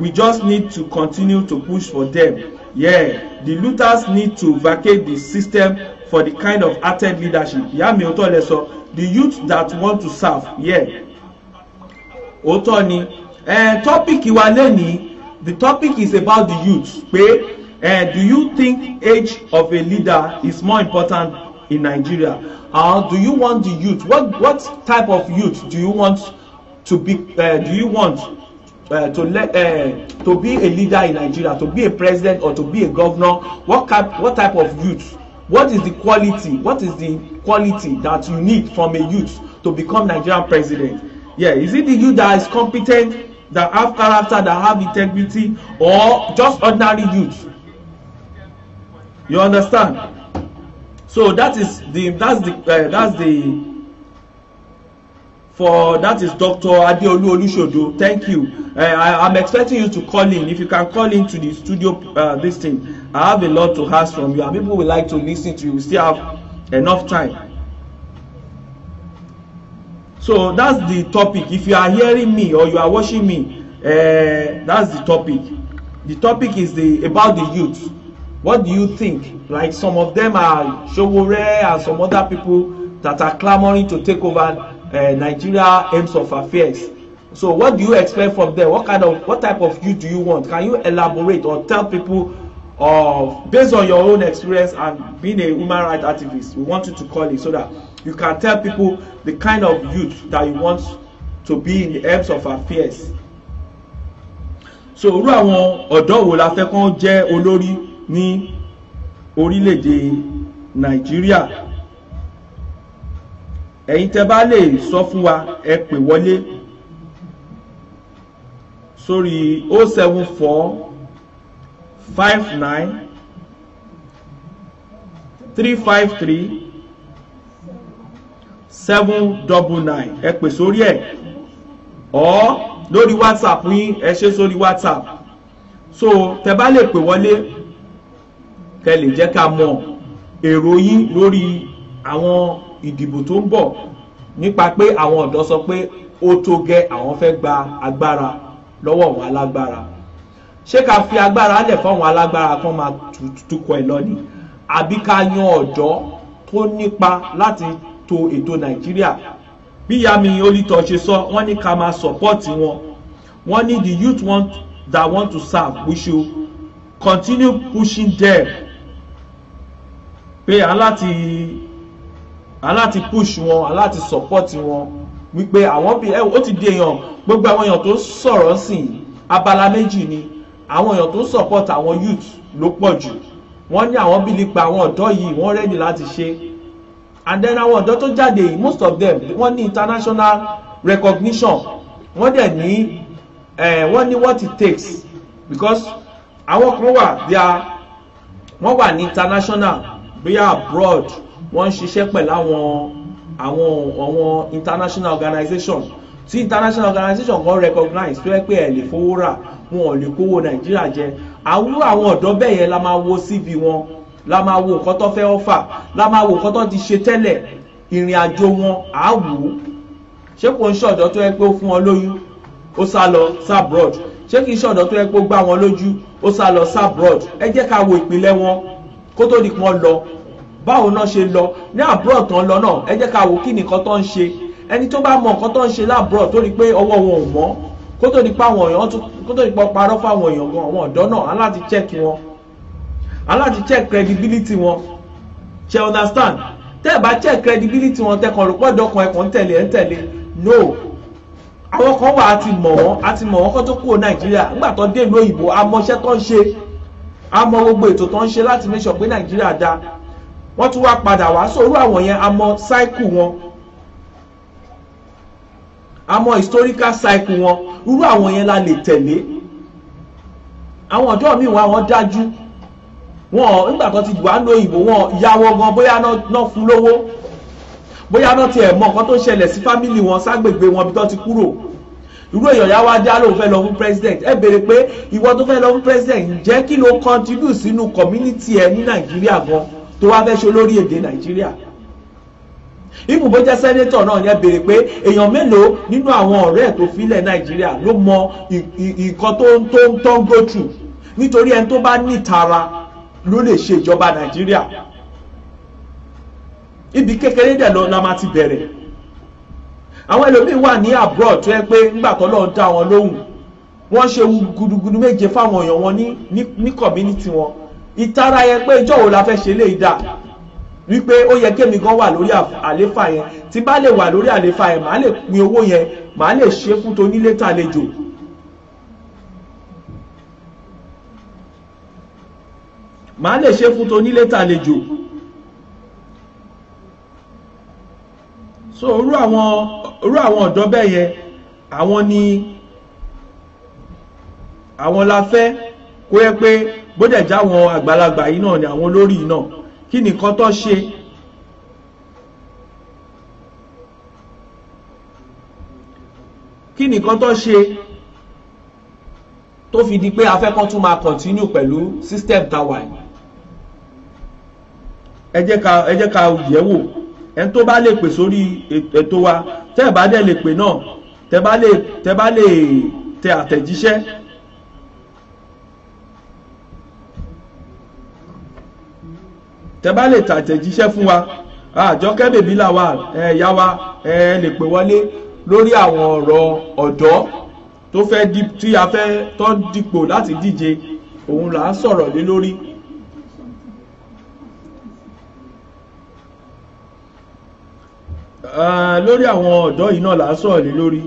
we just need to continue to push for them yeah the looters need to vacate the system for the kind of active leadership ìyá mi òótọ́ lẹ sọ the youth that want to serve yeah òótọ́ ni uh, topic wa lẹ́nìí the topic is about the youth pé uh, do you think age of a leader is more important in Nigeria or do you want the youth what what type of youth do you want to be uh, do you want uh, to let uh, to be a leader in Nigeria to be a president or to be a governor what type what type of youth what is the quality what is the quality that you need from a youth to become Nigerian president yeah is it the youth that is competent that have character that have integrity or just ordinary youth you understand so that is the that's the uh, that's the for that is Dr. Adeolu Olushodo. Thank you. Uh, I, am expecting you to call in. If you can call in to the studio, uh, this thing. I have a lot to ask from you, and people will like to listen to you. We still have enough time. So that's the topic. If you are hearing me or you are watching me, uh, that's the topic. The topic is the about the youth. What do you think? Like some of them are Showore and some other people that are clamoring to take over uh, Nigeria aims of affairs so what do you expect from them what kind of what type of youth do you want can you elaborate or tell people of based on your own experience and being a human rights activist we want you to call it so that you can tell people the kind of youth that you want to be in the aims of affairs so irú àwọn ọ̀dọ́ wo la fẹ́ kán jẹ́ olórí ní orílẹ̀-èdè Nàìjíríà ẹ̀yin tẹ́ bá lè sọ fún wa ẹ pè wọlé sórí 074 59 353 799 ẹ pè sórí ẹ̀ ọ́ lórí WhatsApp yín ẹ ṣe sórí WhatsApp so tẹ́ bá lè pè wọlé kẹ́ lè jẹ́ ká mọ̀ èrò yín lórí àwọn ìdìbò tó ń bọ̀ nípa pé àwọn ọ̀dọ́ sọ pé ó tó gẹ́ àwọn fẹ́ gba agbára lọ́wọ́ àwọn alágbára ṣé ká fi agbára lẹ̀ fáwọn alágbára kan máa tukọ̀ ẹ̀ lọ ni àbí ká yan ọ̀dọ́ tó nípa láti to ètò nàìjíríà bí yami olítọ̀ ṣe sọ wọ́n ní ká máa sọ̀pọ́ọ̀tì wọn wọ́n ní the youth want, that want to serve we should continue pushing them pé aláti aláti push wọn aláti support wọn wípé àwọn bí ó ti di èèyàn gbogbo àwọn èèyàn tó sọ̀rọ̀ sí i abala méjì ni àwọn èèyàn tó support àwọn youth ló pọ̀ jù wọ́n ní àwọn bí nípa àwọn ọ̀dọ́ yìí wọ́n ready láti ṣe and then àwọn ọ̀dọ́ tó jáde yìí most of them wọ́n ní international recognition wọ́n dẹ̀ ní wọ́n ní what it takes because àwọn kan wà bí i wọ́n wà ní international bí i abroad wọ́n ń ṣiṣẹ́ pẹ̀lú àwọn àwọn àwọn international organization tí international organization kan recognize tó yẹ pé ẹ̀ lè fowó rà wọn ò lè kówó nàìjíríà jẹ àwúrò àwọn ọ̀dọ́ bẹ́ẹ̀ yẹn la máa wo cv wọn la máa wo nǹkan tó fẹ́ ọ́fà la máa wo nǹkan tó ti ṣe tẹ́lẹ̀ ìrìn àjò wọn á wò ó ṣé kò ń ṣọ̀dọ̀ tó yẹ pé ó fún wọn lóyún ó sá lọ sá abroad ṣé kì í ṣọ̀dọ̀ tó yẹ pé ó gbá wọn lójú ó sá lọ sá abroad ẹ jẹ́ ká wo ìpínlẹ̀ wọn kó tó di pọn lọ báwo náà ṣe lọ ní abroad tán lọ náà ẹ jẹ́ ká wò kí nìkan tó ń ṣe ẹni tó bá mọ nǹkan tó ń ṣe lábroad tó rí pé ọwọ́ wọn ò mọ́ kó tó nípa àwọn èèyàn kó tó nípa parọ́ fáwọn èèyàn gan àwọn ọ̀dọ́ náà aláti check wọn aláti check credibility wọn ṣe understand tẹ́ ẹ̀ bá check credibility wọn tẹ́kàn rò pọ́dọ̀ kan ẹ̀kọ́ ń tẹ̀lé ń tẹ̀lé no àwọn kan wà á ti mọ̀ wọ́n á ti mọ̀ wọ́n kó tó kúrò nàìjíríà nígbà tó dé ìlú òyìnbó amọ̀ṣẹ́ tó ń ṣe amọ̀ gbogbo ètò tó ń ṣe láti make sure pé nàìjíríà dáa wọ́n tún wá padà wá sóòrú àwọn yẹn a mọ cycle wọn a mọ historical cycle wọn irú àwọn yẹn la lè tẹ̀lé àwọn ọ̀dọ́ mi wá wọn dájú wọn nígbà tó ti wà ń lo ìbò wọn yàwọ gan bóyá náà fún lówó bóyá náà tiẹ̀ mọ nǹkan tó ṣẹlẹ̀ sí fámìlì wọn ságbègbè wọn bí tó ti kúrò irú èèyàn yá wá dá lóun fẹ́ lọ fún president ẹ béèrè pé ìwọ tó fẹ́ lọ fún president ǹjẹ́ kí ló contribute sínú community ẹ ní nàìjíríà gan-an tó wá fẹ́ ṣe olórí èdè nàìjíríà ìmùbó jẹ́ sẹ́nétọ̀ náà yẹn béèrè pé èèyàn mélòó nínú àwọn ọ̀rẹ́ ẹ̀ tó filẹ̀ nàìjíríà ló mọ nǹkan tó ń tó ń tó ń go through nítorí ẹni tó bá nítara ló lè ṣe ìjọba nàìjíríà ibi kékeré dẹ̀ lọ la máa ti bẹ̀rẹ̀ àwọn ẹlòmíín wà ní abroad tó yẹ pé ńgbà tó lọ́ọ́ dá wọn lóhùn wọ́n ṣe gudugudu méje fáwọn èèyàn wọn ní ní community wọn ìtara yẹn pé ìjọ wo la fẹ́ ṣe lè dà wípé ó yẹ kémi gan wà lórí àléfà yẹn tí bá lè wà lórí àléfà yẹn màá lè pin owó yẹn màá lè ṣe fún tonílé tàlejò màá lè ṣe fún tonílé tàlejò so orú àwọn orú àwọn ọ̀dọ́ bẹ́ẹ̀ yẹn àwọn ni àwọn la fẹ́ kó yẹ pé bódẹ̀ já àwọn àgbàlagbà yìí náà ni àwọn olórí yìí náà kí nìkan tó ṣe kí nìkan tó ṣe tó fi di pé afẹ́kọ́ tún máa continue pẹ̀lú system tàwa yìí ẹ jẹ́ ka ẹ jẹ́ ká yẹ̀wò ẹni tó bá lè pè sórí ètò wa tẹ́ ẹ̀ bá dẹ̀ lè pè náà tẹ́ tẹ́ bá lè tẹ àtẹ̀jíṣẹ́ tẹ bá lè tàtẹ̀jíṣẹ́ fún wa àjọkẹ́ bèbí là wà ẹ yá wa ẹ lè pè wọlé lórí àwọn ọ̀rọ̀ ọ̀dọ́ tó fẹ́ di tí a fẹ́ tó dipò láti díje òun là ń sọ̀rọ̀ lé lórí. lórí àwọn ọ̀dọ́ yìí náà là ń sọ̀rọ̀ lé lórí.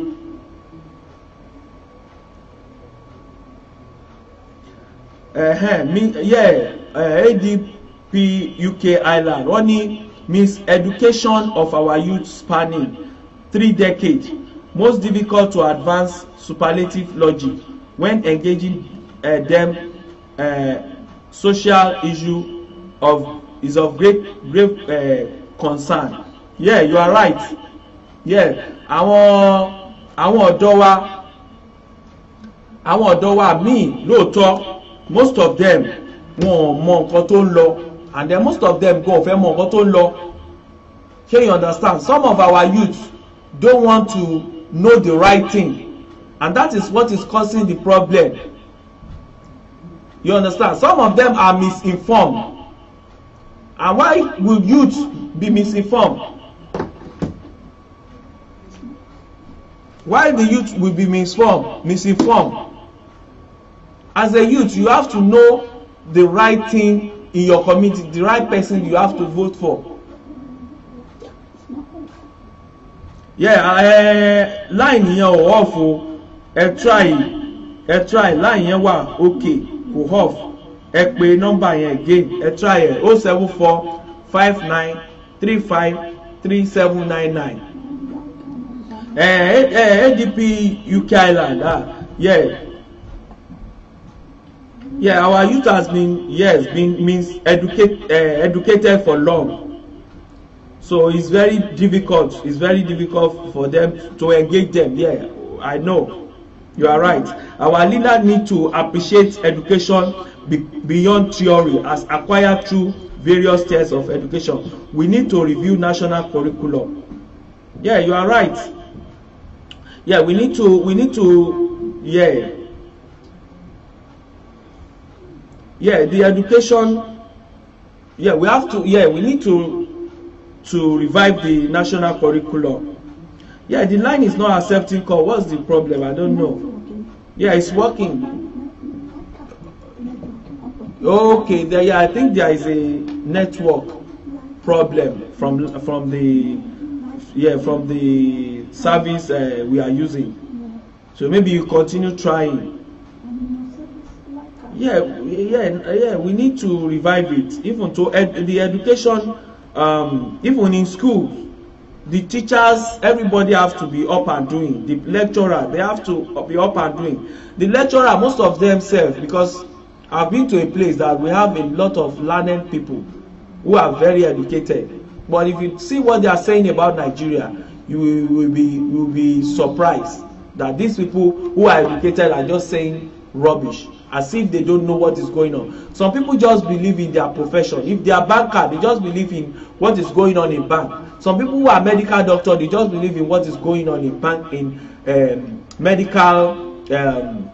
ẹ̀hẹ́n mi yẹ́ ẹ̀ ADP p uk island wọ́n ní education of our youth spanning three decades most difficult to advance superlative logic when engaging uh, them uh, social issue of is of great great uh, concern yeah you are right yeah àwọn àwọn ọ̀dọ́ wa àwọn ọ̀dọ́ wa míì lóòótọ́ most of them wọn ò mọ nǹkan tó ń lọ and then most of them go ọ̀fẹ́ mọ nǹkan tó ń lọ ṣé you understand some of our youth don't want to know the right thing and that is what is causing the problem you understand some of them are misinformed and why will youth be misinformed why the youth will be misinformed misinformed as a youth you have to know the right thing in your community, the right person you have to vote for. yeah ẹ line yẹn ò off o ẹ try ẹ try line yẹn wà okay kò off ẹ pè number yẹn again ẹ try ẹ o oh seven four five nine three five three seven nine nine ẹ eh, ẹ eh, ADP UK Ireland ah yeah. Yeah, our youth has been yes been means educate uh, educated for long. So it's very difficult. It's very difficult for them to engage them. Yeah, I know. You are right. Our leaders need to appreciate education be beyond theory as acquired through various tiers of education. We need to review national curriculum. Yeah, you are right. Yeah, we need to we need to yeah yeah the education yeah we have to yeah we need to to revive the national curriculum yeah the line is not accepting call what's the problem i don't know yeah it's working okay there yeah i think there is a network problem from from the yeah from the service uh, we are using so maybe you continue trying yeah, yeah, yeah, we need to revive it. Even to ed the education, um, even in school, the teachers, everybody have to be up and doing. The lecturer, they have to be up and doing. The lecturer, most of themselves, because I've been to a place that we have a lot of learned people who are very educated. But if you see what they are saying about Nigeria, you will, you will be you will be surprised that these people who are educated are just saying rubbish as if they don't know what is going on some people just believe in their profession if they are banker they just believe in what is going on in bank some people who are medical doctor they just believe in what is going on in bank in um, medical um,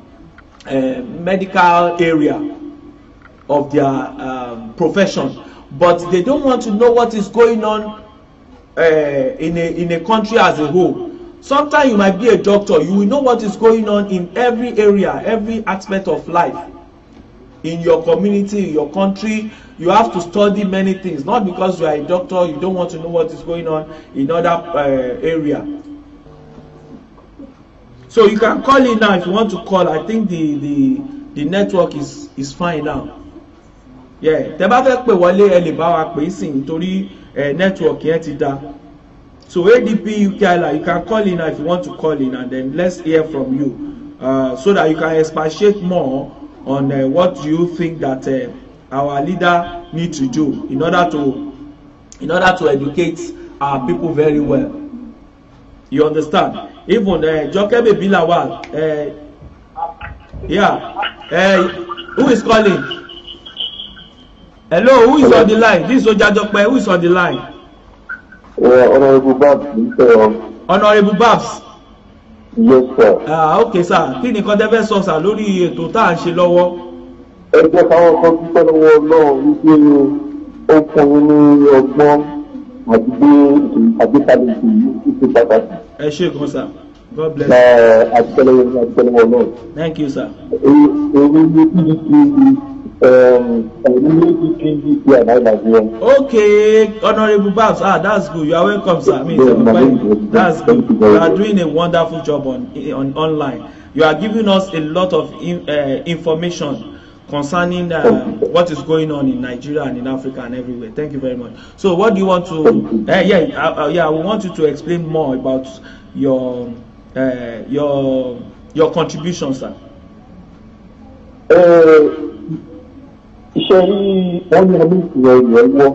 uh, medical area of their um, profession but they don't want to know what is going on uh, in a in a country as a whole sometimes you might be a doctor you will know what is going on in every area every aspect of life in your community in your country you have to study many things not because you are a doctor you don't want to know what is going on in other uh, area so you can call in now if you want to call i think the the the network is is fine now yeah tẹ́ bá fẹ́ pè wọlé ẹ lè bá wa pè é sí nítorí eh, network yẹn ti da. So ADP UKILA, you can call in if you want to call in, and then let's hear from you uh, so that you can expatiate more on uh, what you think that uh, our leader need to do in order to in order to educate our people very well. You understand? Even uh, Jokebe Bilawal, uh, yeah, uh, who is calling? Hello, who is on the line? This is Ojajope, who is on the line? honourable babs ń sọ̀rọ̀. Um, honourable babs. yes sir. ah ok sir kí ni kan tẹ́fẹ́ sọ sà lórí ètò tá à ń ṣe lọ́wọ́. ẹ jẹ́ káwọn kan dúpẹ́ lọ́wọ́ ọlọ́run wípé ó fún un ní ọgbọ́n àti pé àgbékalẹ̀ ìṣèlú ṣe pàtàkì. ẹ ṣe kan sà. God bless you. Àtẹlẹwọ Àtẹlẹwọ náà. Thank you sir. Um, okay honourable babs ah that's good you are welcome sir me yeah, quite, that's good you are doing a wonderful job on on online you are giving us a lot of in, uh, information concerning uh, what is going on in Nigeria and in Africa and everywhere thank you very much so what do you want to eh, uh, yeah uh, yeah we want you to explain more about your uh, your your contribution sir. Uh, iṣẹ́ yìí wọ́n ní ọdún ìṣúra ilẹ̀ wọ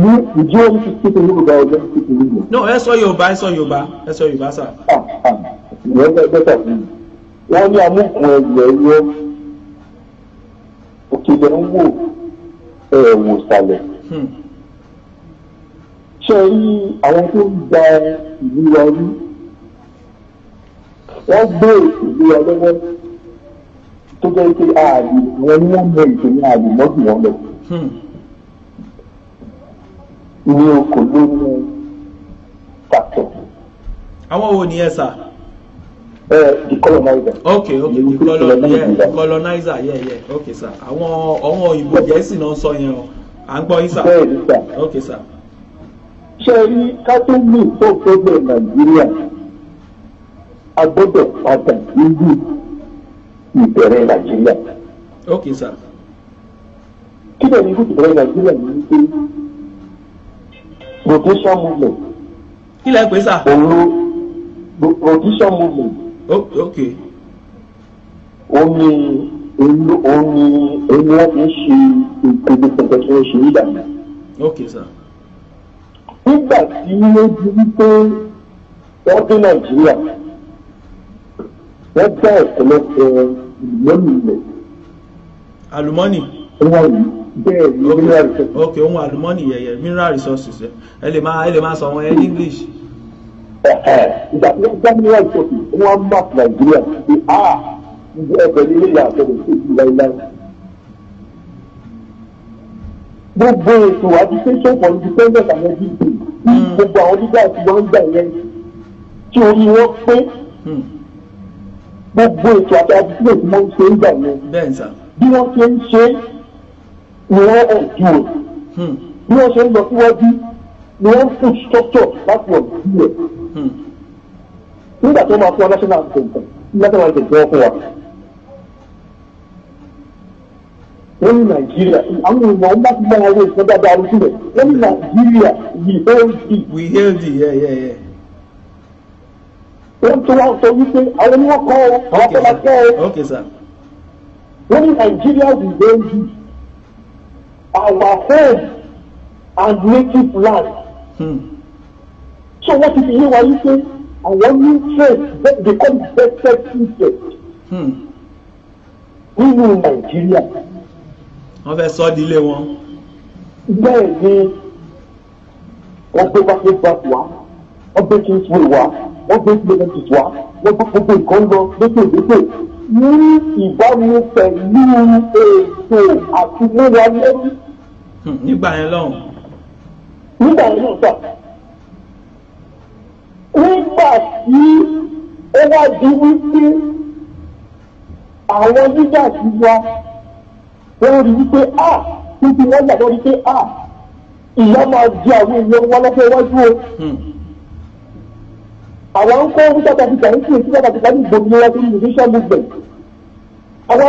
ní ìdí orí ti kéde yorùbá ọjọ́ ti kéde yorùbá. no ẹ sọ yorùbá ẹ sọ yorùbá ẹ sọ yorùbá sà. Ah, ah. ìyẹn bẹ bẹta fún mi wọ́n ní amúkùn ẹgbẹ́ yọ òkèlè ń wò ẹ sàlẹ̀. Hmm. ṣé rí àwọn tó ń gba ìlú wa rí wọ́n gbé ìlú wa lọ́wọ́ tó jẹ́ pé ààyè wọn ní wọ́n mọ ìṣe ní ààyè mọ́jú wọn lọ. ní hmm. oko ló mú pàtó. àwọn wo ni ẹ sà. ẹ decolonizer. ok ok decolonizer decolonizer yẹ yẹ ok sà àwọn àwọn òyìnbó gẹ̀ẹ́sì náà sọ yẹn o à ń gbọ́ yín sà. bẹ́ẹ̀ ni sà. ok sà. ṣé ẹ rí kátólì tó fẹ́ bẹ̀ nàìjíríà a gbọ́dọ̀ padà níbí ìbẹ̀rẹ̀ nàìjíríà. ok sir. kí lè ní ìbẹ̀rẹ̀ nàìjíríà ní pé rotation movement. kí lè pè sà. òun ló rotation movement. ok. omi omi omi omi wọn fi ṣe ìpele pẹpẹ tí wọn ṣe nígbà náà. ok sir. nígbà tí wọ́n di wípé wọ́n dé nàìjíríà wọ́n já ọ̀pọ̀lọpọ̀ àlùmọ́nì ilẹ̀. àlùmọ́nì. wọ́n yìí bẹ́ẹ̀ ni mineral resources. ok ohun àlùmọ́nì yẹyẹ mineral resources ẹ lè máa ẹ lè máa sọ wọn ẹ ní English. ìgbà tí wọ́n já mineral resources wọ́n á map Nàìjíríà pé a ìjọ ẹ̀bẹ̀ ní ilé àtọ̀rọ̀ sí ìlú láíláí. gbogbo ètò agitation for independence and everything gbogbo àwọn onígbà tí wọ́n ń gbà yẹn tí orí wọn pé. Hmm gbogbo ètò àti àdúgbò tí wọ́n ń ṣe ń gbà yẹn bí wọ́n ṣe ń ṣe ni wọ́n ọ̀ ju o bí wọ́n ṣe ń lọ síwájú ni wọ́n ń fún structure láti ọ̀ ju ẹ̀ nígbà tó máa fún ọ national anthem national anthem tí wọ́n fún wa wọ́n ní nàìjíríà àwọn èèyàn ń bá ti máa wọ ìsọdá dáa rú sílẹ̀ wọ́n ní nàìjíríà we hail thee. we hail thee yeah, yeah, yeah wọ́n tún wá sọ wípé àwọn ni wọ́n kọ́ ọ àwọn tó máa kọ́ ọ. wọ́n ní Nigeria we dey do our home and native land. Hmm. so wọ́n ti fi yé wa wípé àwọn new trade become better interest hmm. nínú Nàìjíríà. wọ́n fẹ́ sọ ọ́ di ilé wọn. bẹ́ẹ̀ ni wọ́n gbé wá gbé gbà wá wọ́n gbé kí n fún wa wọ́n gbé clementis wá wọ́n gbé gbogbo nǹkan lọ létòlétò ní ìbámu pẹ̀lú ètò àti múra hmm, lẹ́yìn. nígbà yẹn lọ́hùn. nígbà yẹn lọ́hùn sà. nígbà tí ó wá di wípé àwọn nígbà tí wá wọ́n rí wípé a títí wọ́n gbàgbọ́ wípé a ìyá máa jẹ àwọn èèyàn wọn lọ́pọ̀ iwájú o. Hmm àwọn ń kó south africa ń kí south africa ní gbogbo wọn ní musician àwọn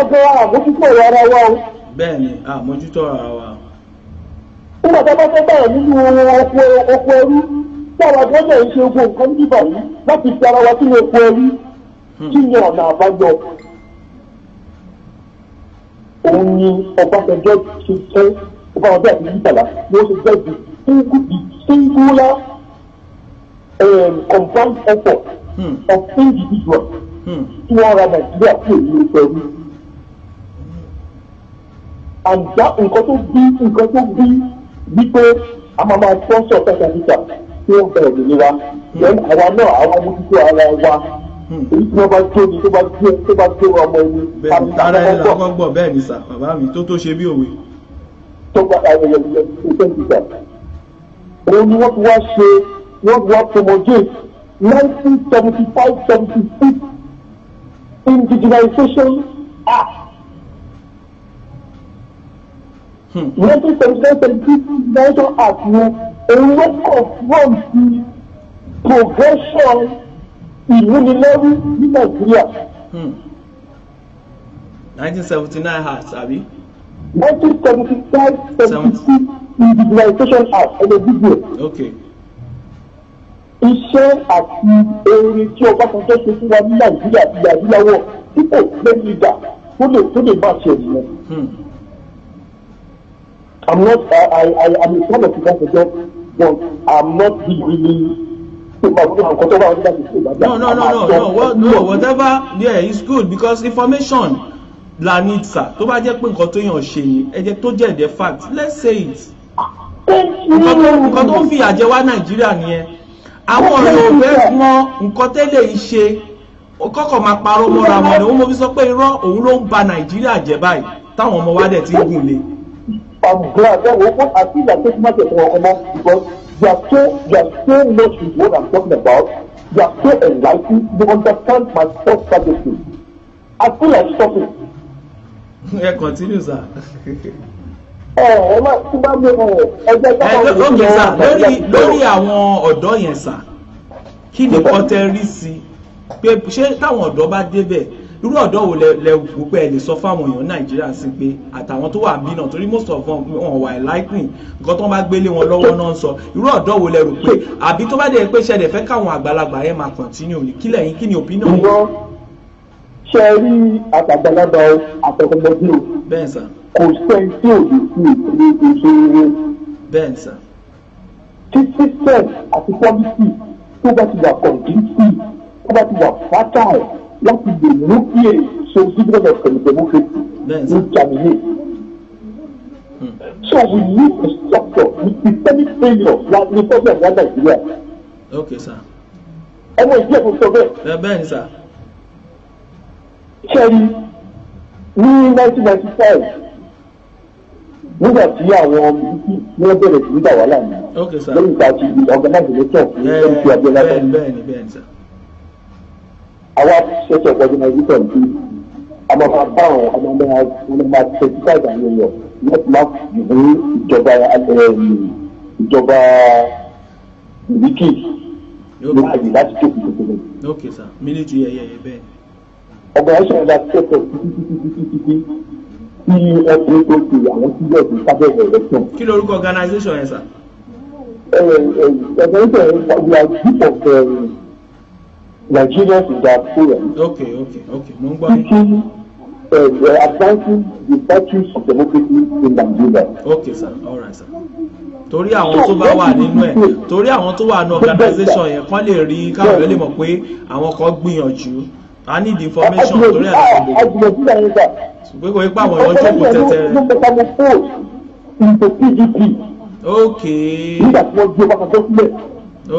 ọgbẹ́ wa àmójútó ọ̀rọ̀ ara wa o. bẹ́ẹ̀ni àmójútó ara wa. nígbà tó bá fẹ́ bẹ̀rẹ̀ nínú oko ẹrú tí àwọn àgbẹ̀ náà ń ṣe ogun nǹkan níbà yìí láti fi ara wa sínú oko ẹrú hmm. kí ni ọ̀nà àbájọ òun ni ọbásanjọ́ ṣe ṣe jẹ́ the um, confirmed effort hmm. of individuals hmm. tí wọ́n their nàìjíríà sí èyí pẹ̀lú. and that nǹkan tó bí nǹkan tó because I'm a máa máa sponsor south africa tí ó bẹ̀rẹ̀ òmìnira hmm. then I want àwa mójútó ara wa hmm. èyí tí wọ́n bá jó ni tó bá jó tó bá jó ọmọ ẹni. bẹ́ẹ̀ni ara ẹ la gbọgbọ bẹ́ẹ̀ni sà bàbá mi tó tó ṣe bí òwe. tó bá ayẹyẹ ìṣẹ́ ìṣẹ́ ìṣẹ́ òun ni wọ́n ti wá ṣe. World War promulgates 1975-76 Indigenization Act. Hmm. nineteen seventy nine seventy six Indigenization Act ni òun ló confront the progression ìmúnilẹ́rú ní Nàìjíríà. Hmm. nineteen seventy nine Act àbí. nineteen seventy five seventy six Indigenization Act Okay iṣẹ́ àti orin tí Ọbásanjọ́ ṣe fún wa ní Nàìjíríà àti adúláwọ̀ tí kò lẹ́nu ìdá tó lè tó lè máa ṣe nìyẹn. Hmm. I'm not I I I am a fan of Ọbásanjọ́ but I'm not really no no no no no no whatever yeah it's good because information la need sa tó bá jẹ́ pé nǹkan tó yàn ṣe ni ẹ jẹ́ tó jẹ́ the fact let's say it nǹkan tó ń fi àjẹwá Nàìjíríà nìyẹn àwọn ọ̀rẹ́ ò fẹ́ mọ nǹkan tẹ́lẹ̀ yìí ṣe kọ́kọ́ máa parọ́ mọ́ra wọn ni wọ́n mọ̀ fi sọ pé irọ́ òun ló ń ba nàìjíríà jẹ́ báyìí táwọn ọmọ wa dẹ̀ ti gùn lé. because they are so they are so with what I'm talking about they are so enlightened they understand my thought strategy I feel like stopping. ẹ continue sir. ẹ wá tí bá gbé wọn ẹgbẹ́ tó bá gbé wọn. lórí lórí àwọn ọ̀dọ́ yẹn sà kí ni kọ́tẹ́ rí sí pé ṣé táwọn ọ̀dọ́ bá débẹ̀ irú ọ̀dọ́ wo lẹ wò pé ẹ lè sọ fáwọn èèyàn nàìjíríà sí pé àtàwọn tó wà bí náà torí most of them wọn wà láìpìn nǹkan tó bá gbélé wọn lọ́wọ́ náà ń sọ irú ọ̀dọ́ wo lẹ rò pé àbí tó bá dẹ̀ pé ṣẹlẹ̀ fẹ́ káwọn àgbàlagbà yẹn máa continue ní kílẹ̀ yín kí ni opinion yín. ṣe rí àtàgbàlagbà àtọkọgbọgbọ. bẹ́ẹ̀ sà kò sẹ́ni tí ò lè fi ìpele ìṣòro. bẹ́ẹ̀ sà. tí system àti policy tó bá ti wà kọ̀ǹdínsì tó bá ti wà fatal láti lè mú kí èso dividend of democracy ní germany. Hmm. so we need a structure with systemic failure like the problem wa Nigeria. okay sir. ọmọ ìdí ẹ̀kọ́ sọ bẹ́ẹ̀. Eh, bẹ́ẹ̀ ni sà. ṣẹ́ni ní nineteen ninety five nígbà tí àwọn bíkí ni wọ́n bẹ̀rẹ̀ sí ní wàhálà ní lẹ́yìn tá a ti organize election fún mc abiola fẹ́mi àwa ṣẹ̀ṣẹ̀ organization bí a máa máa bá àwọn ọmọ ọmọ ọmọ máa tẹsíkáìdì àwọn èèyàn láti máa fìwé ìjọba ìjọba bíkí ní àyè láti tó kùtùkùtù. ọgbà ẹ̀ṣọ́ ìlà tẹ̀sán títí títí títí tí ẹgbẹ́ tó ṣe àwọn tí yóò fi sábẹ́ election. kí lorúkọ organisation yẹn sà. organisation yẹn we are group of um, eh, Nigerians in diaspora. okay okay okay mo ń gbọ́ yín. teaching uh, advancing the virtues of democracy in Nigeria. okay sir all right sir torí àwọn tó bá wà nínú ẹ torí àwọn tó wà ní organisation yẹn kán lè rí káwọn lè mọ̀ pé àwọn kan gbìyànjú I need information torí ẹ̀ láti lè pé àwọn èèyàn jókòó tẹ́tẹ́rẹ́. ok ok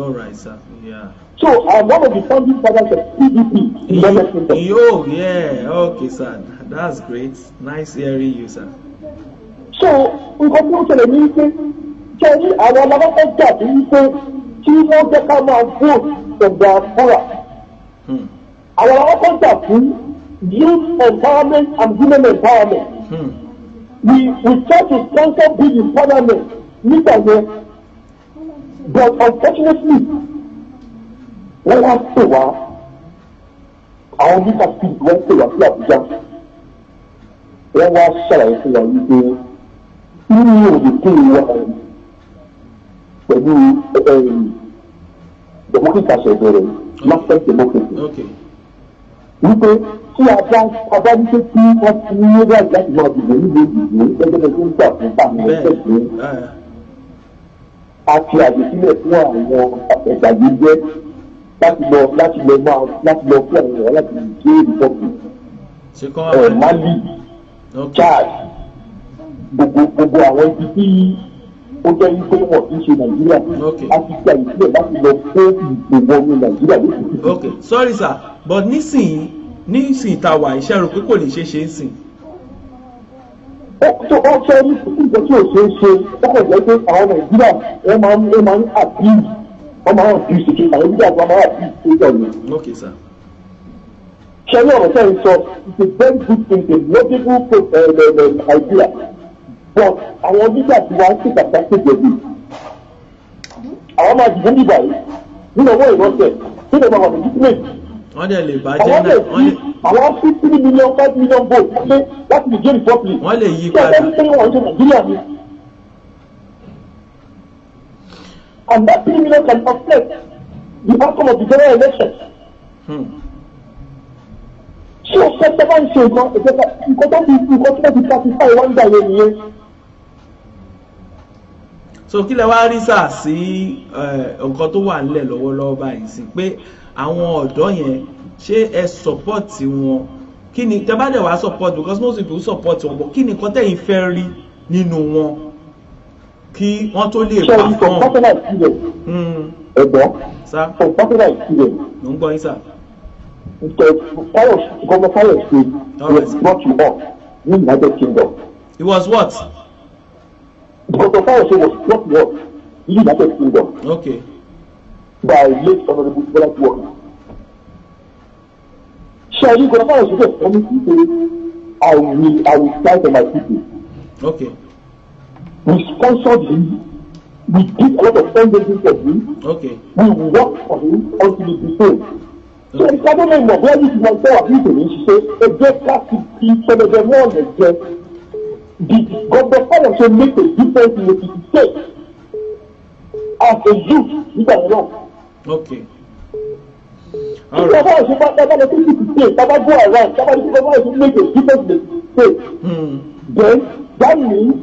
all right sir. Yeah. So I'm uh, one of the founding fathers of PDP in Lagos Kingdom. yeah, okay sir, that's great. Nice hearing you sir. So nǹkan tó ń ṣẹlẹ̀ ní pé ṣé ní àwọn alábàtà jà ní pé kí wọ́n jẹ́ ká máa vote ọ̀gbà fúra. Hmm àwọn ọkọ̀ jà fún youth empowerment and women empowerment. Hmm. we we try to sponsor big empowerment nígbà yẹn but unfortunately wọ́n wá pè wá àwọn nípa speed wọ́n pè wá sí Àbújá wọ́n wá ṣàlàyé fún wa wípé nínú òde tó ń wá pẹ̀lú eh, democracy àṣẹ ìbẹ̀rẹ̀ master democracy. Okay wípé tí a bá a bá wípé tí wọ́n ti ní ní láti láti máa dìbò níbo ìdìbò bí wọ́n gbà fún pàmò ẹ̀sẹ̀kùn àti àdìsílẹ̀ fún àwọn ẹ̀gbàgbẹ́jẹ́ láti lọ láti lọ máa láti lọ fún àwọn èèyàn láti gbé ìtọ́jú ẹ̀ Mali Chad gbogbo gbogbo àwọn ibi tí ó jẹ́ wípé wọ́n ti ṣe nàìjíríà a ti ṣe láti lọ kó ìgbòho ní nàìjíríà lóṣù. ok sorry sir but nísìnyí nísìnyí tá a wà iṣẹ́ rò pé kò lè ṣeé ṣe é sìn. ó ó ṣe ní nǹkan tí ò ṣeé ṣe ó kàn jẹ́ pé àwọn nàìjíríà wọ́n máa ń wọ́n máa ń àbí wọ́n máa ń àbí ṣèké àwọn nàìjíríà wọ́n máa ń àbí ṣèké ọ̀nà. ok sir ṣe ọ̀rọ̀ sẹ́yìn sọ it's a very good thing a logical uh, idea but àwọn nígbà tí wàá sì kàtà ṣèjọbi àwọn máa dìbò nígbà yìí nínú owó ìrọsẹ̀ nínú ọmọ àwọn ìdílé wọ́n dẹ̀ lè bá jẹ́ náà wọ́n lè. àwọn fifty million five million vote ṣe láti lè jẹ́ republic. wọ́n lè yí padà. ṣé ẹni wọ́n ṣe nàìjíríà ni. and that three million can affect the outcome of the general election. Hmm. ṣé o fẹ́ tẹ́lá ń ṣe nǹkan ìjọba nǹkan tó ti nǹkan tó ti pàṣípàá ìwádìí àyè nìyẹn so kí lẹ wá rí sà sí nǹkan tó wà nílẹ̀ lọ́wọ́lọ́wọ́ báyìí sí pé àwọn ọ̀dọ́ yẹn ṣé ẹ sọ̀pọ̀tì wọn kí ni tẹ bá dẹ̀ wá support because most people support wọn but kí ni nǹkan tẹ̀yin fẹ́ rí nínú wọn kí wọ́n tó lè bá fún ọ. ẹ̀gbọ́n for personal experience. mo ń gbọ́ yín sà. because Farosh governor Farosh dey was brought you up United Kingdom. he was what. Dr. Fayose was not what United Kingdom. Okay. By late Honorable Bola Tiwon. Ṣayí Dr. Fayose just tell me say I will I will fight for my people. Okay. We sponsored him. We did a lot of fundraising for him. Okay. We worked for him until he became. ṣe ìsọdọ́mọ̀ ìmọ̀ bóyá yìí ti máa ń tẹ́wà bí ìtòlú ń ṣiṣẹ́ ẹgbẹ́ káàkiri ìṣẹ̀lẹ̀dẹ̀ mọ́ọ̀lù jẹ́ did God's Father make a difference in the state as a You nígbà mìíràn. Okay. If you Tábà ìṣe tábà lọ sí fifty state tábà go around tábà ní tábà ìṣe make a difference in the state. Then that means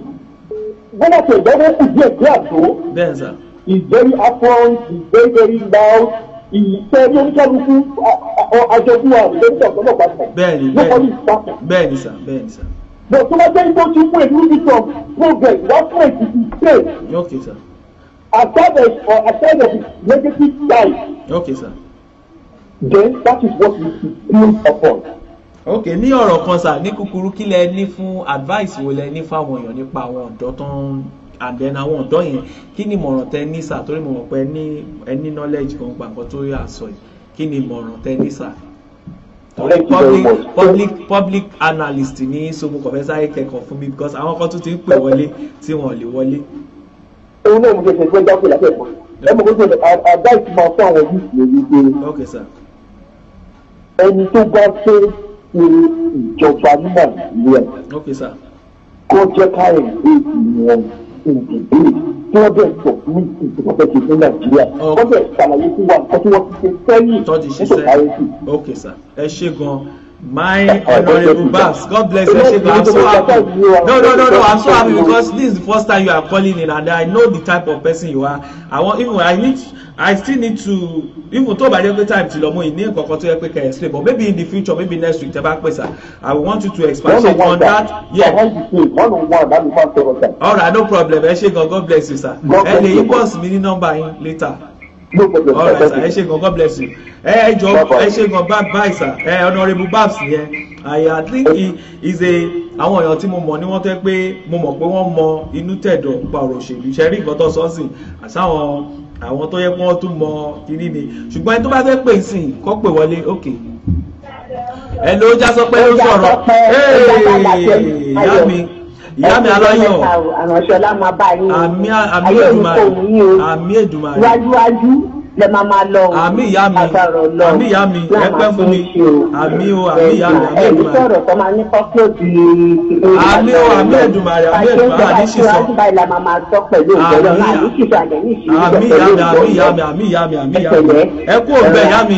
wọ́n àti ẹ̀dá wọn kù díẹ̀ díẹ̀ àdó. He's very upfront, he's very very loud ìfẹ́ ní oníkálukú àjọkú àbẹ̀tẹ̀ ọ̀pọ̀lọpọ̀ àti. Bẹ́ẹ̀ni bẹ́ẹ̀ni bẹ́ẹ̀ni sà bẹ́ẹ̀ni sà bọ̀ tó bá jẹ́ igbó ti mú èmi níbi tó progress wá fún ètùtù ṣe. okay sir. aside of or aside of negative side. okay sir. then that is what we should build upon. ok ní ọ̀rọ̀ kan sà ní kúkúrú kí lẹ ní fún advice wo lẹ ní fáwọn èèyàn nípa àwọn ọ̀dọ́ tó ń and then àwọn ọ̀dọ́ yẹn kí ni ìmọ̀ràn tẹ ní sà torí mo mọ̀ pé ẹ knowledge kan gbàgbọ́ tó yà sọ yìí kí ni ìmọ̀ràn tẹ ní sà. Thank you public public analyst ní sobo kọfẹsà ìkẹkọọ fún mi because àwọn kan tún ti ń pè wọlé tí wọn lè wọlé. òun náà mo ṣe ṣe ìgbẹ́ jáde lákẹ́kọ̀ọ́ ẹ mọ̀ pé àdá ìtumọ̀ fún àwọn yìí lè rí pé ẹni tó bá fẹ́ ṣe ìjọba ní Nàìjíríà kó jẹ́ káyọ̀ èyí ni wọ́n in tí wọ́n bẹ̀rẹ̀ sọ ní ìdìbò fẹ́ ṣe fún nàìjíríà wọ́n bẹ̀rẹ̀ ṣàlàyé fún wa nǹkan wọ́n ti ṣe sẹ́yìn nítorí ayé sí. ok sir ẹ ṣé gan-an my honourable babs god bless you shebi i'm so happy no no no no i'm so happy because this is the first time you are calling in and i know the type of person you are i want even i need i still need to even tó bá jẹ́ pé time till lọ mú ìní nǹkankan tó yẹ pé kẹ́ explain but maybe in the future maybe next week tẹ́ bá pèsè i want you to expand on one that yeah all right no problem ẹ ṣé gan god bless you sir ẹ lè inbox mi ní nọ́mbà yín later all right sir ẹ ṣe gan god bless you ẹ ẹ jọ ẹ ṣe gan bad bye sir ẹ honourable babs yẹn i think he is a àwọn èèyàn tí mo mọ̀ ni wọ́n tẹ́ pé mo mọ̀ pé wọ́n mọ inú tẹ̀dọ̀ pa ọ̀rọ̀ òṣèlú ṣe rí nǹkan tó sọ sí àtàwọn àwọn tó yẹ kí wọ́n tún mọ kínní ni ṣùgbọ́n ẹni tó bá fẹ́ pè sí kó pè wọlé ok ẹ ló já sọ pé ó sọ̀rọ̀ ẹ̀ẹ́dì ìyá mi ìyá mi aláyọ̀ àránṣọlá máa bá yín ayé olùkọ́ òun yín o wájúwájú lẹ máa máa lọ òun àmì ìyá mi àmì ìyá mi ẹgbẹ́ fún mi àmì o àmì ìyá mi àmì ẹ̀dùnmáà ẹ̀yìn sọ̀rọ̀ kọ́ máa ní kọ́pọ̀lọ́tì àmì o àmì ẹ̀dùnmáà rẹ̀ àmì ẹ̀dùnmáà rẹ̀ níṣì sọ àmì ìyá mi àmì ìyá mi àmì ìyá mi àmì ìyá mi ẹ kú òǹbẹ ìyá mi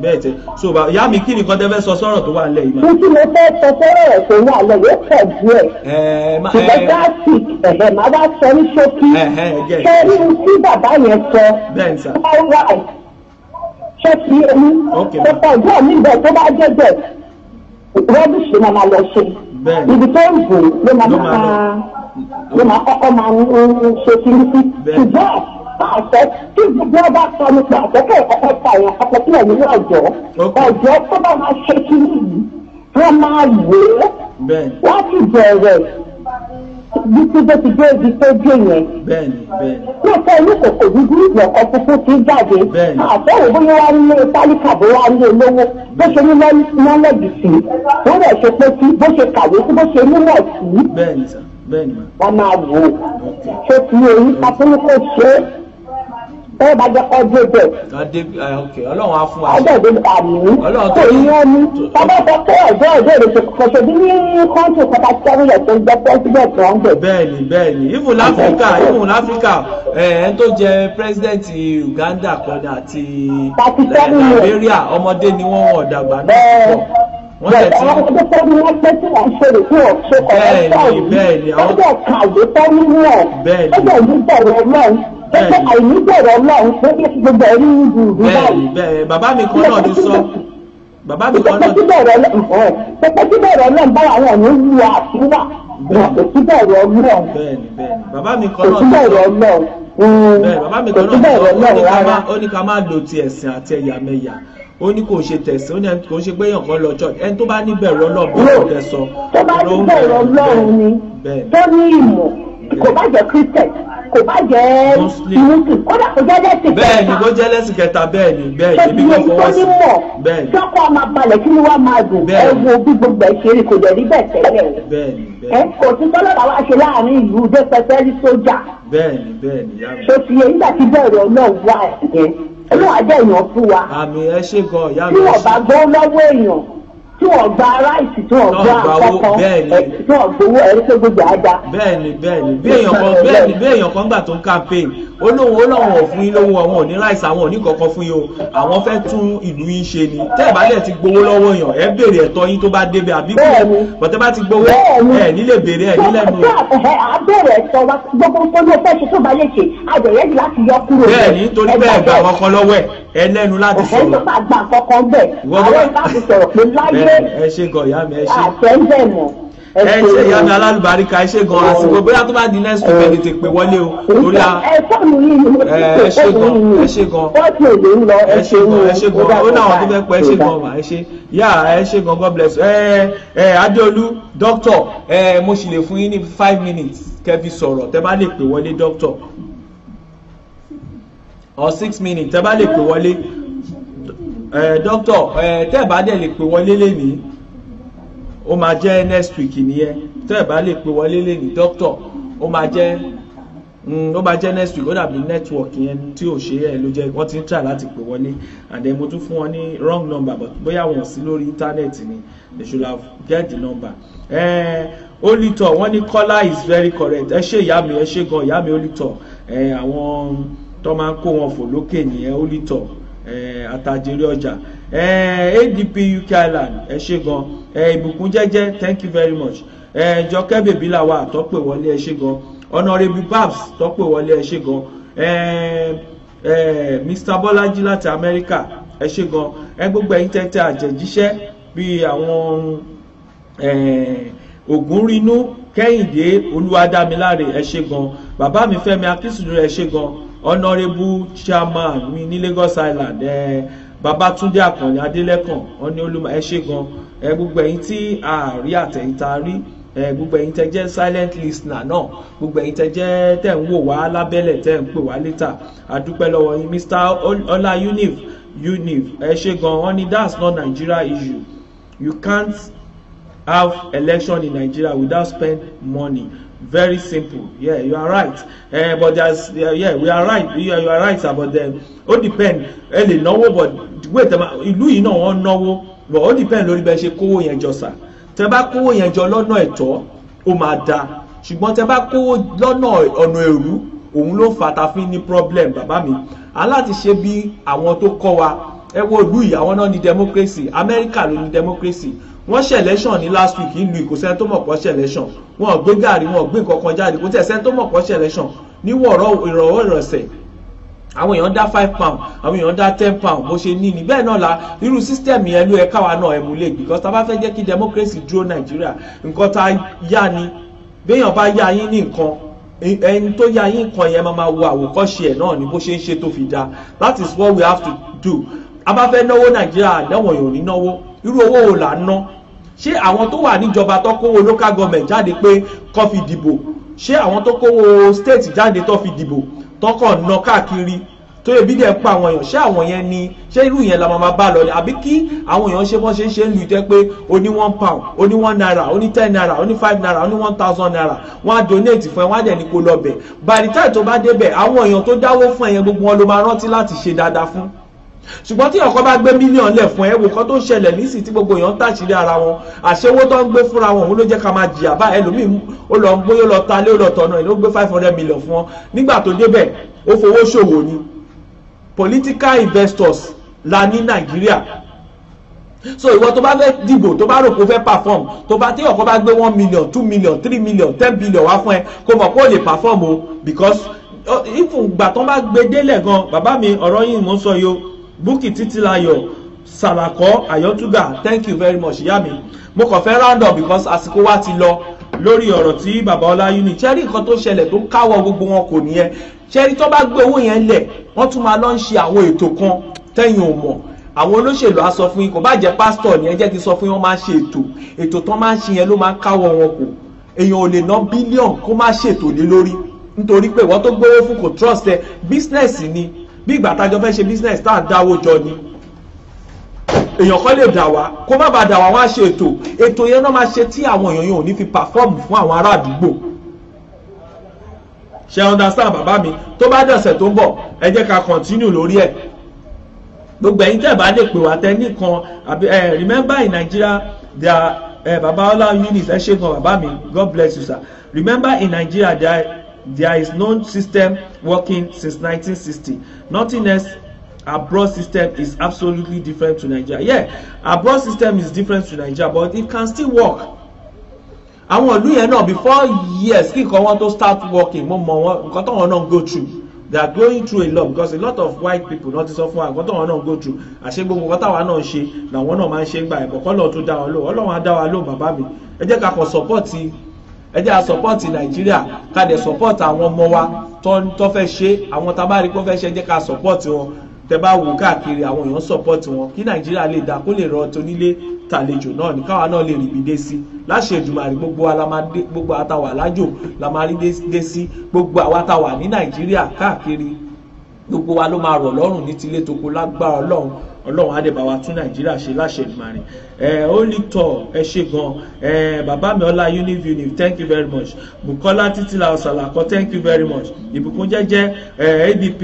bẹ́ẹ̀ tẹ so bá ìyá mi kí nìkan tẹ́fẹ́ sọ sọ́rọ̀ tó wà lẹ̀ yìí. títí mo fẹ́ sọ sọ́rọ̀ tó wà lẹ̀ yóò pọ̀ díẹ̀. ṣùgbọ́n dáàtì ẹ̀bẹ̀ máa bá sọ ní ṣókí. sẹ́rí tí bàbá yẹn sọ báwa ṣọ́ọ̀kì omi pẹ̀pẹ̀ ọjọ́ mi bẹ̀ tó bá jẹ́jẹ́ rọ́bìṣì máa ma lọ ṣe ibi tó ń bò ló máa kọ́kọ́ máa ń ṣe kiri sí tá a gbogbo ọba sọ ni pé àkọ́kọ́ ìkọ́kọ́ ta àwọn ní ọjọ́ ọjọ́ tó bá máa ṣe kí nìyí wọ́n máa wé wọ́n ti bẹ̀rẹ̀ títí bó ti dé ibi tó dé yẹn. bẹ́ẹ̀ni bẹ́ẹ̀ni. lóòótọ́ inú kòkò dúdú ìyọ̀kan tuntun ti jáde. bẹ́ẹ̀ni. àtẹ̀wò bóyá wá nílé pálíkà bóyá wá nílé lówó bó ṣe ní lọ́lẹ́bì sí i wọ́n rẹ̀ ṣe pé sí bó ṣe kàwé sí bó ṣe nímọ̀ sí. bẹ́ẹ̀ni sà bẹ́ẹ̀ni ma. máa wò ó ṣé ti oyún papẹ́lú kò ṣe é tọ́wọ́ bá jẹ́ kọ́ dé bẹ̀. ọlọ́run á fún wa. ọjọ́ ìdè àmì kò ní bàbá sọ pé ọjọ́ ìdè rẹ̀ kò tó bí ní kọ́ńtì kọ́ta sẹ́rù rẹ̀ tó jẹ́ pẹ́sidẹ̀ntì wọn bẹ̀. bẹ́ẹ̀ni bẹ́ẹ̀ni even láfíríkà even láfíríkà ẹn tó jẹ́ pẹ́sidẹ̀ntì Uganda kan àti Liberia ọmọdé ni wọ́n wọ̀ dàgbà náà wọ́n tẹ̀ tí. bẹ́ẹ̀ni bẹ́ẹ̀ni àwọn pé àìní bẹ̀rẹ̀ ọlọ́run pé kí gbogbo ẹ̀rí ń du ìlú báyìí. bẹ́ẹ̀ bàbá mi kan náà ló sọ bàbá mi kan náà. pẹpẹ bẹ̀rẹ̀ ọlọ́run pẹpẹ bẹ̀rẹ̀ ọlọ́run bá àwọn ọ̀run ń lu àṣírà òtí bẹ̀rẹ̀ ọlọ́run. bẹ́ẹ̀ni bẹ́ẹ̀ni bàbá mi kan náà ló sọ òtí bẹ̀rẹ̀ ọlọ́run. bẹ́ẹ̀ bàbá mi kan náà ló sọ ó ní ká má lo ti ẹ̀sìn àti ẹ̀yàmẹ̀yà ó ní kò ṣe tẹ̀sán ó ní kò ṣe pé kan lọ church ẹni tó bá ní bẹ̀rù ọlọ́run bó ṣe tẹ̀sán. tó bá ni tó ní ìmọ̀ kò bá jẹ́ christian kò bá jẹ́ muslim kódà kò jẹ́ lẹ́sìn kẹta bẹ́ẹ̀ ni kò jẹ́ lẹ́sìn kẹta bẹ́ẹ̀ ni bẹ́ẹ̀ ni ibi kò fọwọ́ sí bẹ́ẹ̀ ni sọ́kọ́ máa balẹ̀ kí ni wàá máa dùn ẹ wo bí gbogbo ẹ̀ ṣe rí kò dẹ̀ rí bẹ́ẹ̀ tẹ́lẹ̀ o ẹ kò tún tọ́lọ́pàá wá ṣe láàrin ìlú dé pẹpẹ rí sójà ṣé ti yẹ nígbà tí bẹ́ẹ̀ rẹ̀ náà wá ẹ̀ yẹn olúwa jẹ́ èèyàn fún wa tí wọ́n bá gbọ́ lọ́wọ́ èèyàn tí wọ́n gba ráìsì tí wọ́n gba àkọ́kọ́ tí wọ́n gbowó ẹ̀rí pé gbogbo àga. bẹ́ẹ̀ni bẹ́ẹ̀ni bí èèyàn kan gbà tó ń campaign ó lóun ó lọ́wọ́ fún yín lóhun àwọn òní láìsí àwọn òní kọ̀ọ̀kan fún yín o àwọn fẹ́ tún ìlú yín ṣe ni tẹ́ ẹ̀ bá dẹ̀ ti gbowó lọ́wọ́ yàn ẹ béèrè ẹ̀tọ́ yín tó bá débẹ̀ àbí kò bọ̀tẹ́ bá ti gbowó ẹ̀ nílé wa gbogbo nǹkan ló fẹ́ ṣe tó lè ṣe àbẹ̀rẹ̀ yìí láti bẹ́ẹ̀ ni torí bẹ́ẹ̀ gbà wọn kan lọ́wọ́ ẹ̀ ẹ lẹ́nu láti sọ̀rọ̀. ọ̀sẹ̀ nípa àgbà kankan bẹ́ẹ̀ àwọn ìbámu sọ̀rọ̀ pé láyé àtẹ̀ńbẹ̀ ẹ ṣe ìyá mi alálùbáríkà ẹ ṣe gan àsìkò bóyá tó bá di next week ẹ lè tètè pé wọlé o torí a ẹ ṣe gan ẹ ṣe gan ẹ ṣe gan ẹ ṣe gan ó náà wọn tó fẹ́ pẹ́ ẹ ṣe gan mà ẹ ṣe yá ẹ ṣe gan God bless ẹ ẹ Adéolú doctor ẹ mo sì lè fún yín ní five minutes kẹ́ fi sọ̀rọ̀ tẹ́ bá lè pè wọlé doctor or six minutes tẹ́ bá lè pè wọlé doctor tẹ́ bá dẹ̀ lè pè wọlé lẹ́nìí ó máa jẹ́ next week nìyẹn tẹ́ ẹ̀ bá lè pe wọlé lè ní doctor ó máa jẹ́ mm, ó máa jẹ́ next week ó dàbí network yẹn tí ò ṣe ẹ̀ ló jẹ́ wọ́n ti ń try láti pè wọlé and then mo tún fún wọn ní wrong number but bóyá wọn sí lórí internet ni they should have get the number. Eh, olùtọ̀ wọ́n ní caller is very correct ẹ ṣe ìyá mi ẹ ṣe gan ìyá mi olùtọ̀ eh, àwọn tó máa ń kó wọn fò lókè nìyẹn olùtọ̀ àtàjèrè eh, ọjà Eh, adp uk island ẹ ṣe gan eh, ìbùkún jẹ́jẹ́ thank you very much eh, jọkẹ́ bèbí làwà tọ́pẹ̀ wọlé ẹ ṣe gan honourable babs tọ́pẹ̀ wọlé ẹ ṣe gan mr bọ́lájí láti America, ẹ ṣe gan ẹ gbogbo ẹ̀yin tẹ́tẹ́ àjẹjíṣẹ́ bíi àwọn ògúnrínú kẹ́hìndé olúwadámiláre ẹ ṣe gan bàbá mi fẹ́mi akínsùnú ẹ ṣe gan honourable chairman mi ní lagos island Eh, Babátúndé Àkànní Adélẹ́kàn wọn ní olúmọ ẹ ṣe gan ẹ gbogbo ẹ̀yin tí a rí àtẹ̀yìntà rí ẹ gbogbo ẹ̀yin tẹ́ jẹ́ silent listener náà gbogbo ẹ̀yin tẹ́ jẹ́ tẹ́ ń wò wá lábẹ́lẹ̀ tẹ́ ń pè wá létà àdúpẹ́ lọ́wọ́ yín Mr Ọlá Unif Unif ẹ ṣe gan wọn ní that's not Nigeria issue you can't have election in Nigeria without spend money very simple yeah you are right uh, but there's uh, yeah we are right you, you are right about them ó depend Early lè but wait ìlú yìí náà wọ́n náwó but ó depend lórí bẹ́ẹ̀ ṣe kówó yẹn jọ sà tẹ́ bá kówó yẹn jọ lọ́nà ẹ̀tọ́ ó máa da ṣùgbọ́n tẹ́ bá kówó lọ́nà ọ̀nà èrú òun ló fà tá fi ní problem bàbá mi aláti ṣe bí àwọn tó kọ́ wa ẹ wo ìlú yìí àwọn náà ní democracy America ló ní democracy wọ́n ṣe election ní last week ìlú ìkòsẹ́ tó mọ̀ pọ̀ ṣe election wọn gbé gàrí wọn gbé nǹkan kan jáde kò tẹ̀ sẹ́ tó mọ̀ pọ̀ ṣe election ní wọ̀rọ̀ ìrọ̀wọ́ ìrọ̀sẹ̀ àwọn èèyàn dá five pound àwọn èèyàn dá ten pound bó ṣe ní ní bẹ́ẹ̀ náà la irú system yẹn ló yẹ káwa náà emulate because tá a bá fẹ́ jẹ́ kí democracy dúró nàìjíríà nǹkan tá a yá ni béèyàn bá yá yín ní nǹkan ẹni tó yá yín nǹkan yẹn máa wo àwòkọ́ṣe ẹ̀ náà ni bó ṣe ń ṣe tó fi dáa that is what we have to do a bá fẹ́ náwó nàìjíríà àdáwọ̀n yòó ní náwó irú owó wo là ń ná ṣé àwọn tó wà níjọba tó kówó local government jáde pé kó fi dìbò ṣé àwọn tó kówó state jáde tó fi dìbò tọkọ̀ ná káàkiri tó yẹ bí dẹ̀ pa àwọn èèyàn ṣé àwọn yẹn ni ṣé irú yẹn la máa bá lọ ni àbí kí àwọn èèyàn ṣe wọ́n ṣe ń ṣe ń lu ìtẹ́ pé o ní one pound o ní one naira o ní ten naira o ní five naira o ní one thousand naira wọ́n á donate fún ẹ wọ́n á dẹ̀ ní kó lọ bẹ̀ by the time tó bá débẹ̀ àwọn èèyàn tó dáwó fún ẹ yẹn gbogbo wọn ló máa rántí láti ṣe dáadáa fún ṣùgbọ́n tí ọkọ bá gbé mílíọ̀n lẹ̀ fún ẹ wò kan tó ṣẹlẹ̀ nísìsiyìí tí gbogbo èèyàn ń tàṣírí ara wọn àṣewó tó ń gbé fúnra wọn òun ló jẹ́ ká máa jìyà bá ẹlòmíì ó lọ gbé ó lọ ta lé ó lọ tọ̀nà ẹ̀ ló gbé five hundred million fún ọ nígbà tó débẹ̀ ó fowó ṣòwò ni political investors la ní nàìjíríà so ìwọ tó bá fẹ́ dìbò tó bá rò kó fẹ́ perform tó bá tí ọkọ bá gbé one million two million three million ten billion wá fún ẹ kó mọ̀ kó lè perform o because ìfúngbà tó bá gbé délẹ̀ gan bàbá mi ọ̀rọ̀ yìí mò ń sọ yìí o búkì títílayọ̀ sàràkọ́ àyọ́túgà thank you very much Yami. mi mo kàn fẹ́ round up because àsìkò wa ti lọ lórí ọ̀rọ̀ tí bàbá ọláyúni ṣẹ́rí nǹkan tó ṣẹlẹ̀ tó káwọ́ gbogbo wọn kò nìyẹn Cherry tó bá gbé owó yẹn lẹ̀ wọ́n tún máa lọ ń ṣe àwọn ètò kan tẹ́yìn ò mọ̀ àwọn olóṣèlú á sọ fún yín kò bá jẹ́ pásítọ̀ ni ẹ jẹ́ kí sọ fún yín wọ́n máa ṣe ètò ètò tán máa ń ṣe yẹn ló máa ń káwọ́ wọn kò èèyàn ò lè ná bílíọ̀n kó má ṣètò lé lórí nítorí pé ìwọ́n tó gbówó fún kò trust ẹ bísínẹ́sì ni bí ìgbà tájọ fẹ́ ṣe business tá à dáwó jọ ni èèyàn kan lè dà wá kó má bàa dà wá wá ṣe ètò ètò yẹn náà máa ṣe tí àwọn èèyàn yẹn ò ní fi pàfọ́ọ̀mù fún àwọn ará àdúgbò ṣe understand bàbá mi tó bá dọ̀sẹ̀ tó ń bọ̀ ẹ jẹ́ ká continue lórí ẹ̀ gbogbo ẹ̀yin tẹ́ bá lè pè wá tẹ́ nìkan remember in Nigeria there ẹ unis. ọlá Eunice ẹ ṣe gan bàbá mi God bless you sir remember in Nigeria there There is no system working since 1960. Nothing else abroad system is absolutely different to Nigeria. Yeah, abroad system is different to Nigeria, but it can still work. Àwọn ìlú yẹn náà before years kí nǹkan wọn tó start working mo mọ wọn nǹkan tó wọn náà go through they are going through a lot because a lot of white people not ti sọ fún wa nǹkan tó wọn náà go through àṣé gbogbo nǹkan táwa náà ṣe làwọn náà máa ń ṣe ń gbà ẹ̀bọ̀ kọ́ lọ́ọ̀ tó dá wọn lò ọlọ́run á dá wa lò bàbá mi ẹ jẹ́ ká kọ̀ support ẹ jẹ́ à support nàìjíríà ká dẹ̀ support àwọn ọmọ wa tó fẹ́ ṣe àwọn tabari kó fẹ́ ṣe jẹ́ ká support wọn tẹ bá wò káàkiri àwọn èèyàn support wọn kí nàìjíríà lè dá kó lè rọ tonílé tàlejò náà ní káwa náà lè rí ibi dé sí láṣẹ ìdùmarè gbogbo gbogbo àtàwà lájò la máa rí dé sí gbogbo àwa tàwà ní nàìjíríà káàkiri gbogbo wa ló máa rọ̀ lọ́rùn ní tilé toko lágbára ọlọ́run ọlọ́run adébáwa tún nàìjíríà ṣe láṣẹ ìmàrè ẹ holy tour ẹ ṣe gan ẹ bàbá mi ọlá univ univ thank you very much bukola titila ọsàlàkọ thank you very much ìbùkún jẹjẹ ẹ adp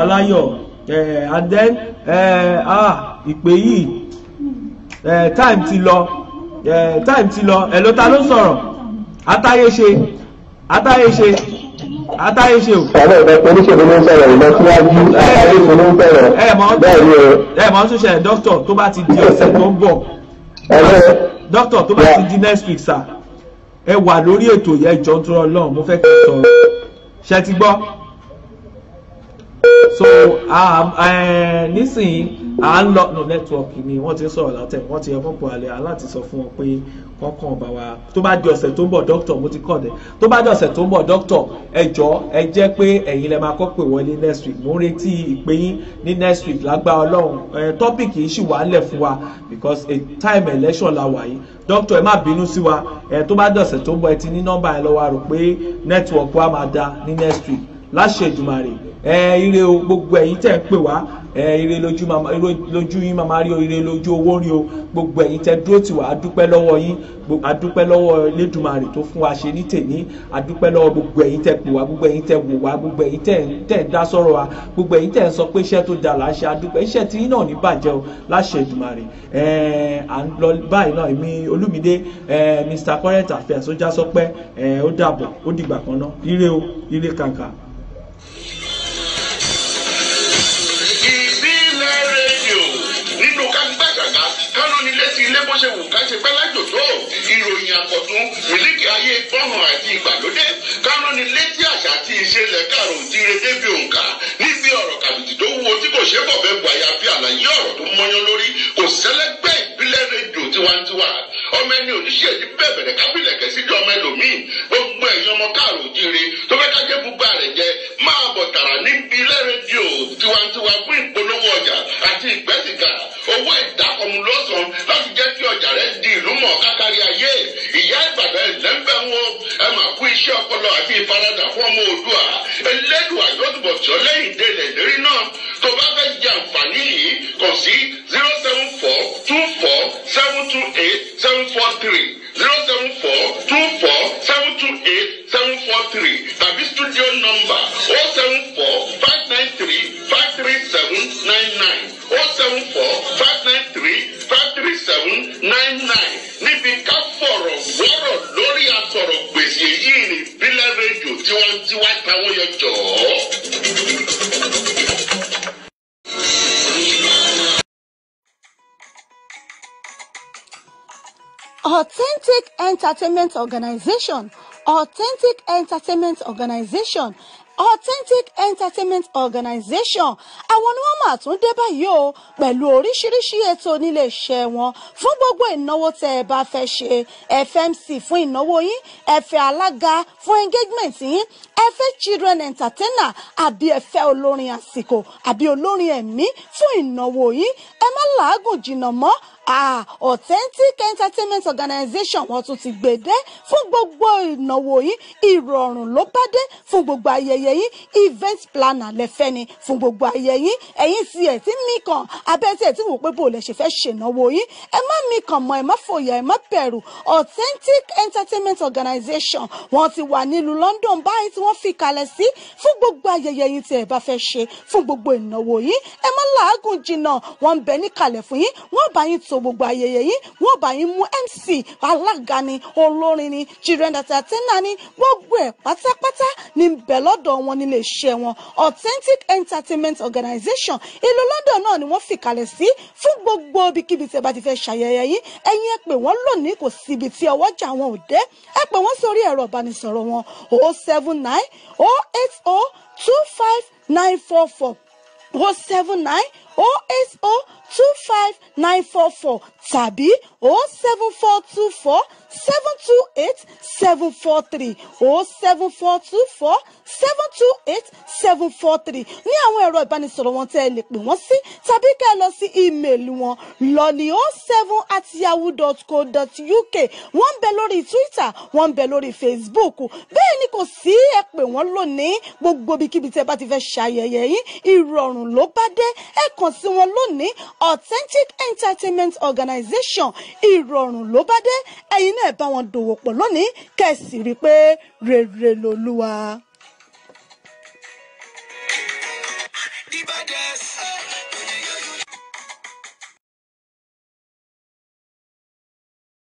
aláyọ ẹ and then ah ìpè yìí ẹ time ti lọ ẹ time ti lọ ẹ ló ta ló sọ̀rọ̀ atáyéṣe atáyéṣe àtàyè ṣe o. ọ̀rọ̀ ìbẹ̀ oníṣègùn ló ń sọ̀rọ̀ ìbẹ̀ síwájú àtàyèṣe ló ń sọ̀rọ̀ bẹ́ẹ̀ ni o. ẹ mọ̀ ọ́n tún ṣe dókítà tó bá ti di ọ̀sẹ̀ tó ń bọ̀ dókítà tó bá ti di next week sir ẹ wà lórí ètò ìyá ìjọ ń tún ọlọ́run mo fẹ́ kí n sọ̀rọ̀ ṣe ti gbọ́ so um, um, nísìnyí à ń lọ nù nẹ́tíwọ́ọ̀kì ni wọ́n ti sọ̀rọ̀ látẹ̀ wọ́n ti yẹ fún buhari aláti sọ fún wọn pé kọ́kàn bá wa tó bá di ọ̀sẹ̀ tó ń bọ̀ dókítọ̀ mo ti kọ̀ dẹ̀ tó bá di ọ̀sẹ̀ tó ń bọ̀ dókítọ̀ ẹ jọ ẹ jẹ́ pé ẹ̀yin lẹ máa kọ́ pé wọlé next week mo ń retí ìpè yín ní next week lágbára ọlọ́run ẹ topic yìí sì wà lẹ̀ fún wa because a time election la wà yìí dókítọ̀ ẹ má bínú sí wa ẹ tó bá di ọ̀sẹ̀ tó ń bọ̀ ẹ ti ní nọ́mbà ẹ lọ́wọ́ rò pé network wa máa da ní next week láṣẹ Èdùmàrè ẹ ire o gbogbo ẹ̀yin tẹ́ ń pè wá ire lójú yín màmá rí o ire lójú owó rí o gbogbo ẹ̀yin tẹ́ dúró tì wá adúpẹ́ lọ́wọ́ yín adúpẹ́ lọ́wọ́ Elédùmarè tó fún wa ṣe ní tèmi adúpẹ́ lọ́wọ́ gbogbo ẹ̀yin tẹ́ pè wá gbogbo ẹ̀yin tẹ́ wò wá gbogbo ẹ̀yin tẹ́ dá sọ̀rọ̀ wa gbogbo ẹ̀yin tẹ́ sọ pé iṣẹ́ tó dà láṣẹ adúpẹ́ iṣẹ́ tí náà ní bàjẹ́ o láṣẹ Èdùmarè à ń lọ báyìí náà èmi Olúmídé Mr Current Affairs ó já sọ pé ó dàbọ̀ ó dìgbà kan náà ire o ire kàǹkà. ilé bó ṣe wù ká ṣe pẹ́ lájò tó ìròyìn àkọ́tún mílíkì ayé gbọ́hàn àti ìgbàlódé kánú ni létí àṣà àti ìṣẹ̀lẹ̀ kàrò ti re débi òǹkà níbi ọ̀rọ̀ kàbìtì tó wúwo tí kò ṣe é bọ̀ bẹ́ẹ̀ gbàyà bí àlàyé ọ̀rọ̀ tó mọ́yán lórí kò sẹ́lẹ́gbẹ́ ìbílẹ̀ rédíò tiwantiwa ọmọ ẹni oníṣẹ́ ti bẹ̀bẹ̀rẹ̀ kábílẹ̀ kẹsí di ọmọ ẹlòmíì gbogbo ẹ̀yin ọmọ káàrò jíire tó fẹ́ kájẹ́ búgbà rẹ̀ jẹ máa bọ̀ tààrà níbi ilé rédíò tiwantiwa fún ìpolówó ọjà àti ìgbẹ́sìgà owó ìdákọ̀mù lọ́sàn láti jẹ́ kí ọjà rẹ̀ di ìlú mọ̀ kákàrí ayé ìyá ìbàdàn ẹ̀lẹ́fẹ̀ wọn ẹ máa kú iṣẹ́ ọpọlọ àti ìfaradà fún ọmọ òdua ẹlẹ́dùn àyọ̀tùbọ̀ tí ó lẹ́yìn dé lẹ́lẹ́rí náà tó bá fẹ́ jẹ àǹfààní yìí kàn sí zero seven four two four seven two eight seven seven four three zero seven four two four seven two eight seven four three tàbí studio number o seven four five nine three five three seven nine nine o seven four five nine three five three seven nine nine níbi ká fọ̀rọ̀ wọ́rọ̀ lórí àtọ̀rọ̀ gbèsè yìí ni ìbílẹ̀ rédíò tiwantiwa táwọn yọ jọ̀ọ́. Authentic Entertainment Organization Authentic Entertainment Organization Authentic Entertainment Organization àwọn ni wọ́n máa tún dé báyìí o pẹ̀lú oríṣiríṣi ètò nílé iṣẹ́ wọn fún gbogbo ìnáwó tẹ́ ẹ bá fẹ́ ṣe ẹ fún ìnáwó yín ẹ alága fún engagement yín ẹ children entertainer àbí ẹ fẹ́ olórin àsìkò àbí olórin ẹ̀mí fún ìnáwó yín ẹ má làágùn jìnnà mọ́ ah authentic entertainment organization wọ́n tún ti gbé dé fún gbogbo ìnáwó yín ìrọ̀rùn ló bá dé fún gbogbo ayẹyẹ yín event planner lẹ́fẹ́ ni fún gbogbo ayẹyẹ yín ẹ̀yin sì ẹ̀ tí mí kan abẹ́tí ẹ̀ tí wò pé bò lẹ̀ ṣe fẹ́ ṣènáwó yín ẹ má mí kàn mọ́ ẹ má fòyà ẹ má bẹ̀rù authentic entertainment organization wọ́n ti wà nílùú London báyìí tí wọ́n fi kalẹ̀ sí fún gbogbo ayẹyẹ yín tí ẹ bá fẹ́ ṣe fún gbogbo ìnáwó yín ẹ má làágùn jìnnà wọ́n ń bẹ níkàlẹ̀ fún yín wọ́n bá yín tó ṣètò gbogbo ayẹyẹ yìí wọ́n bá yín mú MC alága ni olórin ni children entertainer ni gbogbo ẹ̀ pátápátá ní bẹ̀ lọ́dọ̀ wọn nílé iṣẹ́ wọn authentic entertainment organisation ìlú London náà ni wọ́n fìkàlẹ̀ sí fún gbogbo ibikíbi tí ẹ bá ti fẹ́ ṣàyẹyẹ yìí ẹ̀yin ẹ pè wọ́n lónìí kò síbi tí ọwọ́jà wọn ò dé ẹ pè wọ́n sórí ẹ̀rọ ìbánisọ̀rọ̀ wọn o oh seven nine o oh eight o oh two five nine four four o seven nine o eight o two five nine four four tàbí o oh seven four two four seven two eight seven four three o oh seven four two four seven two eight seven four three ní àwọn ẹ̀rọ ìbánisọ̀rọ̀ wọn tẹ́ ẹ lè pè wọ́n sí tàbí kẹ́ ẹ lọ sí ímeèlì wọn lọ́ọ̀lì o oh seven at yahoo dot co dot uk wọ́n ń bẹ lórí twitter wọ́n ń bẹ lórí facebook bẹ́ẹ̀ ni kò sí ẹ pè wọ́n lónìí gbogbo ibikíbi tẹ́ ẹ bá ti fẹ́ ṣayẹyẹ yín ìrọ̀rùn ló bá dé ẹ kàn sí wọn lónìí authentic entertainment organization ìrọ̀rùn ló bá dé ẹ̀yin náà bá wọn dòwò pọ̀ lónìí kẹ̀sì rí i pé rere lolúwa. Diva Des.